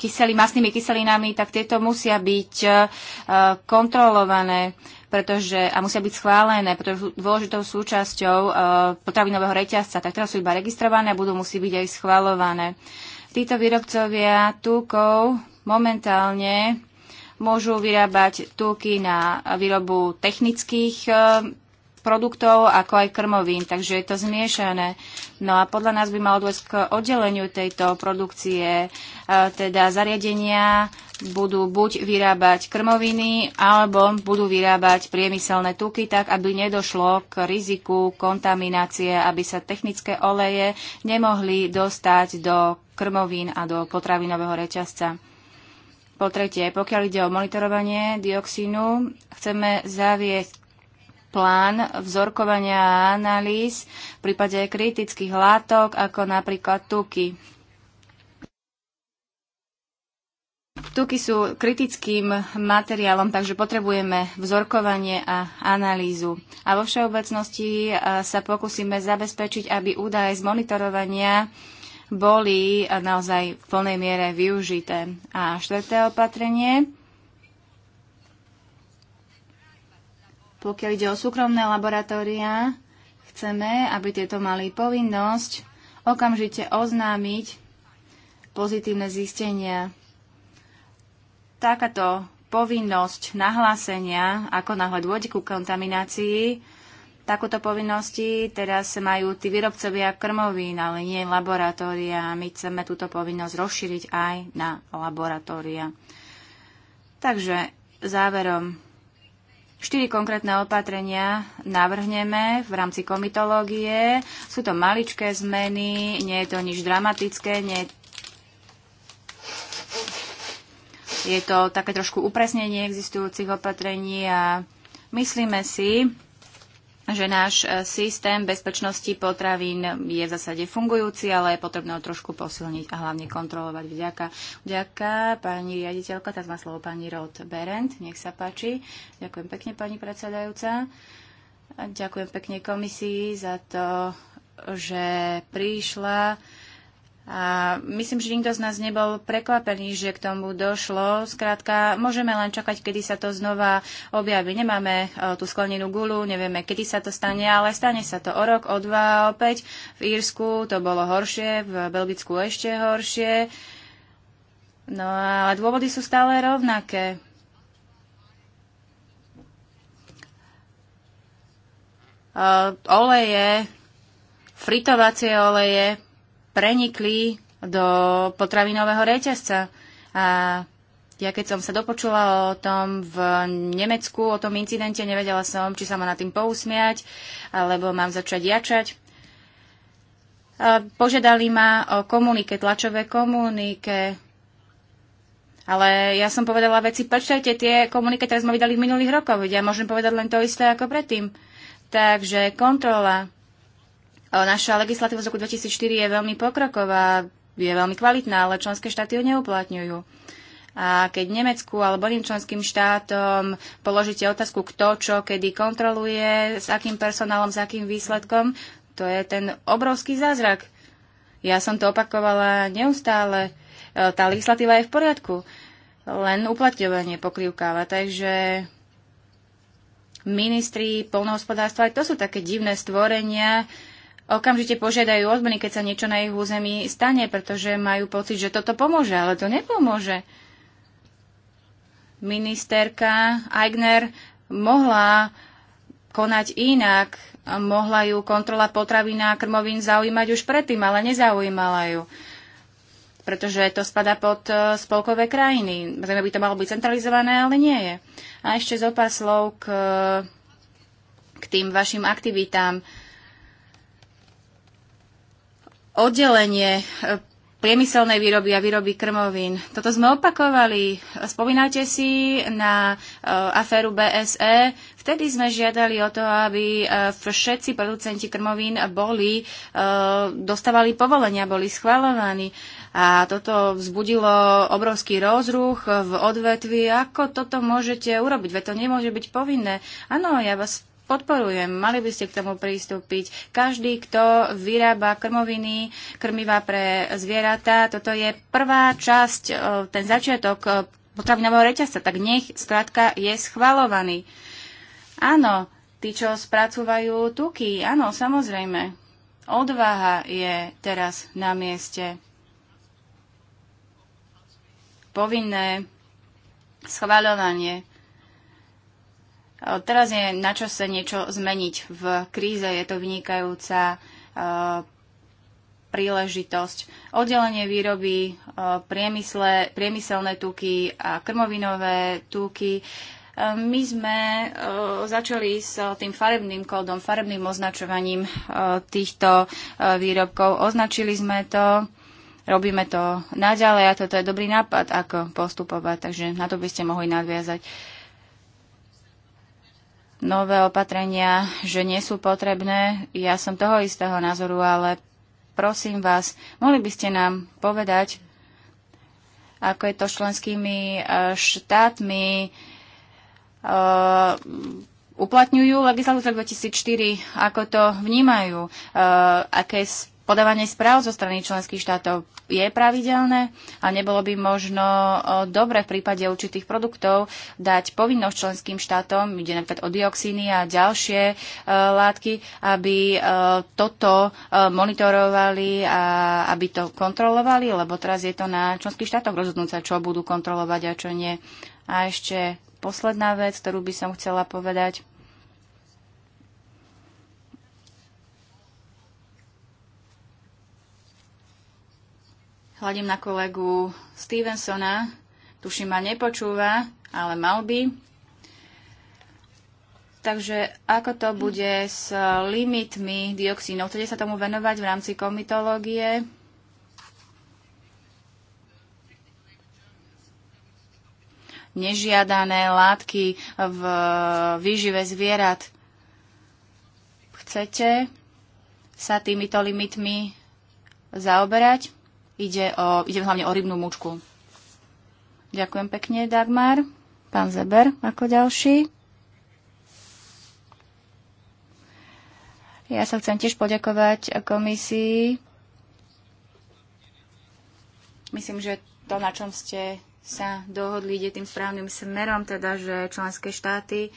kyseli, masnými kyselinami, tak tieto musia byť eh, kontrolované pretože, a musia byť schválené, pretože sú dôležitou súčasťou eh, potravinového reťazca. Tak teraz sú iba registrované a budú musí byť aj schválované. Títo výrobcovia tukov momentálne môžu vyrábať tuky na výrobu technických produktov, ako aj krmovín, takže je to zmiešané. No a podľa nás by malo dôjsť k oddeleniu tejto produkcie, e, teda zariadenia budú buď vyrábať krmoviny, alebo budú vyrábať priemyselné tuky, tak aby nedošlo k riziku kontaminácie, aby sa technické oleje nemohli dostať do krmovín a do potravinového reťazca. Po tretie, pokiaľ ide o monitorovanie dioxínu, chceme zaviesť plán vzorkovania a analýz v prípade kritických látok, ako napríklad tuky. Tuky sú kritickým materiálom, takže potrebujeme vzorkovanie a analýzu. A vo všeobecnosti e, sa pokúsime zabezpečiť, aby údaje z monitorovania boli naozaj v plnej miere využité. A štvrté opatrenie Pokiaľ ide o súkromné laboratória, chceme, aby tieto mali povinnosť okamžite oznámiť pozitívne zistenia. Takáto povinnosť nahlásenia, ako náhle dôjde ku kontaminácii, takúto povinnosti teraz majú tí výrobcovia krmovín, ale nie laboratória. My chceme túto povinnosť rozšíriť aj na laboratória. Takže záverom Štyri konkrétne opatrenia navrhneme v rámci komitológie. Sú to maličké zmeny, nie je to nič dramatické, nie je to také trošku upresnenie existujúcich opatrení a myslíme si, že náš e, systém bezpečnosti potravín je v zásade fungujúci, ale je potrebné ho trošku posilniť a hlavne kontrolovať. Vďaka. Vďaka, pani riaditeľka, teraz má slovo pani Rod Berend, nech sa páči. Ďakujem pekne, pani predsedajúca. ďakujem pekne komisii za to, že prišla a myslím, že nikto z nás nebol prekvapený, že k tomu došlo. Skrátka, môžeme len čakať, kedy sa to znova objaví. Nemáme e, tú sklenenú gulu, nevieme, kedy sa to stane, ale stane sa to o rok, o dva, opäť. V Írsku to bolo horšie, v Belgicku ešte horšie. No ale dôvody sú stále rovnaké. E, oleje, fritovacie oleje, prenikli do potravinového reťazca. A ja keď som sa dopočula o tom v Nemecku, o tom incidente, nevedela som, či sa ma na tým pousmiať, alebo mám začať jačať. Požiadali ma o komunike, tlačové komunike, ale ja som povedala veci, prečtajte tie komunike, ktoré sme vydali v minulých rokoch. Ja môžem povedať len to isté ako predtým. Takže kontrola Naša legislatíva z roku 2004 je veľmi pokroková, je veľmi kvalitná, ale členské štáty ju neuplatňujú. A keď Nemecku alebo iným členským štátom položíte otázku, kto čo kedy kontroluje, s akým personálom, s akým výsledkom, to je ten obrovský zázrak. Ja som to opakovala neustále. E, tá legislatíva je v poriadku, len uplatňovanie pokrývkáva. Takže ministri polnohospodárstva, aj to sú také divné stvorenia, okamžite požiadajú odmeny, keď sa niečo na ich území stane, pretože majú pocit, že toto pomôže, ale to nepomôže. Ministerka Eigner mohla konať inak, mohla ju kontrola potravín a krmovín zaujímať už predtým, ale nezaujímala ju pretože to spada pod e, spolkové krajiny. Zrejme by to malo byť centralizované, ale nie je. A ešte zo pár slov k, k tým vašim aktivitám oddelenie e, priemyselnej výroby a výroby krmovín. Toto sme opakovali. Spomínate si na e, aféru BSE. Vtedy sme žiadali o to, aby e, všetci producenti krmovín boli, dostávali povolenia, boli schvalovaní. A toto vzbudilo obrovský rozruch v odvetvi. Ako toto môžete urobiť? Veď to nemôže byť povinné. Áno, ja vás podporujem. Mali by ste k tomu pristúpiť. Každý, kto vyrába krmoviny, krmiva pre zvieratá, toto je prvá časť, e, ten začiatok e, potravinového reťazca, tak nech skrátka je schvalovaný. Áno, tí, čo spracúvajú tuky, áno, samozrejme. Odvaha je teraz na mieste. Povinné schvaľovanie Eh, teraz je na čase niečo zmeniť. V kríze je to vynikajúca eh, príležitosť. Oddelenie výroby, eh, priemysle, priemyselné tuky a krmovinové tuky. My sme začali s tým farebným kódom, farebným označovaním týchto výrobkov. Označili sme to, robíme to naďalej a toto je dobrý nápad, ako postupovať, takže na to by ste mohli nadviazať nové opatrenia, že nie sú potrebné. Ja som toho istého názoru, ale prosím vás, mohli by ste nám povedať, ako je to s členskými e, štátmi, uh, uplatňujú legislatúru 2004, ako to vnímajú, uh, aké podávanie správ zo strany členských štátov je pravidelné a nebolo by možno dobre v prípade určitých produktov dať povinnosť členským štátom, ide napríklad o dioxíny a ďalšie e, látky, aby e, toto e, monitorovali a aby to kontrolovali, lebo teraz je to na členských štátoch rozhodnúť sa, čo budú kontrolovať a čo nie. A ešte posledná vec, ktorú by som chcela povedať. Hľadím na kolegu Stevensona. Tuším, ma nepočúva, ale mal by. Takže ako to bude s limitmi dioxínov? Chcete sa tomu venovať v rámci komitológie? nežiadané látky v výžive zvierat. Chcete sa týmito limitmi zaoberať? ide, o, ide hlavne o rybnú mučku. Ďakujem pekne, Dagmar. Pán Zeber ako ďalší. Ja sa chcem tiež poďakovať komisii. Myslím, že to, na čom ste sa dohodli, ide tým správnym smerom, teda, že členské štáty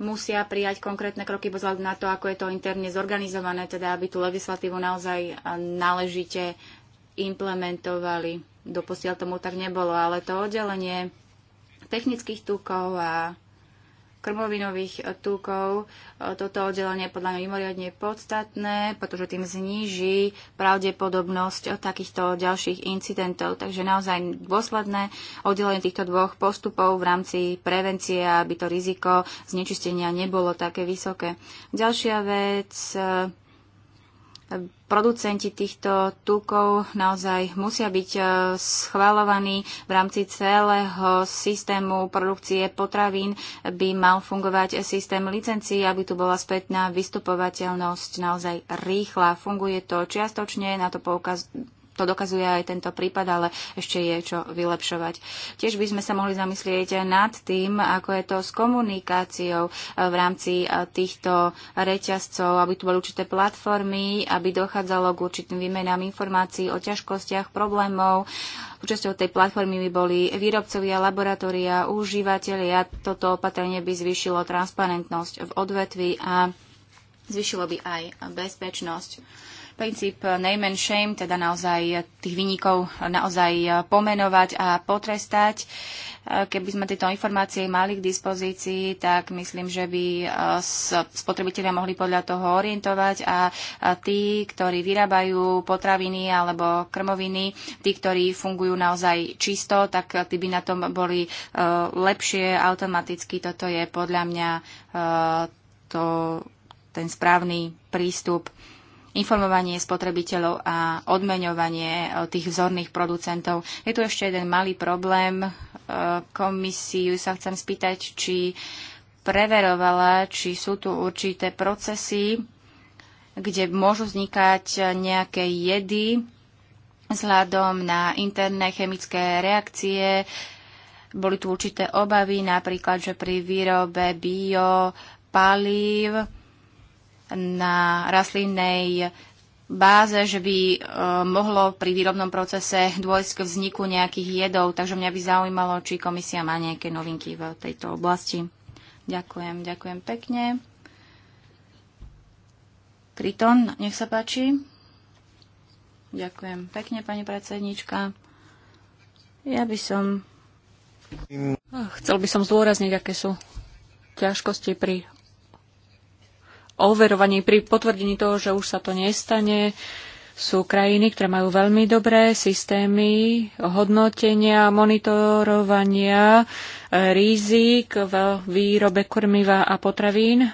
musia prijať konkrétne kroky bez na to, ako je to interne zorganizované, teda aby tú legislatívu naozaj náležite implementovali. Doposiaľ tomu tak nebolo, ale to oddelenie technických tukov a krmovinových e, tukov. E, toto oddelenie je podľa mňa mimoriadne podstatné, pretože tým zníži pravdepodobnosť takýchto ďalších incidentov. Takže naozaj dôsledné oddelenie týchto dvoch postupov v rámci prevencie, aby to riziko znečistenia nebolo také vysoké. Ďalšia vec, e, producenti týchto tukov naozaj musia byť e, schválovaní v rámci celého systému produkcie potravín, by mal fungovať systém licencií, aby tu bola spätná vystupovateľnosť naozaj rýchla. Funguje to čiastočne, na to poukaz to dokazuje aj tento prípad, ale ešte je čo vylepšovať. Tiež by sme sa mohli zamyslieť nad tým, ako je to s komunikáciou eh, v rámci eh, týchto reťazcov, aby tu boli určité platformy, aby dochádzalo k určitým výmenám informácií o ťažkostiach, problémov. Účasťou tej platformy by boli výrobcovia, laboratória, užívateľia. Toto opatrenie by zvýšilo transparentnosť v odvetvi a zvýšilo by aj bezpečnosť princíp name and shame, teda naozaj tých vynikov naozaj pomenovať a potrestať. E, keby sme tieto informácie mali k dispozícii, tak myslím, že by e, spotrebitelia mohli podľa toho orientovať a tí, ktorí vyrábajú potraviny alebo krmoviny, tí, ktorí fungujú naozaj čisto, tak tí by na tom boli e, lepšie automaticky. Toto je podľa mňa to, ten správny prístup informovanie spotrebiteľov a odmeňovanie e, tých vzorných producentov. Je tu ešte jeden malý problém. E, komisiu sa chcem spýtať, či preverovala, či sú tu určité procesy, kde môžu vznikať nejaké jedy vzhľadom na interné chemické reakcie. Boli tu určité obavy, napríklad, že pri výrobe bio palív na rastlinnej báze, že by e, mohlo pri výrobnom procese dôjsť k vzniku nejakých jedov, takže mňa by zaujímalo, či komisia má nejaké novinky v tejto oblasti. Ďakujem, ďakujem pekne. Kriton, nech sa páči. Ďakujem pekne, pani predsednička. Ja by som... Chcel by som zdôrazniť, aké sú ťažkosti pri overovaní, pri potvrdení toho, že už sa to nestane. Sú krajiny, ktoré majú veľmi dobré systémy hodnotenia, monitorovania e, rizik v výrobe krmiva a potravín.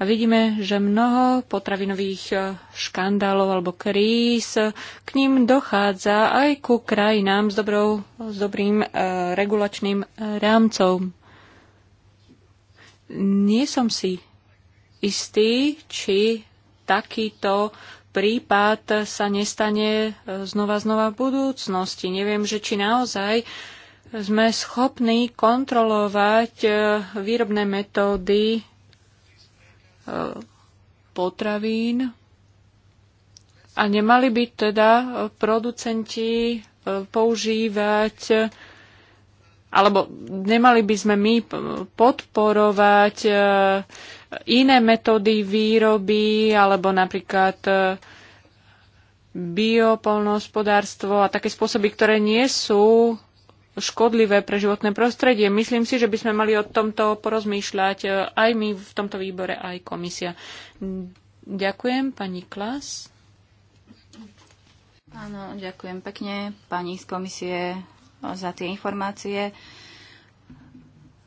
A vidíme, že mnoho potravinových e, škandálov alebo kríz k ním dochádza aj ku krajinám s, dobrou, s dobrým e, regulačným rámcom. Nie som si istý, či takýto prípad sa nestane e, znova znova v budúcnosti. Neviem, že či naozaj sme schopní kontrolovať e, výrobné metódy e, potravín a nemali by teda producenti používať alebo nemali by sme my podporovať iné metódy výroby alebo napríklad e, biopolnohospodárstvo a také spôsoby, ktoré nie sú škodlivé pre životné prostredie. Myslím si, že by sme mali o tomto porozmýšľať e, aj my v tomto výbore, aj komisia. Ďakujem, pani Klas. Áno, ďakujem pekne pani z komisie za tie informácie.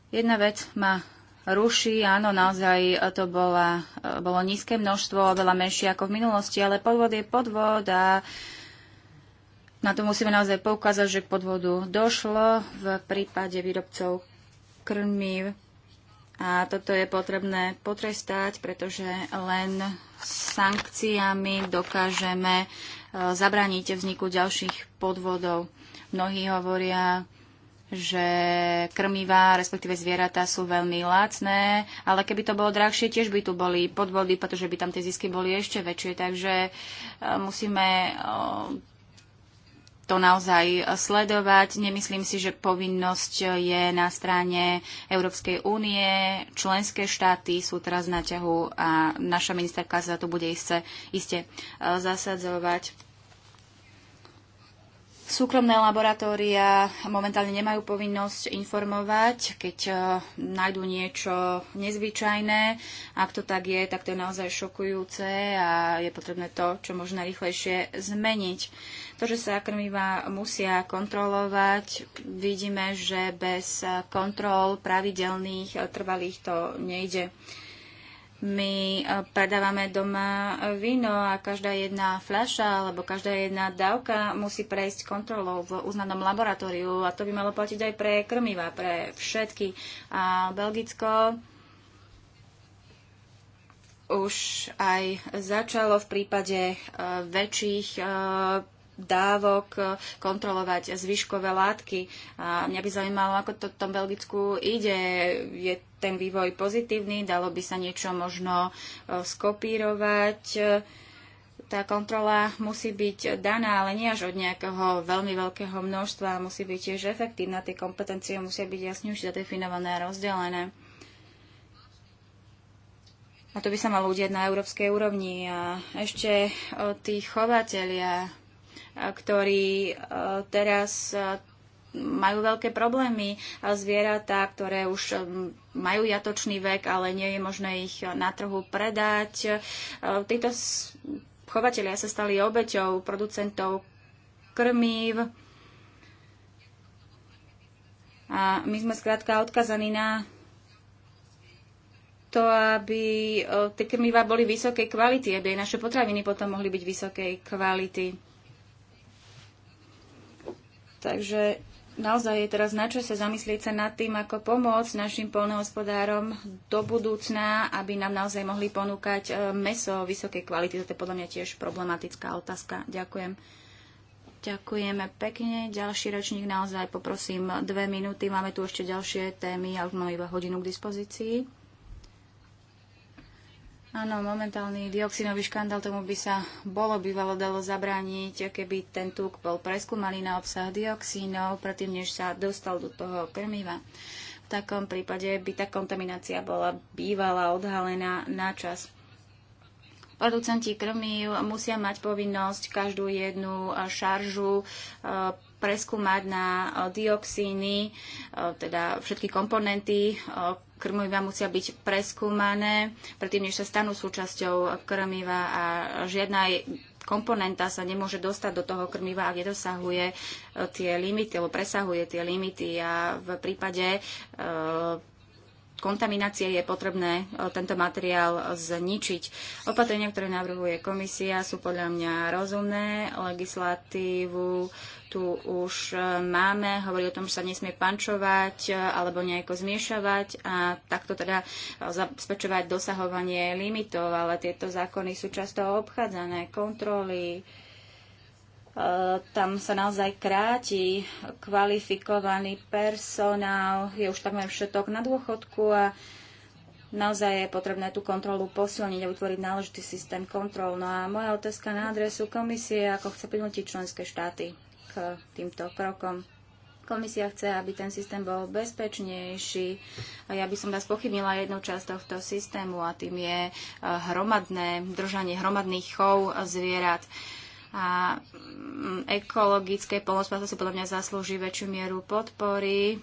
Jedna vec ma ruší. Áno, naozaj to bola, bolo nízke množstvo, veľa menšie ako v minulosti, ale podvod je podvod a na to musíme naozaj poukázať, že k podvodu došlo v prípade výrobcov krmiv. A toto je potrebné potrestať, pretože len sankciami dokážeme e, zabrániť vzniku ďalších podvodov. Mnohí hovoria že krmivá, respektíve zvieratá sú veľmi lacné, ale keby to bolo drahšie, tiež by tu boli podvody, pretože by tam tie zisky boli ešte väčšie. Takže e, musíme to naozaj sledovať. Nemyslím si, že povinnosť je na strane Európskej únie. Členské štáty sú teraz na ťahu a naša ministerka sa tu bude iste, iste e, zasadzovať. Súkromné laboratória momentálne nemajú povinnosť informovať, keď e, nájdú niečo nezvyčajné. Ak to tak je, tak to je naozaj šokujúce a je potrebné to, čo možno rýchlejšie zmeniť. To, že sa krmiva musia kontrolovať, vidíme, že bez kontrol pravidelných, e, trvalých to nejde. My eh, predávame doma víno a každá jedna fľaša alebo každá jedna dávka musí prejsť kontrolou v uznanom laboratóriu a to by malo platiť aj pre krmiva, pre všetky. A Belgicko už aj začalo v prípade eh, väčších eh, dávok eh, kontrolovať zvyškové látky. A mňa by zaujímalo, ako to v tom Belgicku ide. Je ten vývoj pozitívny? Dalo by sa niečo možno eh, skopírovať? Tá kontrola musí byť daná, ale nie až od nejakého veľmi veľkého množstva. Musí byť tiež efektívna. Tie kompetencie musia byť jasne už zadefinované a rozdelené. A to by sa malo udiať na európskej úrovni. A ešte eh, tí chovateľia ktorí e, teraz e, majú veľké problémy. a e, Zvieratá, ktoré už majú jatočný vek, ale nie je možné ich na trhu predať. Títo chovatelia sa stali obeťou producentov krmív. A my sme skrátka odkazaní na to, aby tie krmiva boli vysokej kvality, aby aj naše potraviny potom mohli byť vysokej kvality. Takže naozaj je teraz na čase zamyslieť sa nad tým, ako pomôcť našim polnohospodárom do budúcna, aby nám naozaj mohli ponúkať e, meso vysokej kvality. To je podľa mňa tiež problematická otázka. Ďakujem. Ďakujeme pekne. Ďalší ročník naozaj poprosím dve minúty. Máme tu ešte ďalšie témy a už máme iba hodinu k dispozícii. Áno, momentálny dioxinový škandál, tomu by sa bolo bývalo dalo zabrániť, keby ten tuk bol preskúmaný na obsah dioxínov, predtým než sa dostal do toho krmiva. V takom prípade by tá kontaminácia bola bývala odhalená na čas. Producenti krmív musia mať povinnosť každú jednu šaržu preskúmať na dioxíny, teda všetky komponenty, krmiva musia byť preskúmané, predtým, než sa stanú súčasťou krmiva a žiadna komponenta sa nemôže dostať do toho krmiva, ak nedosahuje eh, tie limity, alebo presahuje tie limity a v prípade eh, kontaminácie je potrebné eh, tento materiál zničiť. Opatrenia, ktoré navrhuje komisia, sú podľa mňa rozumné. Legislatívu tu už e, máme, hovorí o tom, že sa nesmie pančovať e, alebo nejako zmiešavať a takto teda e, zabezpečovať dosahovanie limitov, ale tieto zákony sú často obchádzané, kontroly, tam sa naozaj kráti kvalifikovaný personál, je už takmer všetok na dôchodku a naozaj je potrebné tú kontrolu posilniť a vytvoriť náležitý systém kontrol. No a moja otázka na adresu komisie, ako chce prinútiť členské štáty k týmto krokom. Komisia chce, aby ten systém bol bezpečnejší. Ja by som vás pochybnila jednu časť tohto systému a tým je eh, hromadné držanie hromadných chov zvierat. A mm, ekologické polnospodárstvo si podľa mňa zaslúži väčšiu mieru podpory,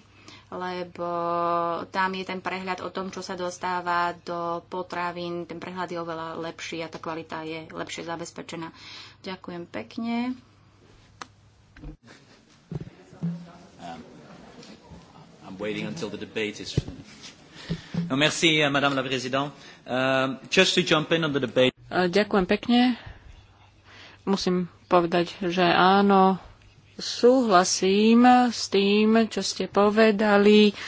lebo tam je ten prehľad o tom, čo sa dostáva do potravín. Ten prehľad je oveľa lepší a tá kvalita je lepšie zabezpečená. Ďakujem pekne. Um, I'm waiting until the debate is... No, merci, uh, madame la présidente. Um, just to jump in on the debate. Uh, ďakujem pekne. Musím povedať, že áno, súhlasím s tým, čo ste povedali. Uh,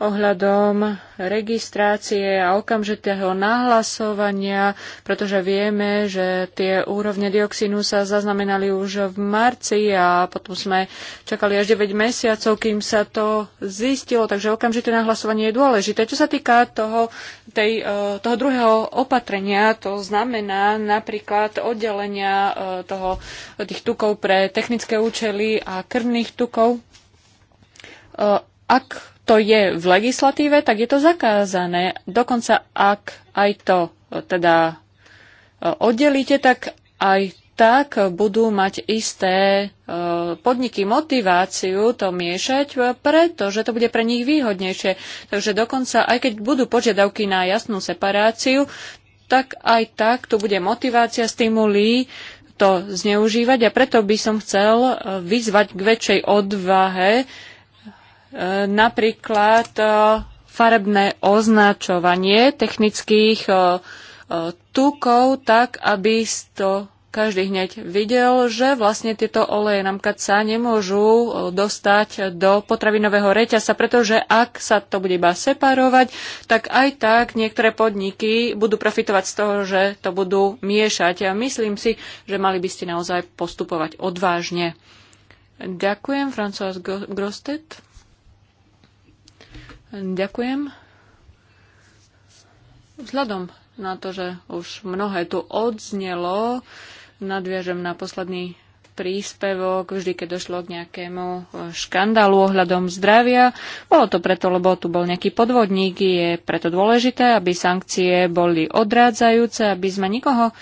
ohľadom registrácie a okamžitého nahlasovania, pretože vieme, že tie úrovne dioxínu sa zaznamenali už v marci a potom sme čakali až 9 mesiacov, kým sa to zistilo, takže okamžité nahlasovanie je dôležité. Čo sa týka toho, tej, e, toho druhého opatrenia, to znamená napríklad oddelenia e, toho, tých tukov pre technické účely a krvných tukov, e, ak to je v legislatíve, tak je to zakázané. Dokonca ak aj to e, teda e, oddelíte, tak aj tak budú mať isté e, podniky motiváciu to miešať, pretože to bude pre nich výhodnejšie. Takže dokonca, aj keď budú požiadavky na jasnú separáciu, tak aj tak tu bude motivácia, stimulí to zneužívať a preto by som chcel vyzvať k väčšej odvahe Napríklad e, farebné označovanie technických e, e, tukov tak, aby to každý hneď videl, že vlastne tieto oleje sa nemôžu dostať do potravinového reťasa, pretože ak sa to bude iba separovať, tak aj tak niektoré podniky budú profitovať z toho, že to budú miešať. Ja myslím si, že mali by ste naozaj postupovať odvážne. Ďakujem, François Grostet. Ďakujem. Vzhľadom na to, že už mnohé tu odznelo, nadviažem na posledný príspevok, vždy keď došlo k nejakému e, škandálu ohľadom zdravia. Bolo to preto, lebo tu bol nejaký podvodník, je preto dôležité, aby sankcie boli odrádzajúce, aby sme nikoho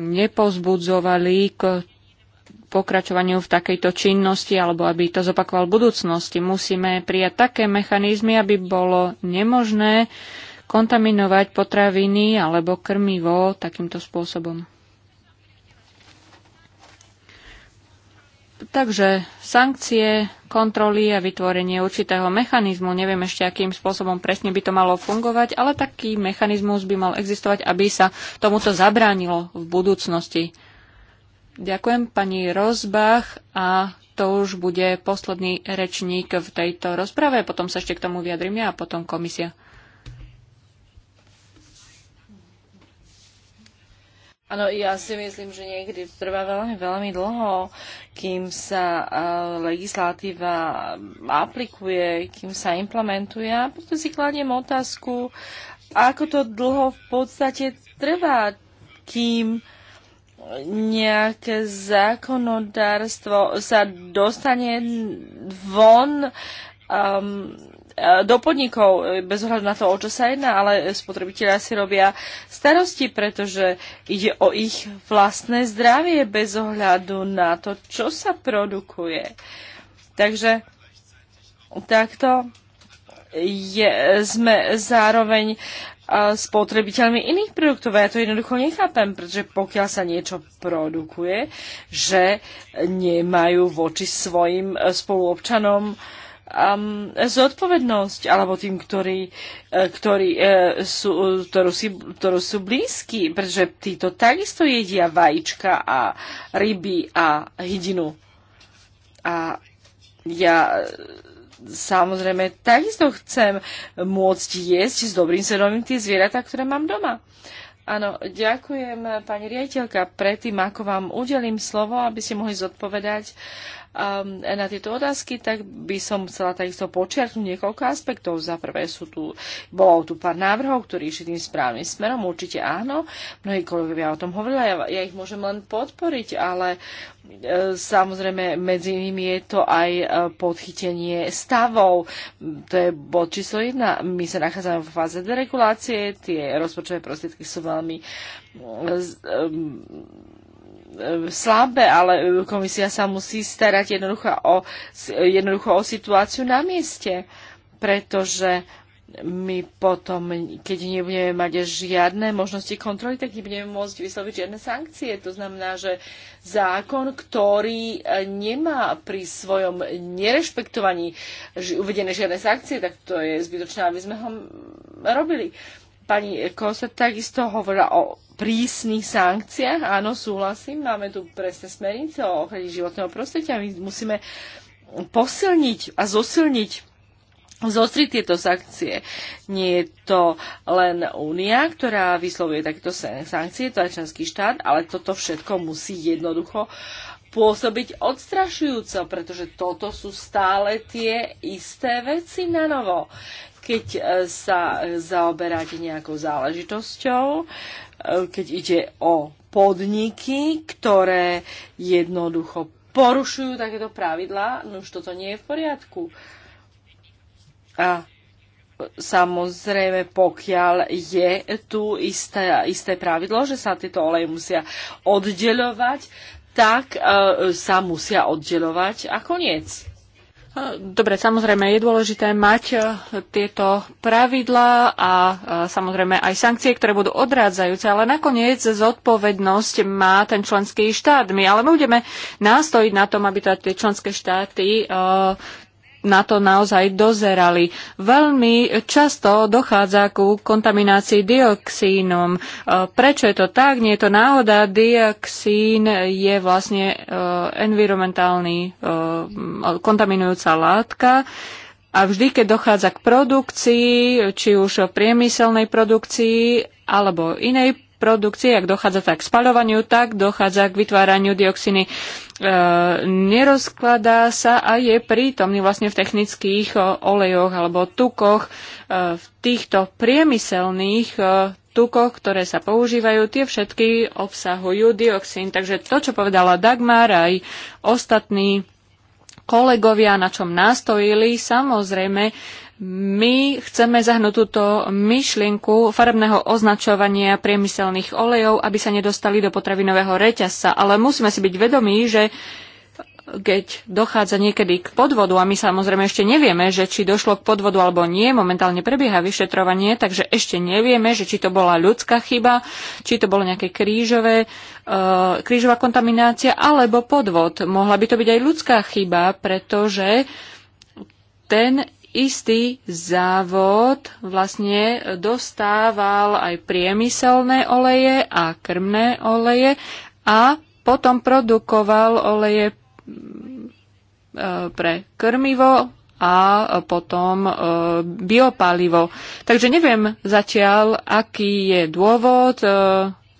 nepozbudzovali k pokračovaniu v takejto činnosti alebo aby to zopakoval v budúcnosti. Musíme prijať také mechanizmy, aby bolo nemožné kontaminovať potraviny alebo krmivo takýmto spôsobom. Takže sankcie, kontroly a vytvorenie určitého mechanizmu, neviem ešte akým spôsobom presne by to malo fungovať, ale taký mechanizmus by mal existovať, aby sa tomuto zabránilo v budúcnosti. Ďakujem pani Rozbach a to už bude posledný rečník v tejto rozprave. Potom sa ešte k tomu ja a potom komisia. Áno, ja si myslím, že niekedy trvá veľmi, veľmi dlho, kým sa uh, legislatíva aplikuje, kým sa implementuje. A potom si kladiem otázku, ako to dlho v podstate trvá, kým uh, nejaké zákonodárstvo sa dostane von um, do podnikov, bez ohľadu na to, o čo sa jedná, ale spotrebitelia si robia starosti, pretože ide o ich vlastné zdravie, bez ohľadu na to, čo sa produkuje. Takže takto je, sme zároveň spotrebiteľmi iných produktov. Ja to jednoducho nechápem, pretože pokiaľ sa niečo produkuje, že nemajú voči svojim e, spoluobčanom um, zodpovednosť, alebo tým, ktorí, e, ktorí, e, sú, ktorú, si, ktorú sú blízky, pretože títo takisto jedia vajíčka a ryby a hydinu. A ja samozrejme takisto chcem môcť jesť s dobrým svedomím tie zvieratá, ktoré mám doma. Áno, ďakujem pani riaditeľka. Predtým, ako vám udelím slovo, aby ste mohli zodpovedať um, na tieto otázky, tak by som chcela takisto počiarknúť niekoľko aspektov. Za prvé sú tu, bolo tu pár návrhov, ktorí išli tým správnym smerom, určite áno. Mnohí kolegovia o tom hovorili, ja, ja ich môžem len podporiť, ale e, samozrejme medzi nimi je to aj e, podchytenie stavov. To je bod číslo jedna. My sa nachádzame v fáze deregulácie, tie rozpočtové prostriedky sú veľmi e, E, slabé, ale e, komisia sa musí starať jednoducho o, jednoducho o situáciu na mieste, pretože my potom, keď nebudeme mať žiadne možnosti kontroly, tak nebudeme môcť vysloviť žiadne sankcie. To znamená, že zákon, ktorý e, nemá pri svojom nerešpektovaní uvedené žiadne sankcie, tak to je zbytočné, aby sme ho robili. Uh, Pani Kosa takisto hovorila o prísnych sankciách. Áno, súhlasím, máme tu presne smernice o ochrane životného prostredia. My musíme posilniť a zosilniť zostriť tieto sankcie. Nie je to len Únia, ktorá vyslovuje takéto sankcie, to je členský štát, ale toto všetko musí jednoducho pôsobiť odstrašujúco, pretože toto sú stále tie isté veci na novo keď e, sa e, zaoberáte nejakou záležitosťou, e, keď ide o podniky, ktoré jednoducho porušujú takéto pravidlá, no už toto nie je v poriadku. A samozrejme, pokiaľ je tu isté, isté pravidlo, že sa tieto oleje musia oddeľovať, tak e, sa musia oddeľovať a koniec. Dobre, samozrejme je dôležité mať e, tieto pravidlá a e, samozrejme aj sankcie, ktoré budú odrádzajúce, ale nakoniec zodpovednosť má ten členský štát. My ale budeme nástojiť na tom, aby tie členské štáty e, na to naozaj dozerali. Veľmi často dochádza ku kontaminácii dioxínom. E, prečo je to tak? Nie je to náhoda. Dioxín je vlastne e, environmentálny e, kontaminujúca látka. A vždy, keď dochádza k produkcii, či už priemyselnej produkcii alebo inej produkcie, ak dochádza tak k spaľovaniu, tak dochádza k vytváraniu dioxiny. E, nerozkladá sa a je prítomný vlastne v technických e, olejoch alebo tukoch. E, v týchto priemyselných e, tukoch, ktoré sa používajú, tie všetky obsahujú dioxín. Takže to, čo povedala Dagmar, aj ostatní kolegovia, na čom nastojili, samozrejme my chceme zahnúť túto myšlienku farebného označovania priemyselných olejov, aby sa nedostali do potravinového reťazca. Ale musíme si byť vedomí, že keď dochádza niekedy k podvodu, a my samozrejme ešte nevieme, že či došlo k podvodu alebo nie, momentálne prebieha vyšetrovanie, takže ešte nevieme, že či to bola ľudská chyba, či to bolo nejaké krížové, uh, krížová kontaminácia alebo podvod. Mohla by to byť aj ľudská chyba, pretože ten istý závod vlastne dostával aj priemyselné oleje a krmné oleje a potom produkoval oleje mm, e, pre krmivo a potom e, biopalivo. Takže neviem zatiaľ, aký je dôvod. E,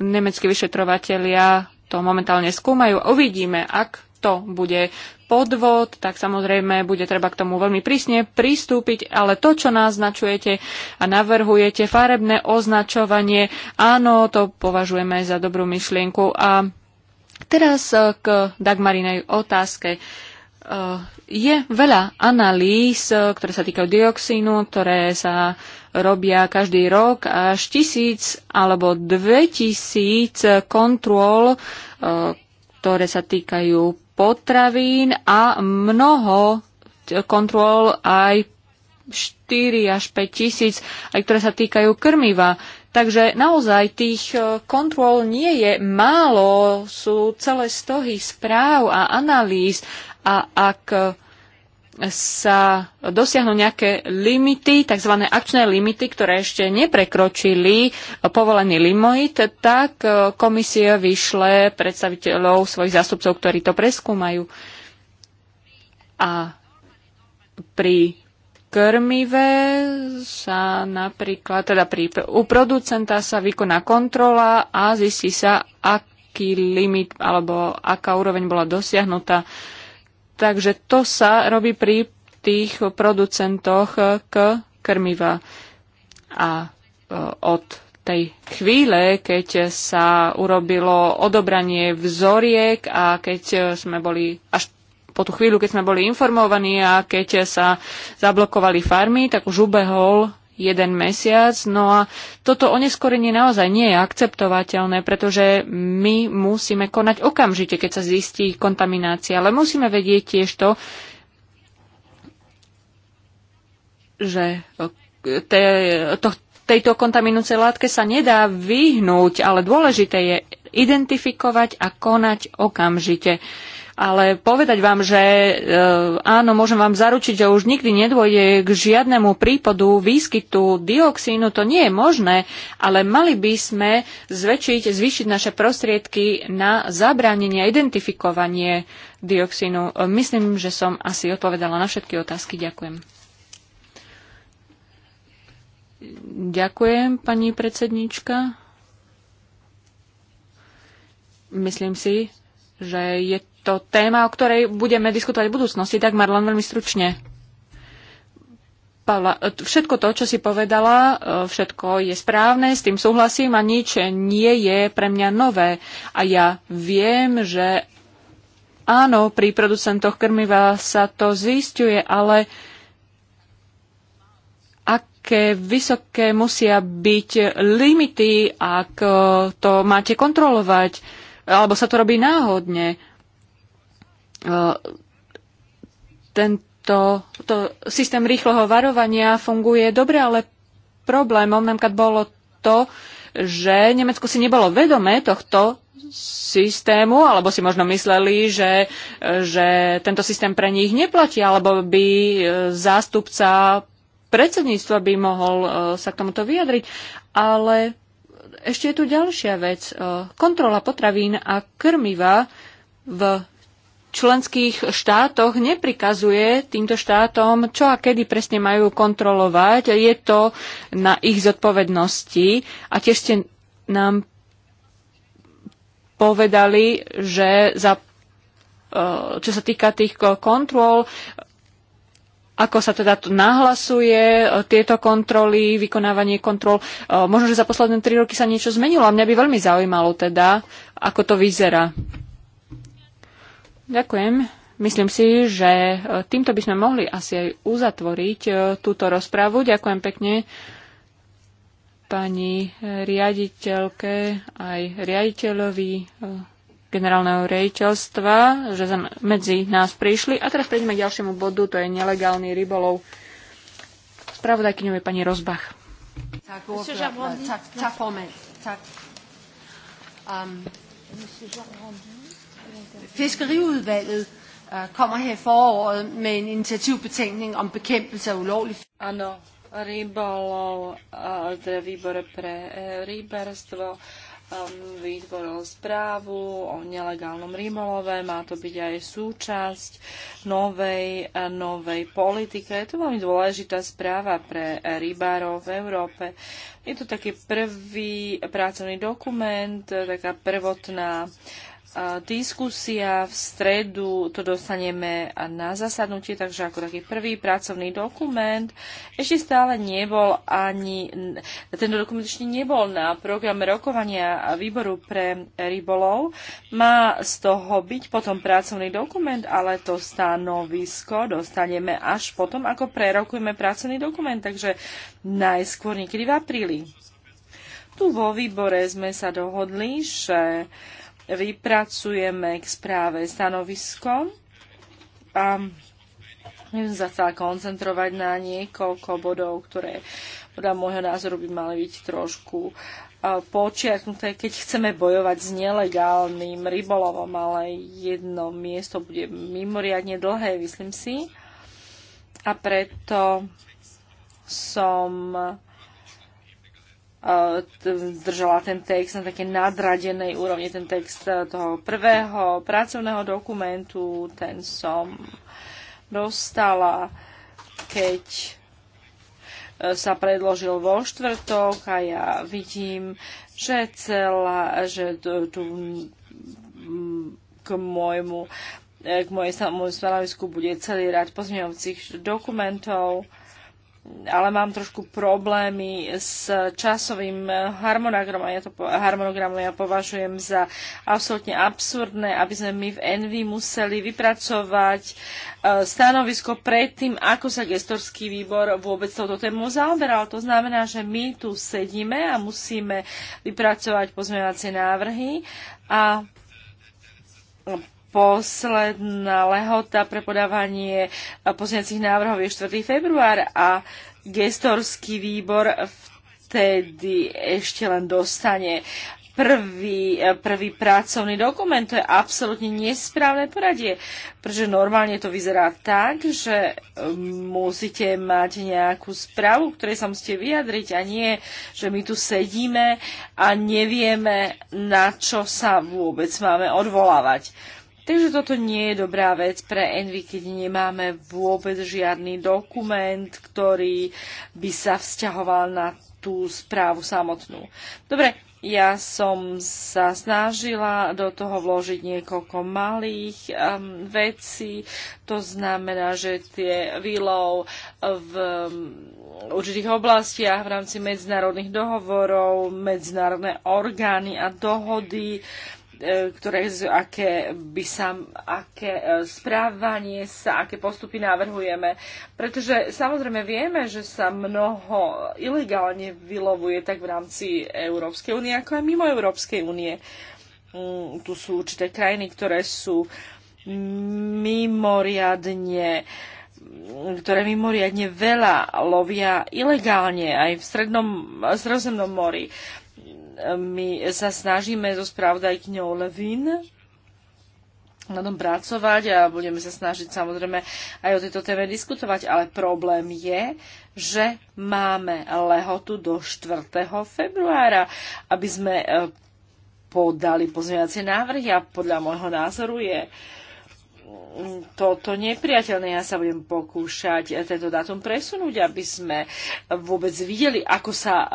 nemeckí vyšetrovatelia to momentálne skúmajú. Uvidíme, ak to bude podvod, tak samozrejme bude treba k tomu veľmi prísne pristúpiť, ale to, čo naznačujete a navrhujete, farebné označovanie, áno, to považujeme za dobrú myšlienku. A teraz eh, k Dagmarinej otázke. Eh, je veľa analýz, eh, ktoré sa týkajú dioxínu, ktoré sa robia každý rok až tisíc alebo dve tisíc kontrol, ktoré sa týkajú potravín a mnoho kontrol aj 4 až 5 tisíc, aj ktoré sa týkajú krmiva. Takže naozaj tých e, kontrol nie je málo, sú celé stohy správ a analýz a ak e, sa dosiahnu nejaké limity, tzv. akčné limity, ktoré ešte neprekročili povolený limit, tak e, komisie vyšle predstaviteľov svojich zástupcov, ktorí to preskúmajú. A pri krmive sa napríklad, teda pri, u producenta sa vykoná kontrola a zistí sa, aký limit alebo aká úroveň bola dosiahnutá uh, Takže to sa robí pri tých producentoch eh, k krmiva. A eh, od tej chvíle, keď sa urobilo odobranie vzoriek a keď eh, sme boli až po tú chvíľu, keď sme boli informovaní a keď sa zablokovali farmy, tak už ubehol jeden mesiac. No a toto oneskorenie naozaj nie je akceptovateľné, pretože my musíme konať okamžite, keď sa zistí kontaminácia. Ale musíme vedieť tiež to, že te, to, tejto kontaminujúcej látke sa nedá vyhnúť, ale dôležité je identifikovať a konať okamžite. Uh, ale povedať vám, že e, áno, môžem vám zaručiť, že už nikdy nedôjde k žiadnemu prípadu výskytu dioxínu, to nie je možné, ale mali by sme zväčšiť, zvýšiť naše prostriedky na zabránenie a identifikovanie dioxínu. E, myslím, že som asi odpovedala na všetky otázky. Ďakujem. Ďakujem, pani predsednička. Myslím si, že je to téma, o ktorej budeme diskutovať v budúcnosti. Tak, Marlon, veľmi stručne. Pavla, e, všetko to, čo si povedala, e, všetko je správne, s tým súhlasím a nič nie je pre mňa nové. A ja viem, že áno, pri producentoch krmiva sa to zistuje, ale aké vysoké musia byť limity, ak e, to máte kontrolovať, alebo sa to robí náhodne Ehm, tento to systém rýchleho varovania funguje dobre, ale problémom napríklad bolo to, že Nemecko si nebolo vedomé tohto systému, alebo si možno mysleli, že, že tento systém pre nich neplatí, alebo by e, zástupca predsedníctva by mohol e, sa k tomuto vyjadriť. Ale ešte je tu ďalšia vec. E, kontrola potravín a krmiva v členských štátoch neprikazuje týmto štátom, čo a kedy presne majú kontrolovať. Je to na ich zodpovednosti. A tiež ste nám povedali, že za, e, čo sa týka tých kontrol, ako sa teda to nahlasuje, e, tieto kontroly, vykonávanie kontrol. E, možno, že za posledné tri roky sa niečo zmenilo a mňa by veľmi zaujímalo teda, ako to vyzerá. Ďakujem. Myslím si, že týmto by sme mohli asi aj uzatvoriť túto rozprávu. Ďakujem pekne pani riaditeľke aj riaditeľovi generálneho riaditeľstva, že medzi nás prišli. A teraz prejdeme k ďalšiemu bodu, to je nelegálny rybolov. Spravodajkyňou je pani Rozbach. Tak, tak, tak, tak, tak, Fiskeriudvalget øh, kommer her i foråret med en initiativbetænkning om bekæmpelse af ulovlig Áno, rybolov, eh, teda výbor pre eh, rybarstvo um, vytvoril správu o nelegálnom rybolove, má to byť aj súčasť novej, eh, novej politiky. Je to veľmi dôležitá správa pre rybárov v Európe. Je to taký prvý pracovný dokument, taká prvotná uh, diskusia v stredu, to dostaneme na zasadnutie, takže ako taký prvý pracovný dokument. Ešte stále nebol ani, tento dokument ešte nebol na programe rokovania výboru pre rybolov. Má z toho byť potom pracovný dokument, ale to stanovisko dostaneme až potom, ako prerokujeme pracovný dokument, takže najskôr niekedy v apríli. Tu vo výbore sme sa dohodli, že uh, vypracujeme k správe stanovisko a ja sa chcela koncentrovať na niekoľko bodov, ktoré podľa môjho názoru by mali byť trošku počiarknuté, keď chceme bojovať s nelegálnym rybolovom, ale jedno miesto bude mimoriadne dlhé, myslím si. A preto som zdržala ten text na také nadradenej úrovni, ten text eh, toho prvého pracovného dokumentu, ten som dostala, keď eh, sa predložil vo štvrtok a ja vidím, že celá, že tu, tu mm, k môjmu eh, k mojej stanovisku bude celý rad pozmeňovacích dokumentov ale mám trošku problémy s časovým harmonogramom. Ja to, po, harmonogramu ja považujem za absolútne absurdné, aby sme my v Envy museli vypracovať e, stanovisko stanovisko predtým, ako sa gestorský výbor vôbec touto tému zaoberal. To znamená, že my tu sedíme a musíme vypracovať pozmeňovacie návrhy a posledná lehota pre podávanie pozniacich návrhov je 4. február a gestorský výbor vtedy ešte len dostane prvý, prvý pracovný dokument. To je absolútne nesprávne poradie, pretože normálne to vyzerá tak, že musíte mať nejakú správu, ktorej sa musíte vyjadriť a nie, že my tu sedíme a nevieme, na čo sa vôbec máme odvolávať. Takže toto nie je dobrá vec pre Envy, keď nemáme vôbec žiadny dokument, ktorý by sa vzťahoval na tú správu samotnú. Dobre, ja som sa snažila do toho vložiť niekoľko malých um, vecí. To znamená, že tie výlov v um, určitých oblastiach v rámci medzinárodných dohovorov, medzinárodné orgány a dohody um, E, ktoré, aké, by sa, aké e, správanie sa, aké postupy navrhujeme. Pretože samozrejme vieme, že sa mnoho ilegálne vylovuje tak v rámci Európskej únie, ako aj mimo Európskej únie. Mm, tu sú určité krajiny, ktoré sú mimoriadne mm, ktoré mimoriadne veľa lovia ilegálne aj v strednom, stredozemnom mori my sa snažíme so spravodajkňou Levin na tom pracovať a budeme sa snažiť samozrejme aj o tejto téme diskutovať, ale problém je, že máme lehotu do 4. februára, aby sme eh, podali pozmeňacie návrhy a podľa môjho názoru je uh, toto nepriateľné. Ja sa budem pokúšať tento dátum presunúť, aby sme vôbec videli, ako sa eh,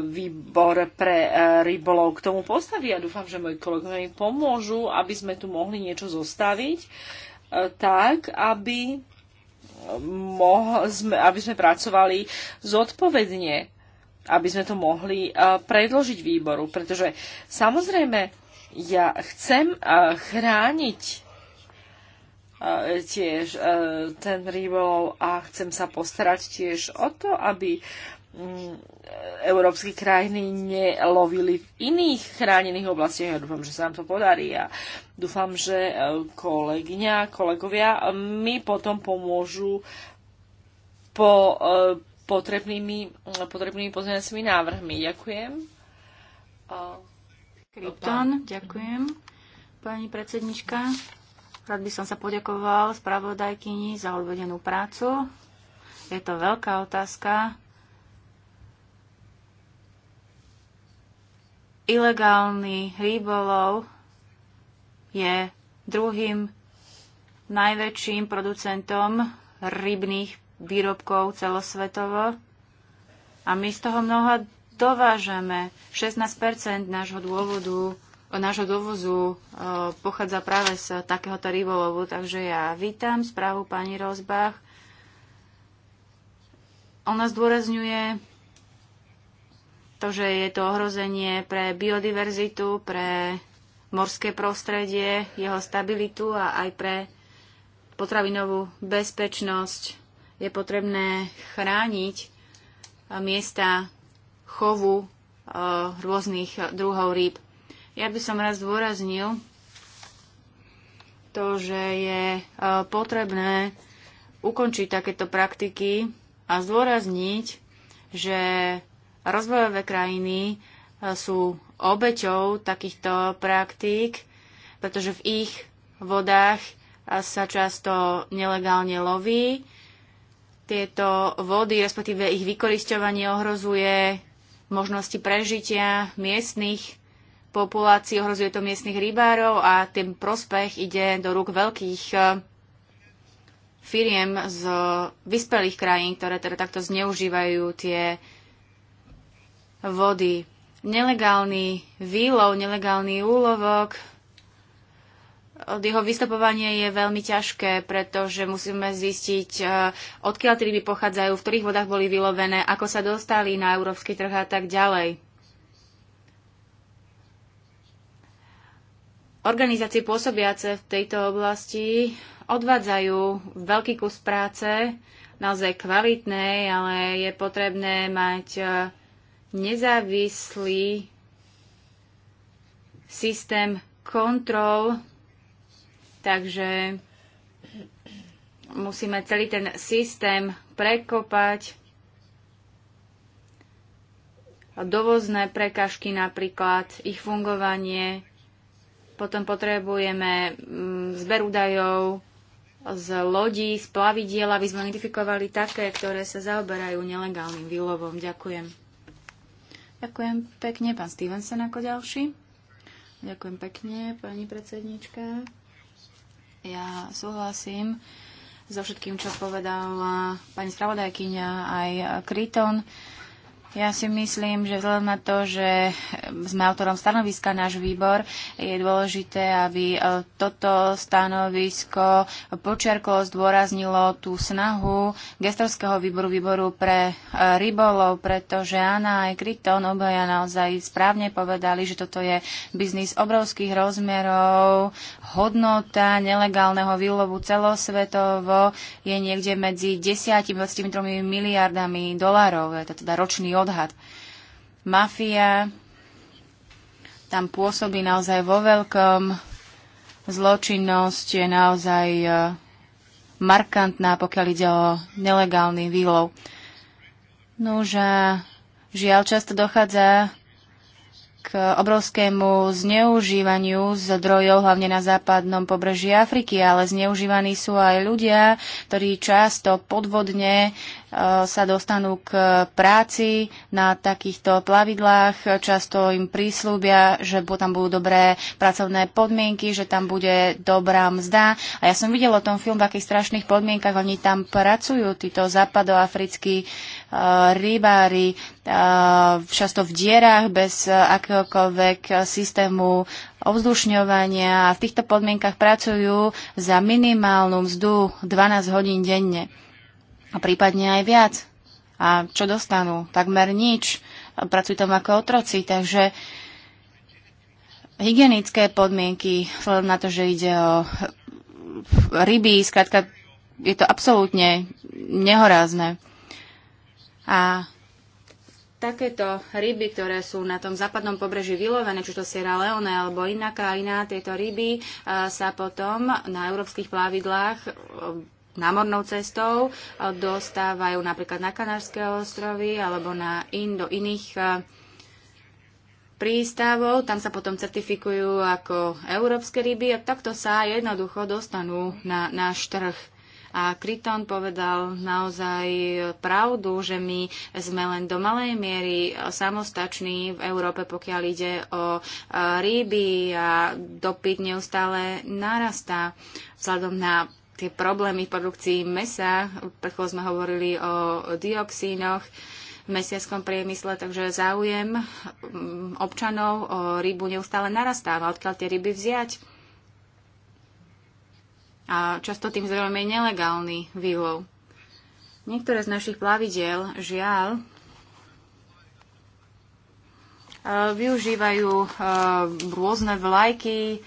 výbor pre eh, rybolov k tomu postaví. Ja dúfam, že moji kolegovia mi pomôžu, aby sme tu mohli niečo zostaviť eh, tak, aby, sme, aby sme pracovali zodpovedne, aby sme to mohli predložiť výboru. Pretože samozrejme, ja chcem chrániť E, tiež e, ten rybolov a chcem sa postarať tiež o to, aby mm, európsky krajiny nelovili v iných chránených oblastiach. Ja dúfam, že sa nám to podarí a dúfam, že e, kolegyňa, kolegovia mi potom pomôžu po potrebnými, potrebnými pozornosťmi návrhmi. Ďakujem. Krypton, ďakujem. Pani predsednička. Rád by som sa poďakoval spravodajkyni za odvedenú prácu. Je to veľká otázka. Ilegálny rýbolov je druhým najväčším producentom rybných výrobkov celosvetovo a my z toho mnoha dovážame. 16 nášho dôvodu nášho dovozu e, pochádza práve z takéhoto rybolovu. Takže ja vítam správu pani Rozbach. Ona zdôrazňuje to, že je to ohrozenie pre biodiverzitu, pre morské prostredie, jeho stabilitu a aj pre potravinovú bezpečnosť. Je potrebné chrániť e, miesta chovu e, rôznych druhov rýb. Ja by som raz dôraznil to, že je e, potrebné ukončiť takéto praktiky a zdôrazniť, že rozvojové krajiny e, sú obeťou takýchto praktík, pretože v ich vodách e, sa často nelegálne loví. Tieto vody, respektíve ich vykoristovanie ohrozuje možnosti prežitia miestnych populácii, ohrozuje to miestnych rybárov a ten prospech ide do rúk veľkých eh, firiem z vyspelých krajín, ktoré teda takto zneužívajú tie vody. Nelegálny výlov, nelegálny úlovok, jeho vystupovanie je veľmi ťažké, pretože musíme zistiť, eh, odkiaľ tie ryby pochádzajú, v ktorých vodách boli vylovené, ako sa dostali na európsky trh a tak ďalej. Organizácie pôsobiace v tejto oblasti odvádzajú veľký kus práce, naozaj kvalitnej, ale je potrebné mať e, nezávislý systém kontrol, takže musíme celý ten systém prekopať. Dovozné prekažky napríklad, ich fungovanie, potom potrebujeme mm, zber údajov z lodí, z plavidiel, aby sme identifikovali také, ktoré sa zaoberajú nelegálnym výlovom. Ďakujem. Ďakujem pekne, pán Stevenson ako ďalší. Ďakujem pekne, pani predsednička. Ja súhlasím so všetkým, čo povedala pani spravodajkyňa aj Kryton. Ja si myslím, že vzhľadom na to, že sme autorom stanoviska náš výbor, je dôležité, aby e, toto stanovisko počiarklo, zdôraznilo tú snahu gestorského výboru, výboru pre e, rybolov, pretože Anna aj Kryton obaja naozaj správne povedali, že toto je biznis obrovských rozmerov, hodnota nelegálneho výlovu celosvetovo je niekde medzi 10 23 miliardami dolárov, je to teda ročný odhad. Mafia tam pôsobí naozaj vo veľkom. Zločinnosť je naozaj e, markantná, pokiaľ ide o nelegálny výlov. a no e, žiaľ, často dochádza k obrovskému zneužívaniu zdrojov, hlavne na západnom pobreží Afriky, ale zneužívaní sú aj ľudia, ktorí často podvodne sa dostanú k práci na takýchto plavidlách. Často im prísľubia, že tam budú dobré pracovné podmienky, že tam bude dobrá mzda. A ja som videla o tom film, v akých strašných podmienkach oni tam pracujú, títo západoafrickí e, rybári, e, často v dierach, bez akéhokoľvek systému ovzdušňovania a v týchto podmienkach pracujú za minimálnu mzdu 12 hodín denne a prípadne aj viac. A čo dostanú? Takmer nič. Pracujú tam ako otroci, takže hygienické podmienky, vzhľadom na to, že ide o ryby, skrátka je to absolútne nehorázne. A takéto ryby, ktoré sú na tom západnom pobreží vylovené, či to Sierra Leone alebo iná krajina, tieto ryby sa potom na európskych plavidlách námornou cestou e, dostávajú napríklad na Kanárske ostrovy alebo na in, do iných e, prístavov, tam sa potom certifikujú ako európske ryby a takto sa jednoducho dostanú na náš trh. A Kryton povedal naozaj pravdu, že my sme len do malej miery samostační v Európe, pokiaľ ide o e, ryby a dopyt neustále narastá vzhľadom na tie problémy v produkcii mesa, Prvko sme hovorili o dioxínoch, v mesiackom priemysle, takže záujem mm, občanov o rybu neustále narastáva, odkiaľ tie ryby vziať. A často tým zdrojom je nelegálny vývoj. Niektoré z našich plavidiel, žiaľ, e, využívajú e, rôzne vlajky,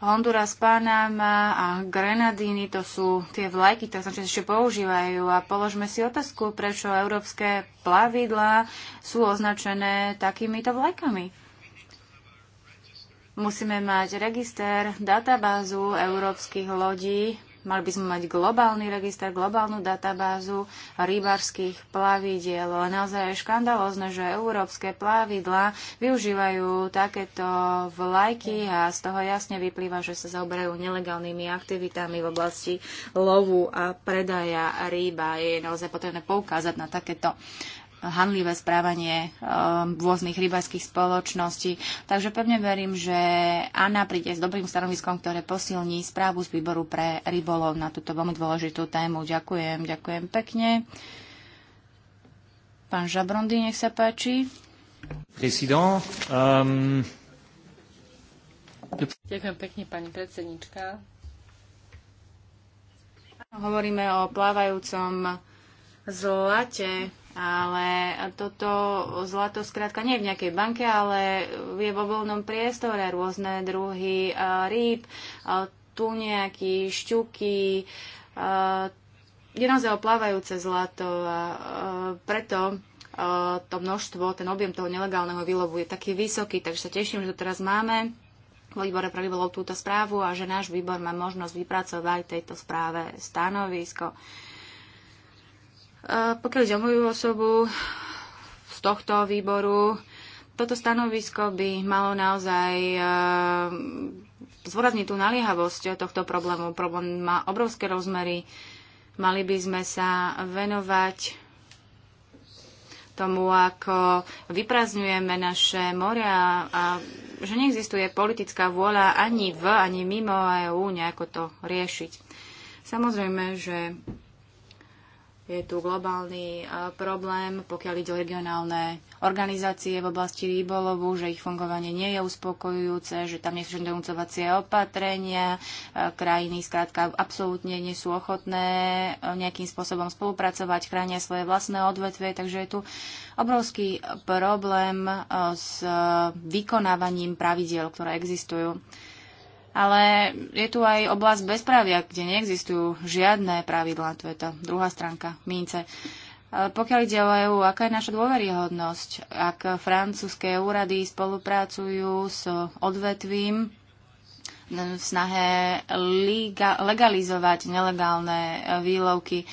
Honduras, Panama a Grenadíny, to sú tie vlajky, ktoré sa ešte používajú. A položme si otázku, prečo európske plavidlá sú označené takýmito vlajkami. Musíme mať register, databázu európskych lodí, Mali by sme mať globálny register, globálnu databázu rýbarských plavidiel. Ale naozaj je škandalozne, že európske plavidla využívajú takéto vlajky a z toho jasne vyplýva, že sa zaoberajú nelegálnymi aktivitami v oblasti lovu a predaja rýba. Je naozaj potrebné poukázať na takéto hanlivé správanie um, rôznych rybárskych spoločností. Takže pevne verím, že Anna príde s dobrým stanoviskom, ktoré posilní správu z výboru pre rybolov na túto veľmi dôležitú tému. Ďakujem, ďakujem pekne. Pán Žabrondy, nech sa páči. President, um... Ďakujem pekne, pani predsednička. Hovoríme o plávajúcom zlate ale toto zlato skrátka nie je v nejakej banke, ale je vo voľnom priestore rôzne druhy e, rýb, e, tu nejaké, šťuky, e, je naozaj oplávajúce zlato a preto to množstvo, ten objem toho nelegálneho výlovu je taký vysoký, takže sa teším, že to teraz máme vo výbore pre túto správu a že náš výbor má možnosť vypracovať tejto správe stanovisko. Pokiaľ ide o moju osobu z tohto výboru, toto stanovisko by malo naozaj e, zvorazniť tú naliehavosť tohto problému. Problém má obrovské rozmery. Mali by sme sa venovať tomu, ako vyprazňujeme naše moria a že neexistuje politická vôľa ani v, ani mimo EÚ nejako to riešiť. Samozrejme, že je tu globálny e, problém, pokiaľ ide o regionálne organizácie v oblasti rýbolovu, že ich fungovanie nie je uspokojujúce, že tam nie sú donúcovacie opatrenia, e, krajiny skrátka absolútne nie sú ochotné e, nejakým spôsobom spolupracovať, chránia svoje vlastné odvetvie, takže je tu obrovský problém s vykonávaním pravidiel, ktoré existujú ale je tu aj oblasť bezprávia, kde neexistujú žiadne pravidlá. To je tá druhá stránka mince. Ale pokiaľ ide o EÚ, aká je naša dôveryhodnosť, ak francúzske úrady spolupracujú s odvetvím v snahe legalizovať nelegálne výlovky.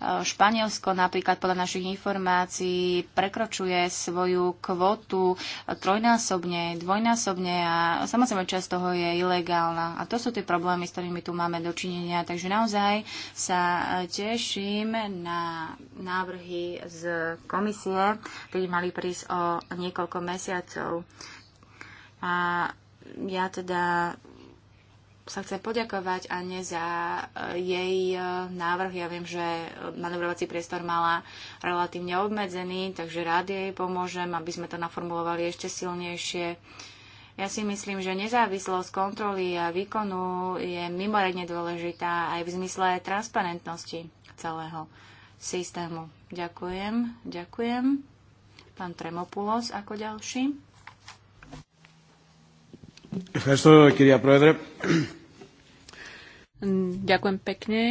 Španielsko napríklad podľa našich informácií prekročuje svoju kvotu trojnásobne, dvojnásobne a samozrejme časť toho je ilegálna. A to sú tie problémy, s ktorými tu máme dočinenia. Takže naozaj sa e, teším na návrhy z komisie, ktorí mali prísť o niekoľko mesiacov. A ja teda sa chcem poďakovať Ane za e, jej e, návrh. Ja viem, že e, manevrovací priestor mala relatívne obmedzený, takže rád jej pomôžem, aby sme to naformulovali ešte silnejšie. Ja si myslím, že nezávislosť kontroly a výkonu je mimoriadne dôležitá aj v zmysle transparentnosti celého systému. Ďakujem, ďakujem. Pán Tremopulos ako ďalší. Ευχαριστώ Hm, ďakujem pekne,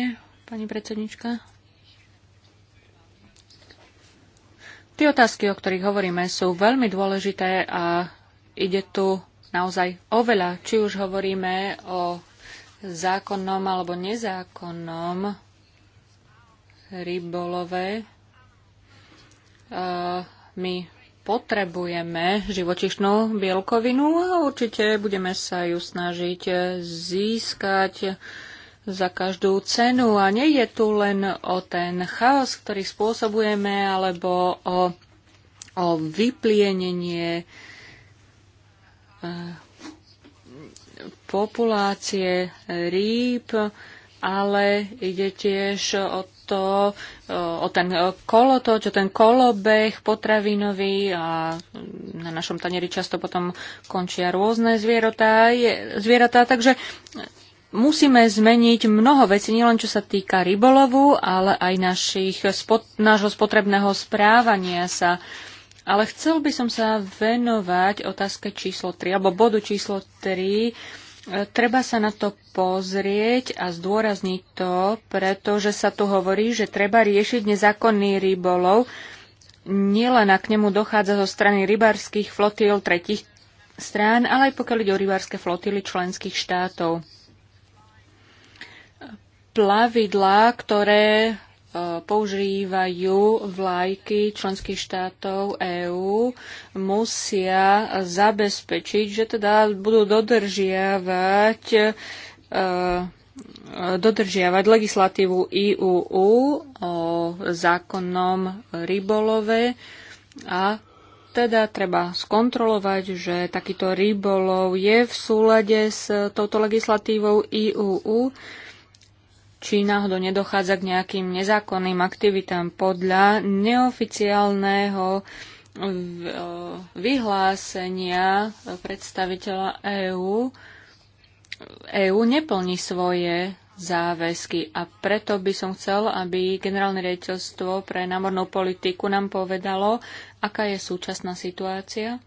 pani predsednička. Tie otázky, o ktorých hovoríme, sú veľmi dôležité a ide tu naozaj oveľa, či už hovoríme o zákonnom alebo nezákonnom rybolove. Eh, my potrebujeme živočišnú bielkovinu a určite budeme sa ju snažiť získať za každú cenu a nie je tu len o ten chaos, ktorý spôsobujeme, alebo o, o vyplienenie e, populácie rýb, ale ide tiež o to, e, o ten kolotoč, o ten kolobeh potravinový a na našom taneri často potom končia rôzne zvieratá, je, zvieratá takže musíme zmeniť mnoho vecí, nielen čo sa týka rybolovu, ale aj našich, spot, nášho spotrebného správania sa. Ale chcel by som sa venovať otázke číslo 3, alebo bodu číslo 3, e, Treba sa na to pozrieť a zdôrazniť to, pretože sa tu hovorí, že treba riešiť nezákonný rybolov, nielen ak k nemu dochádza zo strany rybárskych flotíl tretich strán, ale aj pokiaľ ide o rybárske flotily členských štátov plavidlá, ktoré e, používajú vlajky členských štátov EÚ, musia zabezpečiť, že teda budú dodržiavať e, dodržiavať legislatívu IUU o zákonnom rybolove a teda treba skontrolovať, že takýto rybolov je v súlade s touto legislatívou IUU či náhodou nedochádza k nejakým nezákonným aktivitám podľa neoficiálneho e, vyhlásenia predstaviteľa EÚ. EÚ neplní svoje záväzky a preto by som chcel, aby generálne riaditeľstvo pre námornú politiku nám povedalo, aká je súčasná situácia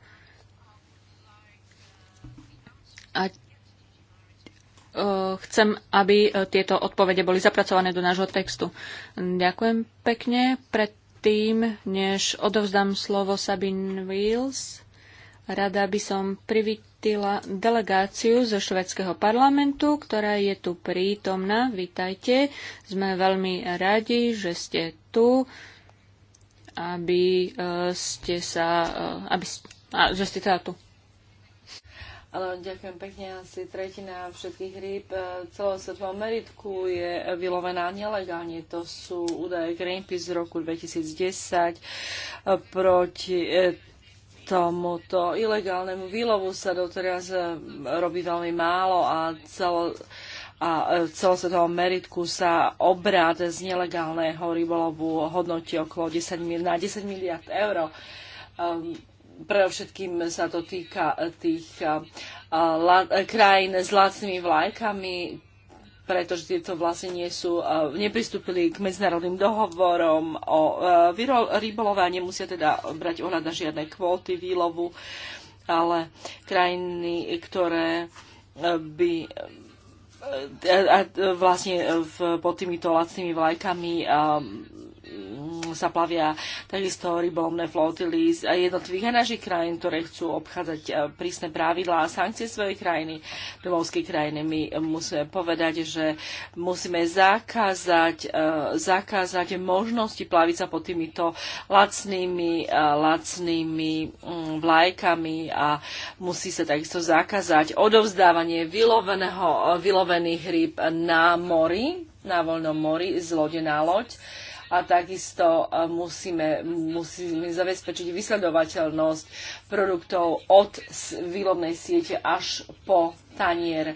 a Eh, chcem, aby eh, tieto odpovede boli zapracované do nášho textu. Ďakujem pekne. Predtým, než odovzdám slovo Sabine Wills, rada by som privítila delegáciu zo švedského parlamentu, ktorá je tu prítomná. Vítajte. Sme veľmi radi, že ste tu, aby eh, ste sa... Aby, a, že ste teda tu. Ale ďakujem pekne, asi tretina všetkých rýb e, celosvetovom meritku je vylovená nelegálne. To sú údaje Greenpeace z roku 2010 e, proti e, tomuto ilegálnemu výlovu sa doteraz robí veľmi málo a celo, a celosvetovom meritku sa obrad z nelegálneho rybolovu hodnotí okolo 10 na 10 miliard eur. Um, Predovšetkým sa to týka tých krajín s lacnými vlajkami, pretože tieto vlastne nie sú, nepristúpili k medzinárodným dohovorom o rybolove a nemusia teda brať ohľad na žiadne kvóty výlovu, ale krajiny, ktoré e, by e, vlastne pod týmito lacnými vlajkami Mm, sa plavia takisto rybolovné flotily z jednotlivých aj našich krajín, ktoré chcú obchádzať e, prísne pravidlá a sankcie svojej krajiny, domovskej krajiny. My musíme povedať, že musíme zakázať, e, zakázať možnosti plaviť sa pod týmito lacnými, e, lacnými mm, vlajkami a musí sa takisto zakázať odovzdávanie vyloveného, vylovených ryb na mori, na voľnom mori z lode na loď a takisto e, musíme, musíme zabezpečiť vysledovateľnosť produktov od výrobnej siete až po tanier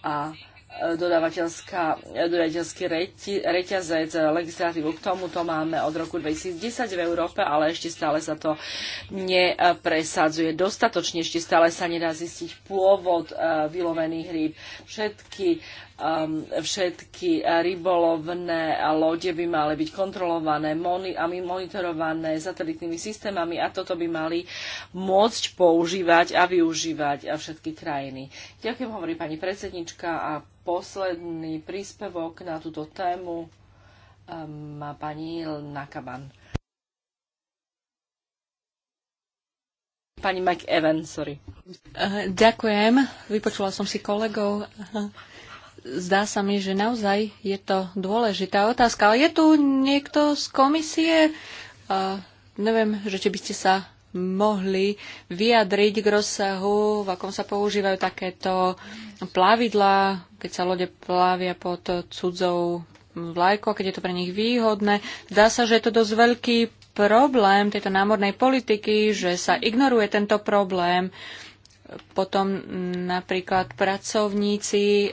a e, dodavateľská, e, dodavateľský reťazec, legislatívu. K tomuto máme od roku 2010 v Európe, ale ešte stále sa to nepresadzuje dostatočne, ešte stále sa nedá zistiť pôvod vylovených rýb. Všetky um, všetky rybolovné lode by mali byť kontrolované moni- a monitorované satelitnými systémami a toto by mali môcť používať a využívať a všetky krajiny. Ďakujem, hovorí pani predsednička a posledný príspevok na túto tému um, má um, pani Nakaban. Pani McEwan, sorry. Ďakujem. Vypočula som si kolegov. Uh-huh zdá sa mi, že naozaj je to dôležitá otázka. Ale je tu niekto z komisie? Uh, neviem, že či by ste sa mohli vyjadriť k rozsahu, v akom sa používajú takéto plavidlá, keď sa lode plavia pod cudzou vlajkou, keď je to pre nich výhodné. Zdá sa, že je to dosť veľký problém tejto námornej politiky, že sa ignoruje tento problém. Uh, potom napríklad pracovníci eh,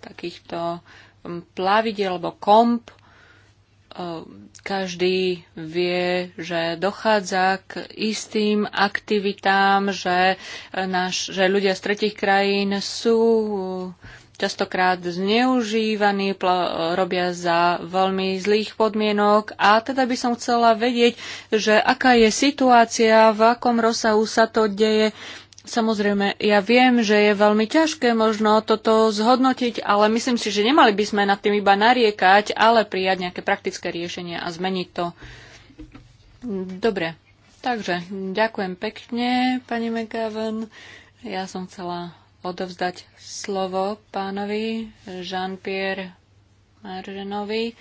takýchto hm, plavidel alebo komp, eh, každý vie, že dochádza k istým aktivitám, že, eh, naš, že ľudia z tretich krajín sú častokrát zneužívaní, robia za veľmi zlých podmienok a teda by som chcela vedieť, že aká je situácia, v akom rozsahu sa to deje, Samozrejme, ja viem, že je veľmi ťažké možno toto zhodnotiť, ale myslím si, že nemali by sme nad tým iba nariekať, ale prijať nejaké praktické riešenie a zmeniť to. Dobre, takže ďakujem pekne, pani McGavin. Ja som chcela odovzdať slovo pánovi Jean-Pierre Marženovi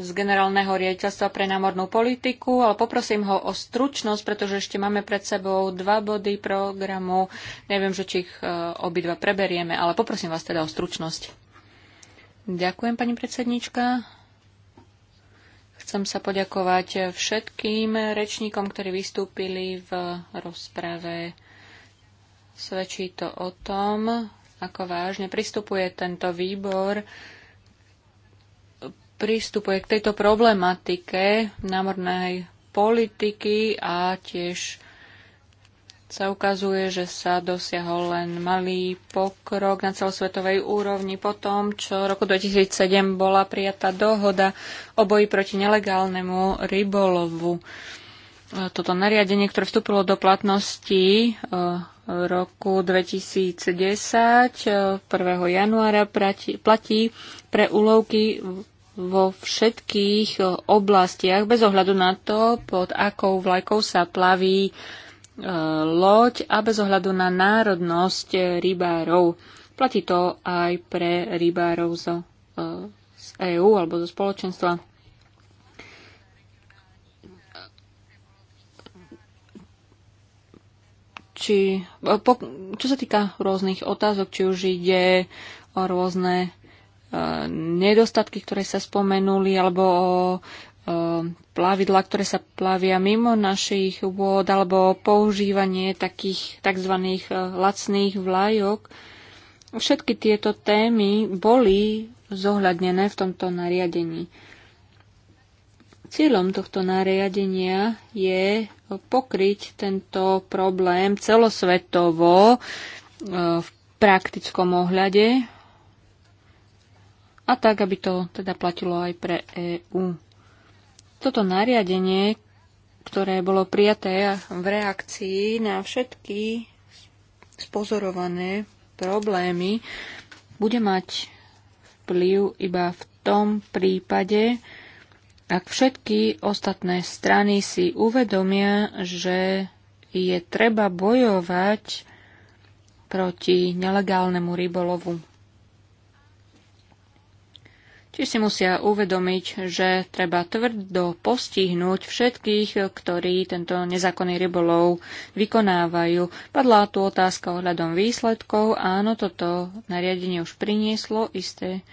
z generálneho riaditeľstva pre námornú politiku, ale poprosím ho o stručnosť, pretože ešte máme pred sebou dva body programu. Neviem, že či ich e, obidva preberieme, ale poprosím vás teda o stručnosť. Ďakujem, pani predsednička. Chcem sa poďakovať všetkým rečníkom, ktorí vystúpili v rozprave. Svedčí to o tom, ako vážne pristupuje tento výbor pristupuje k tejto problematike námornej politiky a tiež sa ukazuje, že sa dosiahol len malý pokrok na celosvetovej úrovni po tom, čo v roku 2007 bola prijatá dohoda o boji proti nelegálnemu rybolovu. Toto nariadenie, ktoré vstúpilo do platnosti eh, roku 2010, 1. Eh, januára platí pre úlovky vo všetkých oblastiach, bez ohľadu na to, pod akou vlajkou sa plaví e, loď a bez ohľadu na národnosť e, rybárov. Platí to aj pre rybárov zo, e, z EÚ alebo zo spoločenstva. Či, po, čo sa týka rôznych otázok, či už ide o rôzne nedostatky, ktoré sa spomenuli, alebo o e, plavidla, ktoré sa plavia mimo našich vôd, alebo používanie takých tzv. E, lacných vlajok. Všetky tieto témy boli zohľadnené v tomto nariadení. Cieľom tohto nariadenia je pokryť tento problém celosvetovo e, v praktickom ohľade a tak, aby to teda platilo aj pre EÚ. Toto nariadenie, ktoré bolo prijaté v reakcii na všetky spozorované problémy, bude mať vplyv iba v tom prípade, ak všetky ostatné strany si uvedomia, že je treba bojovať proti nelegálnemu rybolovu. Či si musia uvedomiť, že treba tvrdo postihnúť všetkých, ktorí tento nezákonný rybolov vykonávajú. Padla tu otázka ohľadom výsledkov. Áno, toto nariadenie už prinieslo isté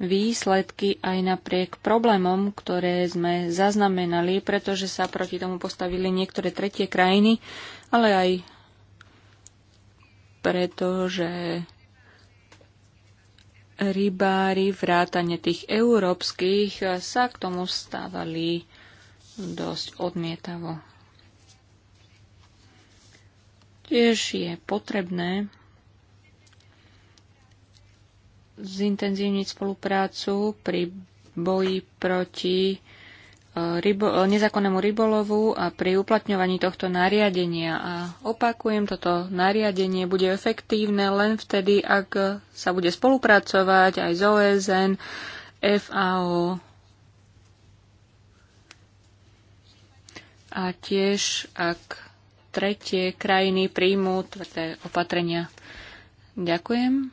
výsledky aj napriek problémom, ktoré sme zaznamenali, pretože sa proti tomu postavili niektoré tretie krajiny, ale aj pretože rybári, vrátane tých európskych, eh, sa k tomu stávali dosť odmietavo. Tiež je potrebné zintenzívniť spoluprácu pri boji proti rybo, nezákonnému rybolovu a pri uplatňovaní tohto nariadenia. A opakujem, toto nariadenie bude efektívne len vtedy, ak sa bude spolupracovať aj z OSN, FAO a tiež ak tretie krajiny príjmú tvrdé opatrenia. Ďakujem.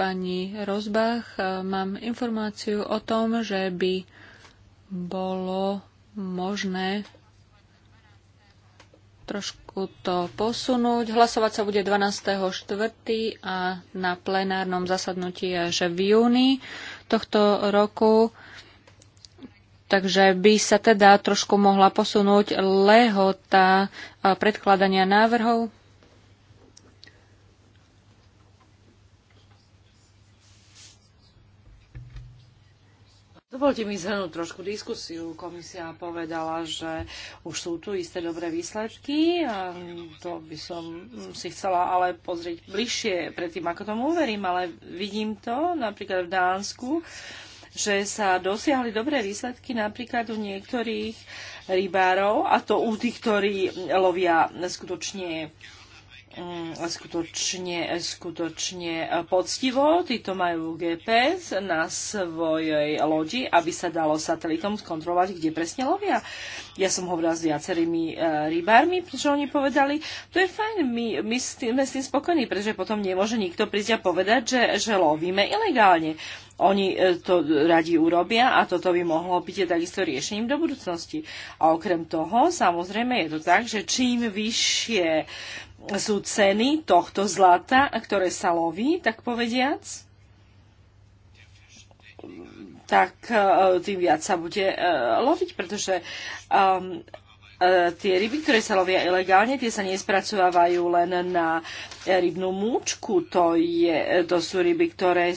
pani Rozbach. E, mám informáciu o tom, že by bolo možné trošku to posunúť. Hlasovať sa bude 12.4. a na plenárnom zasadnutí až v júni tohto roku. Takže by sa teda trošku mohla posunúť lehota e, predkladania návrhov. Dovolte mi zhrnúť trošku diskusiu. Komisia povedala, že už sú tu isté dobré výsledky. A to by som si chcela ale pozrieť bližšie predtým, ako tomu uverím, ale vidím to napríklad v Dánsku, že sa dosiahli dobré výsledky napríklad u niektorých rybárov a to u tých, ktorí lovia skutočne Mm, skutočne, skutočne e, poctivo. Títo majú GPS na svojej lodi, aby sa dalo satelitom skontrolovať, kde presne lovia. Ja som hovorila s viacerými e, rybármi, pretože oni povedali, to je fajn, my, my sme s tým spokojní, pretože potom nemôže nikto prísť a povedať, že, že lovíme ilegálne. Oni e, to radi urobia a toto by mohlo byť takisto riešením do budúcnosti. A okrem toho, samozrejme, je to tak, že čím vyššie sú ceny tohto zlata, ktoré sa loví, tak povediac, tak e, tým viac sa bude e, loviť, pretože um, e, tie ryby, ktoré sa lovia ilegálne, tie sa nespracovávajú len na rybnú múčku. To, je, to sú ryby, ktoré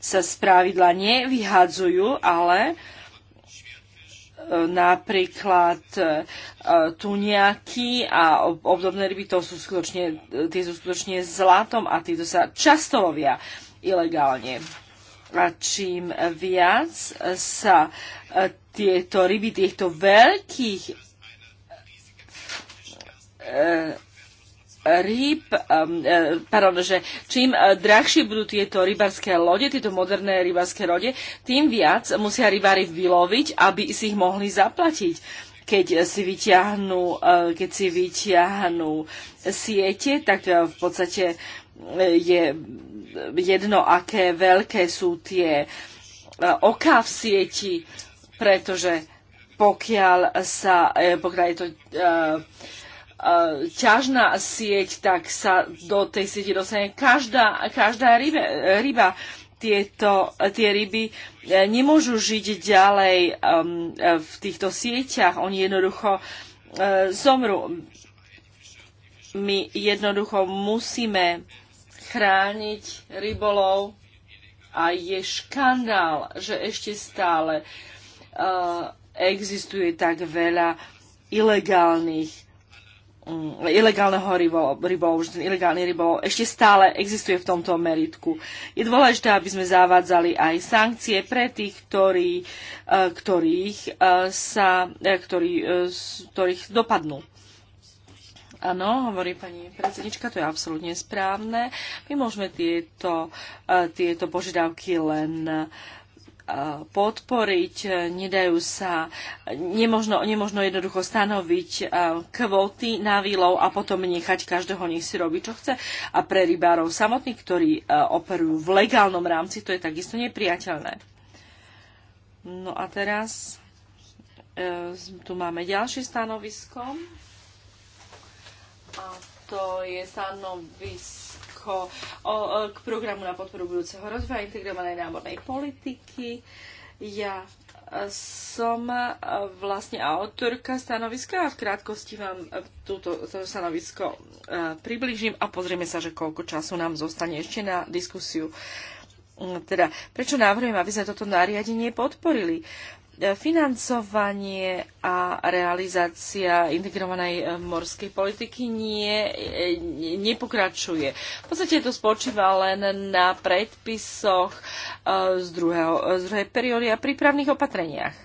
sa z pravidla nevyhádzujú, ale uh, napríklad e, tuniaky a obdobné ryby, to sú skutočne, tie sú skutočne zlatom a títo sa často lovia ilegálne. A čím viac sa e, tieto ryby týchto veľkých e, rýb, um, e, pardon, že čím e, drahšie budú tieto rybarské lode, tieto moderné rybarské lode, tým viac musia rybári vyloviť, aby si ich mohli zaplatiť keď si vyťahnú, e, keď si vyťahnú siete, tak v podstate je jedno, aké veľké sú tie oká v sieti, pretože pokiaľ sa, pokiaľ je to E, ťažná sieť, tak sa do tej siete dostane každá, každá ryba. ryba tieto, tie ryby e, nemôžu žiť ďalej um, v týchto sieťach. Oni jednoducho uh, zomru. My jednoducho musíme chrániť rybolov a je škandál, že ešte stále uh, existuje tak veľa ilegálnych Mm, ilegálneho rybolovu, rybolov, že ten ilegálny rybolov ešte stále existuje v tomto meritku. Je dôležité, aby sme zavádzali aj sankcie pre tých, ktorí, eh, ktorých, eh, sa, eh, ktorí, ktorých dopadnú. Áno, hovorí pani predsednička, to je absolútne správne. My môžeme tieto, tieto požiadavky len uh, podporiť, nedajú sa, nemožno, nemožno jednoducho stanoviť eh, kvóty na výlov a potom nechať každého nech si robiť, čo chce. A pre rybárov samotných, ktorí eh, operujú v legálnom rámci, to je takisto nepriateľné. No a teraz eh, tu máme ďalšie stanovisko. A to je stanovisko stanovisko o, k programu na podporu budúceho rozvoja integrovanej námornej politiky. Ja som vlastne autorka stanoviska a v krátkosti vám túto, to stanovisko e, približím a pozrieme sa, že koľko času nám zostane ešte na diskusiu. Mm, teda, prečo návrhujem, aby sme toto nariadenie podporili? financovanie a realizácia integrovanej e, morskej politiky e, nie, nepokračuje. V podstate to spočíva len na predpisoch e, z, druhého, z druhej periódy a prípravných opatreniach.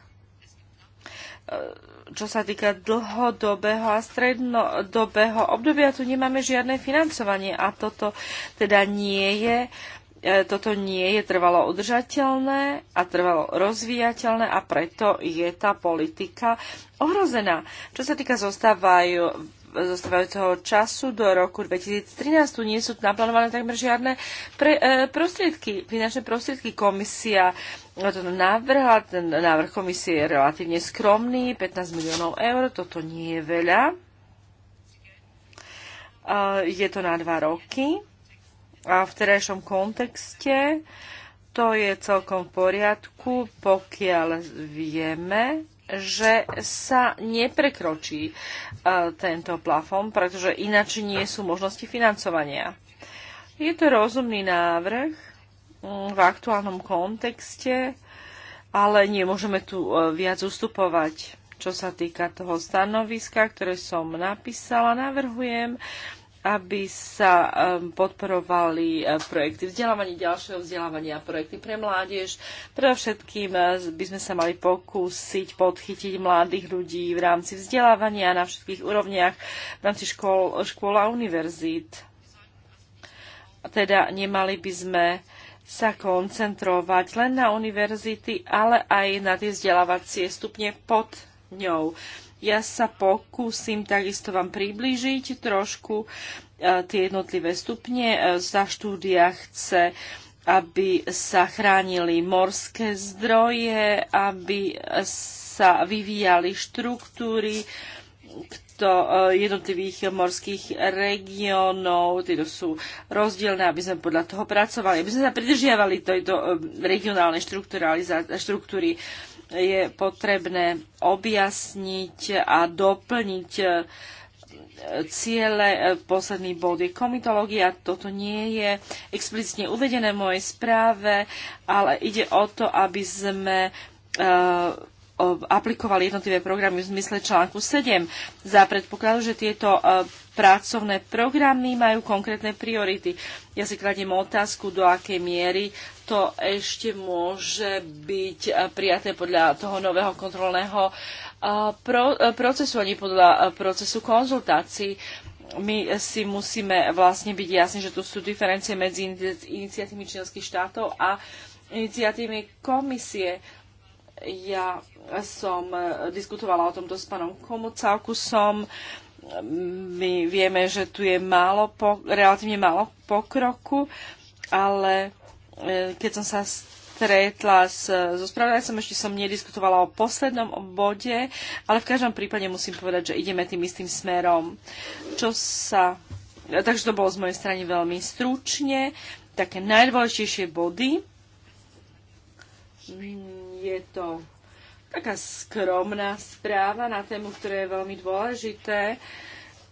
Čo sa týka dlhodobého a strednodobého obdobia, tu nemáme žiadne financovanie a toto teda nie je E, toto nie je trvalo udržateľné a trvalo rozvíjateľné a preto je tá politika ohrozená. Čo sa týka zostávajú, zostávajúceho času do roku 2013, tu nie sú naplánované takmer žiadne pre, e, prostriedky, finančné prostriedky. Komisia to navrhla, ten návrh komisie je relatívne skromný, 15 miliónov eur, toto nie je veľa. E, je to na dva roky a v terajšom kontexte to je celkom v poriadku, pokiaľ vieme, že sa neprekročí e, tento plafón, pretože ináč nie sú možnosti financovania. Je to rozumný návrh mm, v aktuálnom kontexte, ale nemôžeme tu e, viac ustupovať. Čo sa týka toho stanoviska, ktoré som napísala, navrhujem, aby sa um, podporovali um, projekty vzdelávania, ďalšieho vzdelávania, a projekty pre mládež. Predovšetkým uh, by sme sa mali pokúsiť podchytiť mladých ľudí v rámci vzdelávania na všetkých úrovniach, v rámci škôl, škôl a univerzít. Teda nemali by sme sa koncentrovať len na univerzity, ale aj na tie vzdelávacie stupne pod ňou. Ja sa pokúsim takisto vám priblížiť trošku e, tie jednotlivé stupne. E, za štúdia chce aby sa chránili morské zdroje, aby sa vyvíjali štruktúry to, e, jednotlivých morských regiónov. Tieto sú rozdielne, aby sme podľa toho pracovali, aby sme sa pridržiavali tejto regionálnej štruktúry je potrebné objasniť a doplniť e, ciele, e, posledný bod je komitológia, toto nie je explicitne uvedené v mojej správe, ale ide o to, aby sme uh, aplikovali jednotlivé programy v zmysle článku 7 za predpokladu, že tieto e, pracovné programy majú konkrétne priority. Ja si kladiem otázku, do akej miery to ešte môže byť e, prijaté podľa toho nového kontrolného e, procesu, ani podľa procesu konzultácií my si musíme vlastne byť jasní, že tu sú diferencie medzi iniciatívami členských štátov a iniciatívami komisie. Ja som e, diskutovala o tomto s pánom Komucavkusom. My vieme, že tu je málo po, relatívne málo pokroku, ale e, keď som sa stretla s, so spravodajcom, ešte som nediskutovala o poslednom bode, ale v každom prípade musím povedať, že ideme tým istým smerom. Čo sa... Takže to bolo z mojej strany veľmi stručne. Také najdôležitejšie body. Je to taká skromná správa na tému, ktoré je veľmi dôležité,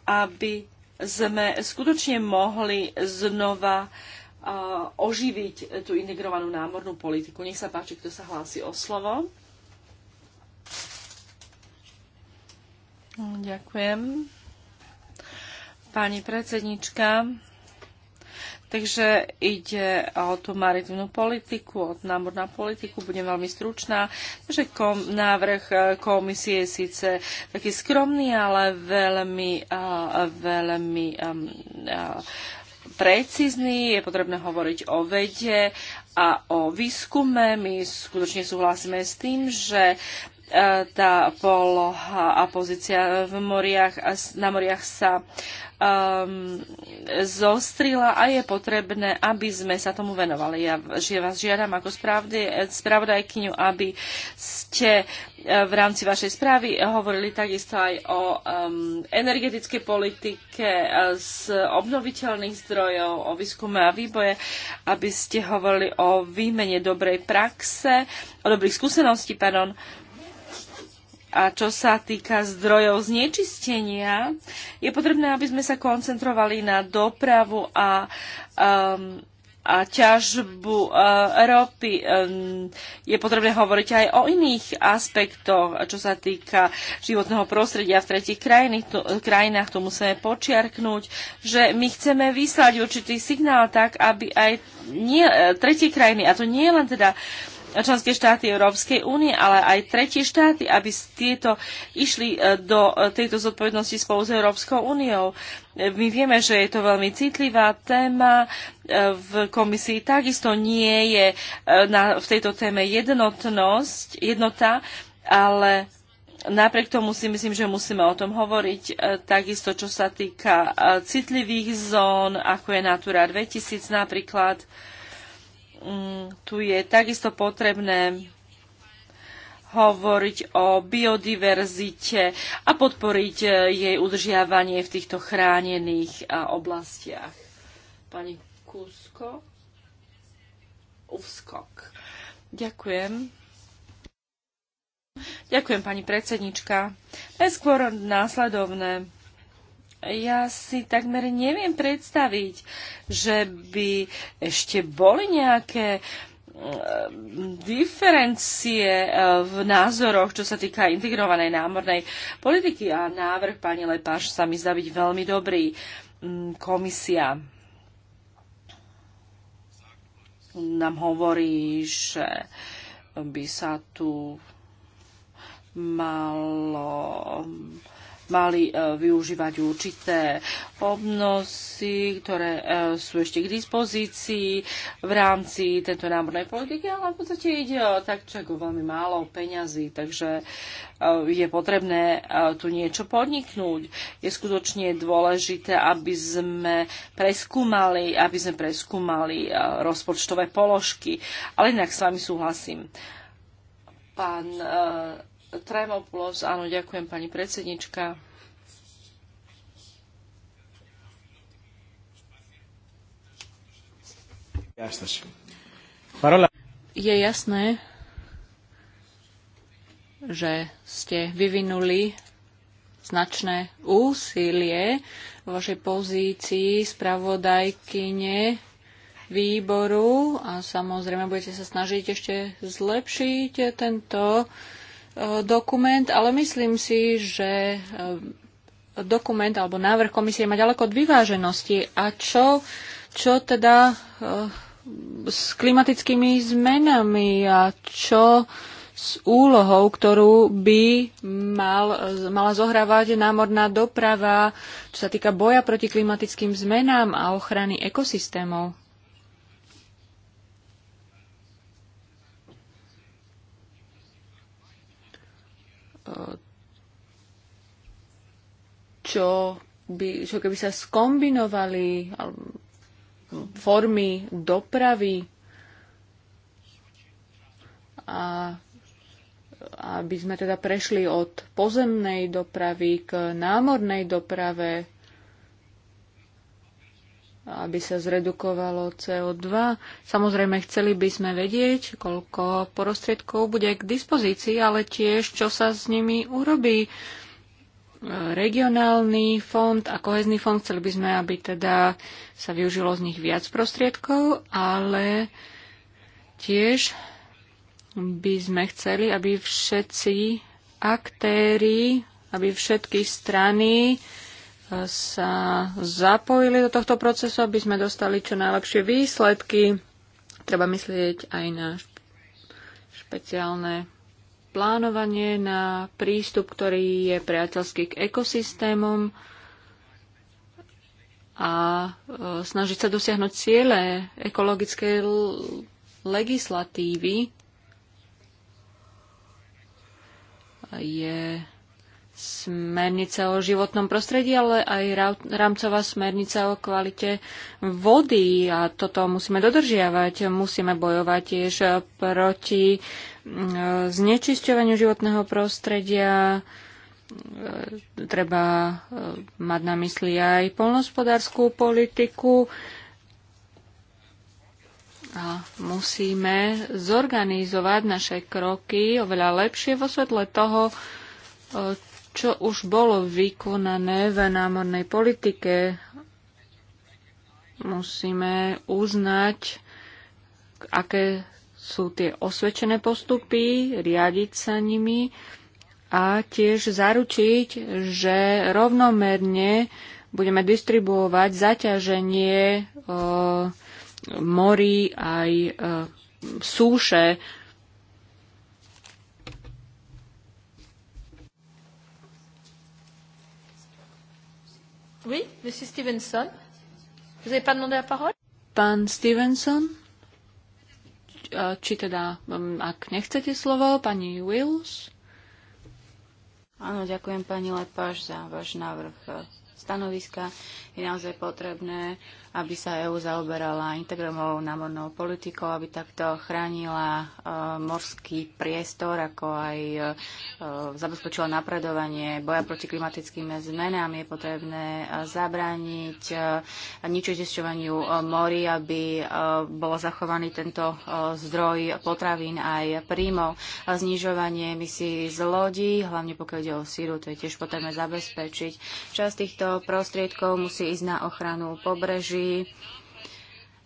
aby sme skutočne mohli znova oživiť tú integrovanú námornú politiku. Nech sa páči, kto sa hlási o slovo. Ďakujem. Pani predsednička, Takže ide o tú maritívnu politiku, o na politiku, budem veľmi stručná. Takže kom, návrh e, komisie je síce taký skromný, ale veľmi, uh, veľmi um, uh, precízny, je potrebné hovoriť o vede a o výskume. My skutočne súhlasíme s tým, že E, tá poloha a pozícia v moriach, na moriach sa um, zostrila a je potrebné, aby sme sa tomu venovali. Ja vás žiadam ako spravodajkyňu, aby ste e, v rámci vašej správy hovorili takisto aj o um, energetickej politike e, z obnoviteľných zdrojov, o výskume a výboje, aby ste hovorili o výmene dobrej praxe, o dobrých skúseností, pardon, uh, a čo sa týka zdrojov znečistenia, je potrebné, aby sme sa koncentrovali na dopravu a, um, a ťažbu uh, ropy. Um, je potrebné hovoriť aj o iných aspektoch, čo sa týka životného prostredia v tretich krajinách. Tu, krajinách, to musíme počiarknúť, že my chceme vyslať určitý signál tak, aby aj nie, eh, tretie krajiny, a to nie len teda uh, členské štáty Európskej únie, ale aj tretie štáty, aby tieto išli e, do e, tejto zodpovednosti spolu s Európskou úniou. E, my vieme, že je to veľmi citlivá téma. V komisii takisto nie je na, v tejto téme jednotnosť, jednota, ale napriek tomu si myslím, že musíme o tom hovoriť. Takisto, čo sa týka citlivých zón, ako je Natura 2000 napríklad, Mm, tu je takisto potrebné hovoriť o biodiverzite a podporiť e, jej udržiavanie v týchto chránených e, oblastiach. Pani Kusko? Uvskok. Ďakujem. Ďakujem, pani predsednička. Najskôr následovné ja si takmer neviem predstaviť, že by ešte boli nejaké e, diferencie e, v názoroch, čo sa týka integrovanej námornej politiky a návrh pani Lepáš sa mi zdá byť veľmi dobrý. Mm, komisia nám hovorí, že by sa tu malo mali e, využívať určité obnosy, ktoré e, sú ešte k dispozícii v rámci tejto námornej politiky, ale v podstate ide o tak, čo veľmi málo peňazí, takže e, je potrebné tu niečo podniknúť. Je skutočne dôležité, aby sme preskúmali, aby sme preskúmali rozpočtové položky. Ale inak s vami súhlasím. Pán Tremopulos, áno, ďakujem pani predsednička. Je jasné, že ste vyvinuli značné úsilie vo vašej pozícii spravodajkyne výboru a samozrejme budete sa snažiť ešte zlepšiť tento Eh, dokument, ale myslím si, že eh, dokument alebo návrh komisie má ďaleko od vyváženosti. A čo, čo teda eh, s klimatickými zmenami a čo s úlohou, ktorú by mal, mala zohrávať námorná doprava, čo sa týka boja proti klimatickým zmenám a ochrany ekosystémov. čo, by, čo keby sa skombinovali formy dopravy a aby sme teda prešli od pozemnej dopravy k námornej doprave, aby sa zredukovalo CO2. Samozrejme, chceli by sme vedieť, koľko prostriedkov bude k dispozícii, ale tiež, čo sa s nimi urobí. E, regionálny fond a kohezný fond chceli by sme, aby teda sa využilo z nich viac prostriedkov, ale tiež by sme chceli, aby všetci aktéry, aby všetky strany sa zapojili do tohto procesu, aby sme dostali čo najlepšie výsledky. Treba myslieť aj na špeciálne plánovanie, na prístup, ktorý je priateľský k ekosystémom a e, snažiť sa dosiahnuť ciele ekologickej legislatívy je smernica o životnom prostredí, ale aj rámcová smernica o kvalite vody a toto musíme dodržiavať. Musíme bojovať tiež proti mm, znečisťovaniu životného prostredia. E, treba e, mať na mysli aj polnospodárskú politiku. A musíme zorganizovať naše kroky oveľa lepšie vo svetle toho, e, čo už bolo vykonané v námornej politike. Musíme uznať, aké sú tie osvedčené postupy, riadiť sa nimi a tiež zaručiť, že rovnomerne budeme distribuovať zaťaženie e, morí aj e, súše Oui, Monsieur Stevenson. Vous n'avez pas demandé la parole? Pán Stevenson? Či teda, ak nechcete slovo, pani Wills? Áno, ďakujem pani Lepáš za váš návrh e, stanoviska. Je naozaj potrebné aby sa EÚ zaoberala integrovanou námornou politikou, aby takto chránila e, morský priestor, ako aj e, e, zabezpečila napredovanie boja proti klimatickým zmenám. Je potrebné zabrániť ničo zisťovaniu morí, aby bol zachovaný tento zdroj potravín aj príjmov. Znižovanie emisí z lodí, hlavne pokiaľ ide o síru, to je tiež potrebné zabezpečiť. Časť týchto prostriedkov musí ísť na ochranu pobreží či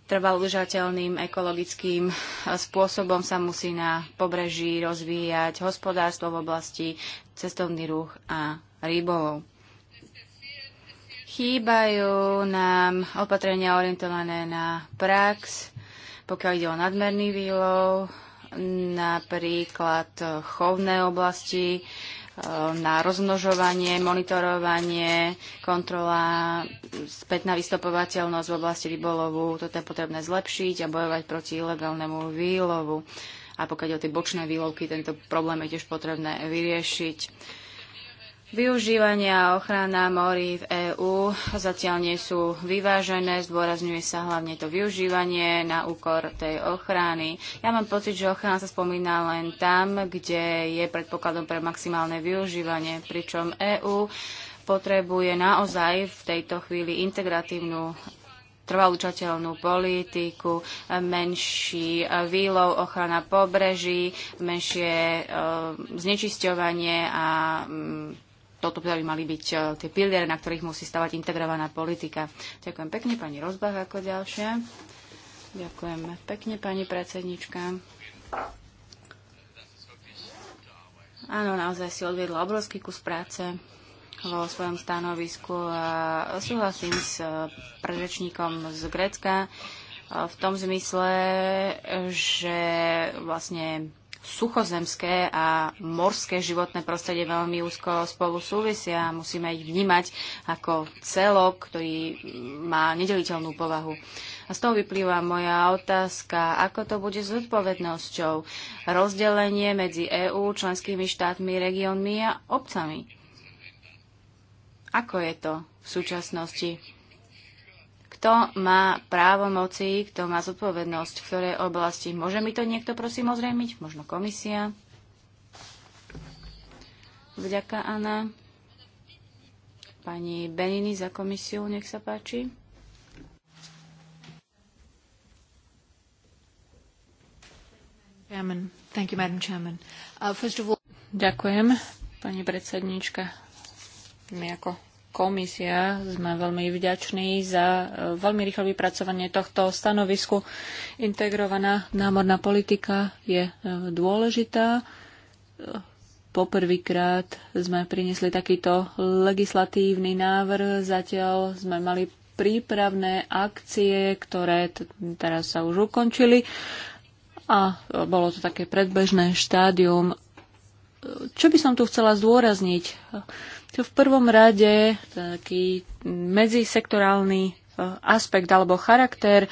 trvalúžateľným ekologickým eh, spôsobom sa musí na pobreží rozvíjať hospodárstvo v oblasti cestovný ruch a rýbovou. Chýbajú nám opatrenia orientované na prax, pokiaľ ide o nadmerný výlov, napríklad chovné oblasti, Eh, na rozmnožovanie, monitorovanie, kontrola, spätná vystopovateľnosť v oblasti rybolovu. Toto je potrebné zlepšiť a bojovať proti ilegálnemu výlovu. A pokiaľ o tie bočné výlovky, tento problém je tiež potrebné vyriešiť. Využívania a ochrana morí v EÚ zatiaľ nie sú vyvážené, zdôrazňuje sa hlavne to využívanie na úkor tej ochrany. Ja mám pocit, že ochrana sa spomína len tam, kde je predpokladom pre maximálne využívanie, pričom EÚ potrebuje naozaj v tejto chvíli integratívnu trvalúčateľnú politiku, menší e, výlov, ochrana pobreží, menšie e, znečisťovanie a mm, toto by mali byť e, tie piliere, na ktorých musí stavať integrovaná politika. Ďakujem pekne, pani Rozbach ako ďalšia. Ďakujem pekne, pani predsednička. Áno, naozaj si odviedla obrovský kus práce vo svojom stanovisku a súhlasím s e, prerečníkom z Grécka e, v tom zmysle, že vlastne suchozemské a morské životné prostredie veľmi úzko spolu súvisia. a Musíme ich vnímať ako celok, ktorý má nedeliteľnú povahu. A z toho vyplýva moja otázka, ako to bude s odpovednosťou rozdelenie medzi EÚ, členskými štátmi, regiónmi a obcami. Ako je to v súčasnosti? kto má právomoci, kto má zodpovednosť v ktorej oblasti. Môže mi to niekto prosím ozrejmiť? Možno komisia? Vďaka, Anna. Pani Benini za komisiu, nech sa páči. Uh, Ďakujem, pani predsedníčka. My ako komisia. Sme veľmi vďační za e, veľmi rýchle vypracovanie tohto stanovisku. Integrovaná námorná politika je e, dôležitá. E, poprvýkrát sme priniesli takýto legislatívny návrh. Zatiaľ sme mali prípravné akcie, ktoré teraz sa už ukončili a bolo to také predbežné štádium. Čo by som tu chcela zdôrazniť? V prvom rade taký medzisektorálny e, aspekt alebo charakter e,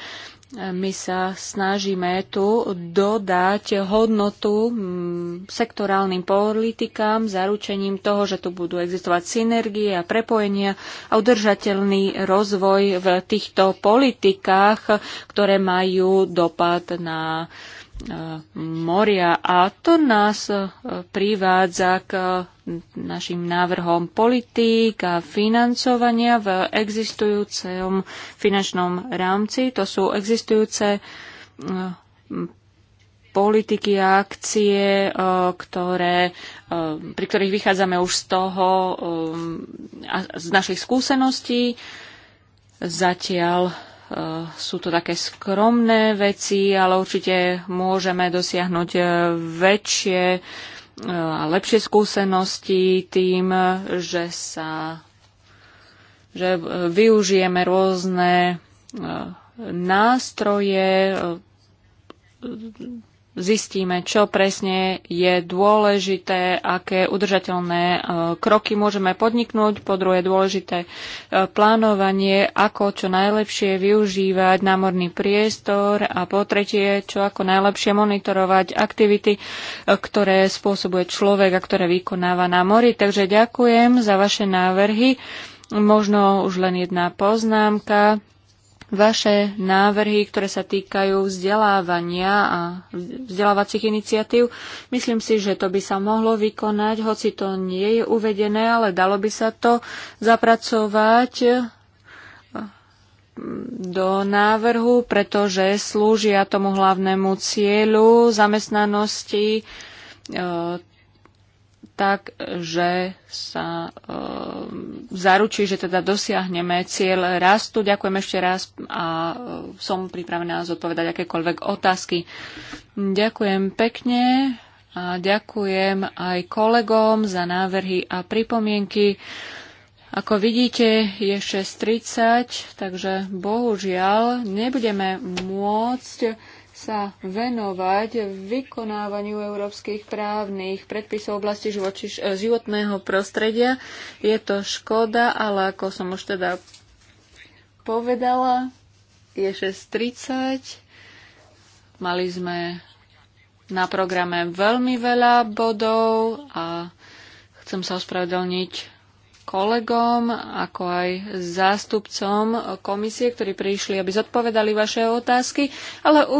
my sa snažíme tu dodať hodnotu sektorálnym politikám, zaručením toho, že tu budú existovať synergie a prepojenia a udržateľný rozvoj v týchto politikách, ktoré majú dopad na moria. A to nás e, privádza k e, našim návrhom politík a financovania v existujúcom finančnom rámci. To sú existujúce e, politiky a akcie, ktoré, pri ktorých vychádzame už z toho, z našich skúseností. Zatiaľ Eh, sú to také skromné veci, ale určite môžeme dosiahnuť eh, väčšie eh, a lepšie skúsenosti tým, že sa že využijeme rôzne nástroje, zistíme, čo presne je dôležité, aké udržateľné e, kroky môžeme podniknúť. Po druhé, dôležité e, plánovanie, ako čo najlepšie využívať námorný priestor a po tretie, čo ako najlepšie monitorovať aktivity, e, ktoré spôsobuje človek a ktoré vykonáva na mori. Takže ďakujem za vaše návrhy. Možno už len jedna poznámka vaše návrhy, ktoré sa týkajú vzdelávania a vzdelávacích iniciatív. Myslím si, že to by sa mohlo vykonať, hoci to nie je uvedené, ale dalo by sa to zapracovať do návrhu, pretože slúžia tomu hlavnému cieľu zamestnanosti e, tak, že sa e, zaručí, že teda dosiahneme cieľ rastu. Ďakujem ešte raz a e, som pripravená zodpovedať akékoľvek otázky. Ďakujem pekne a ďakujem aj kolegom za návrhy a pripomienky. Ako vidíte, je 6.30, takže bohužiaľ nebudeme môcť sa venovať vykonávaniu európskych právnych predpisov v oblasti živočiš, eh, životného prostredia. Je to škoda, ale ako som už teda povedala, je 6.30. Mali sme na programe veľmi veľa bodov a chcem sa ospravedlniť kolegom, ako aj zástupcom komisie, ktorí prišli, aby zodpovedali vaše otázky, ale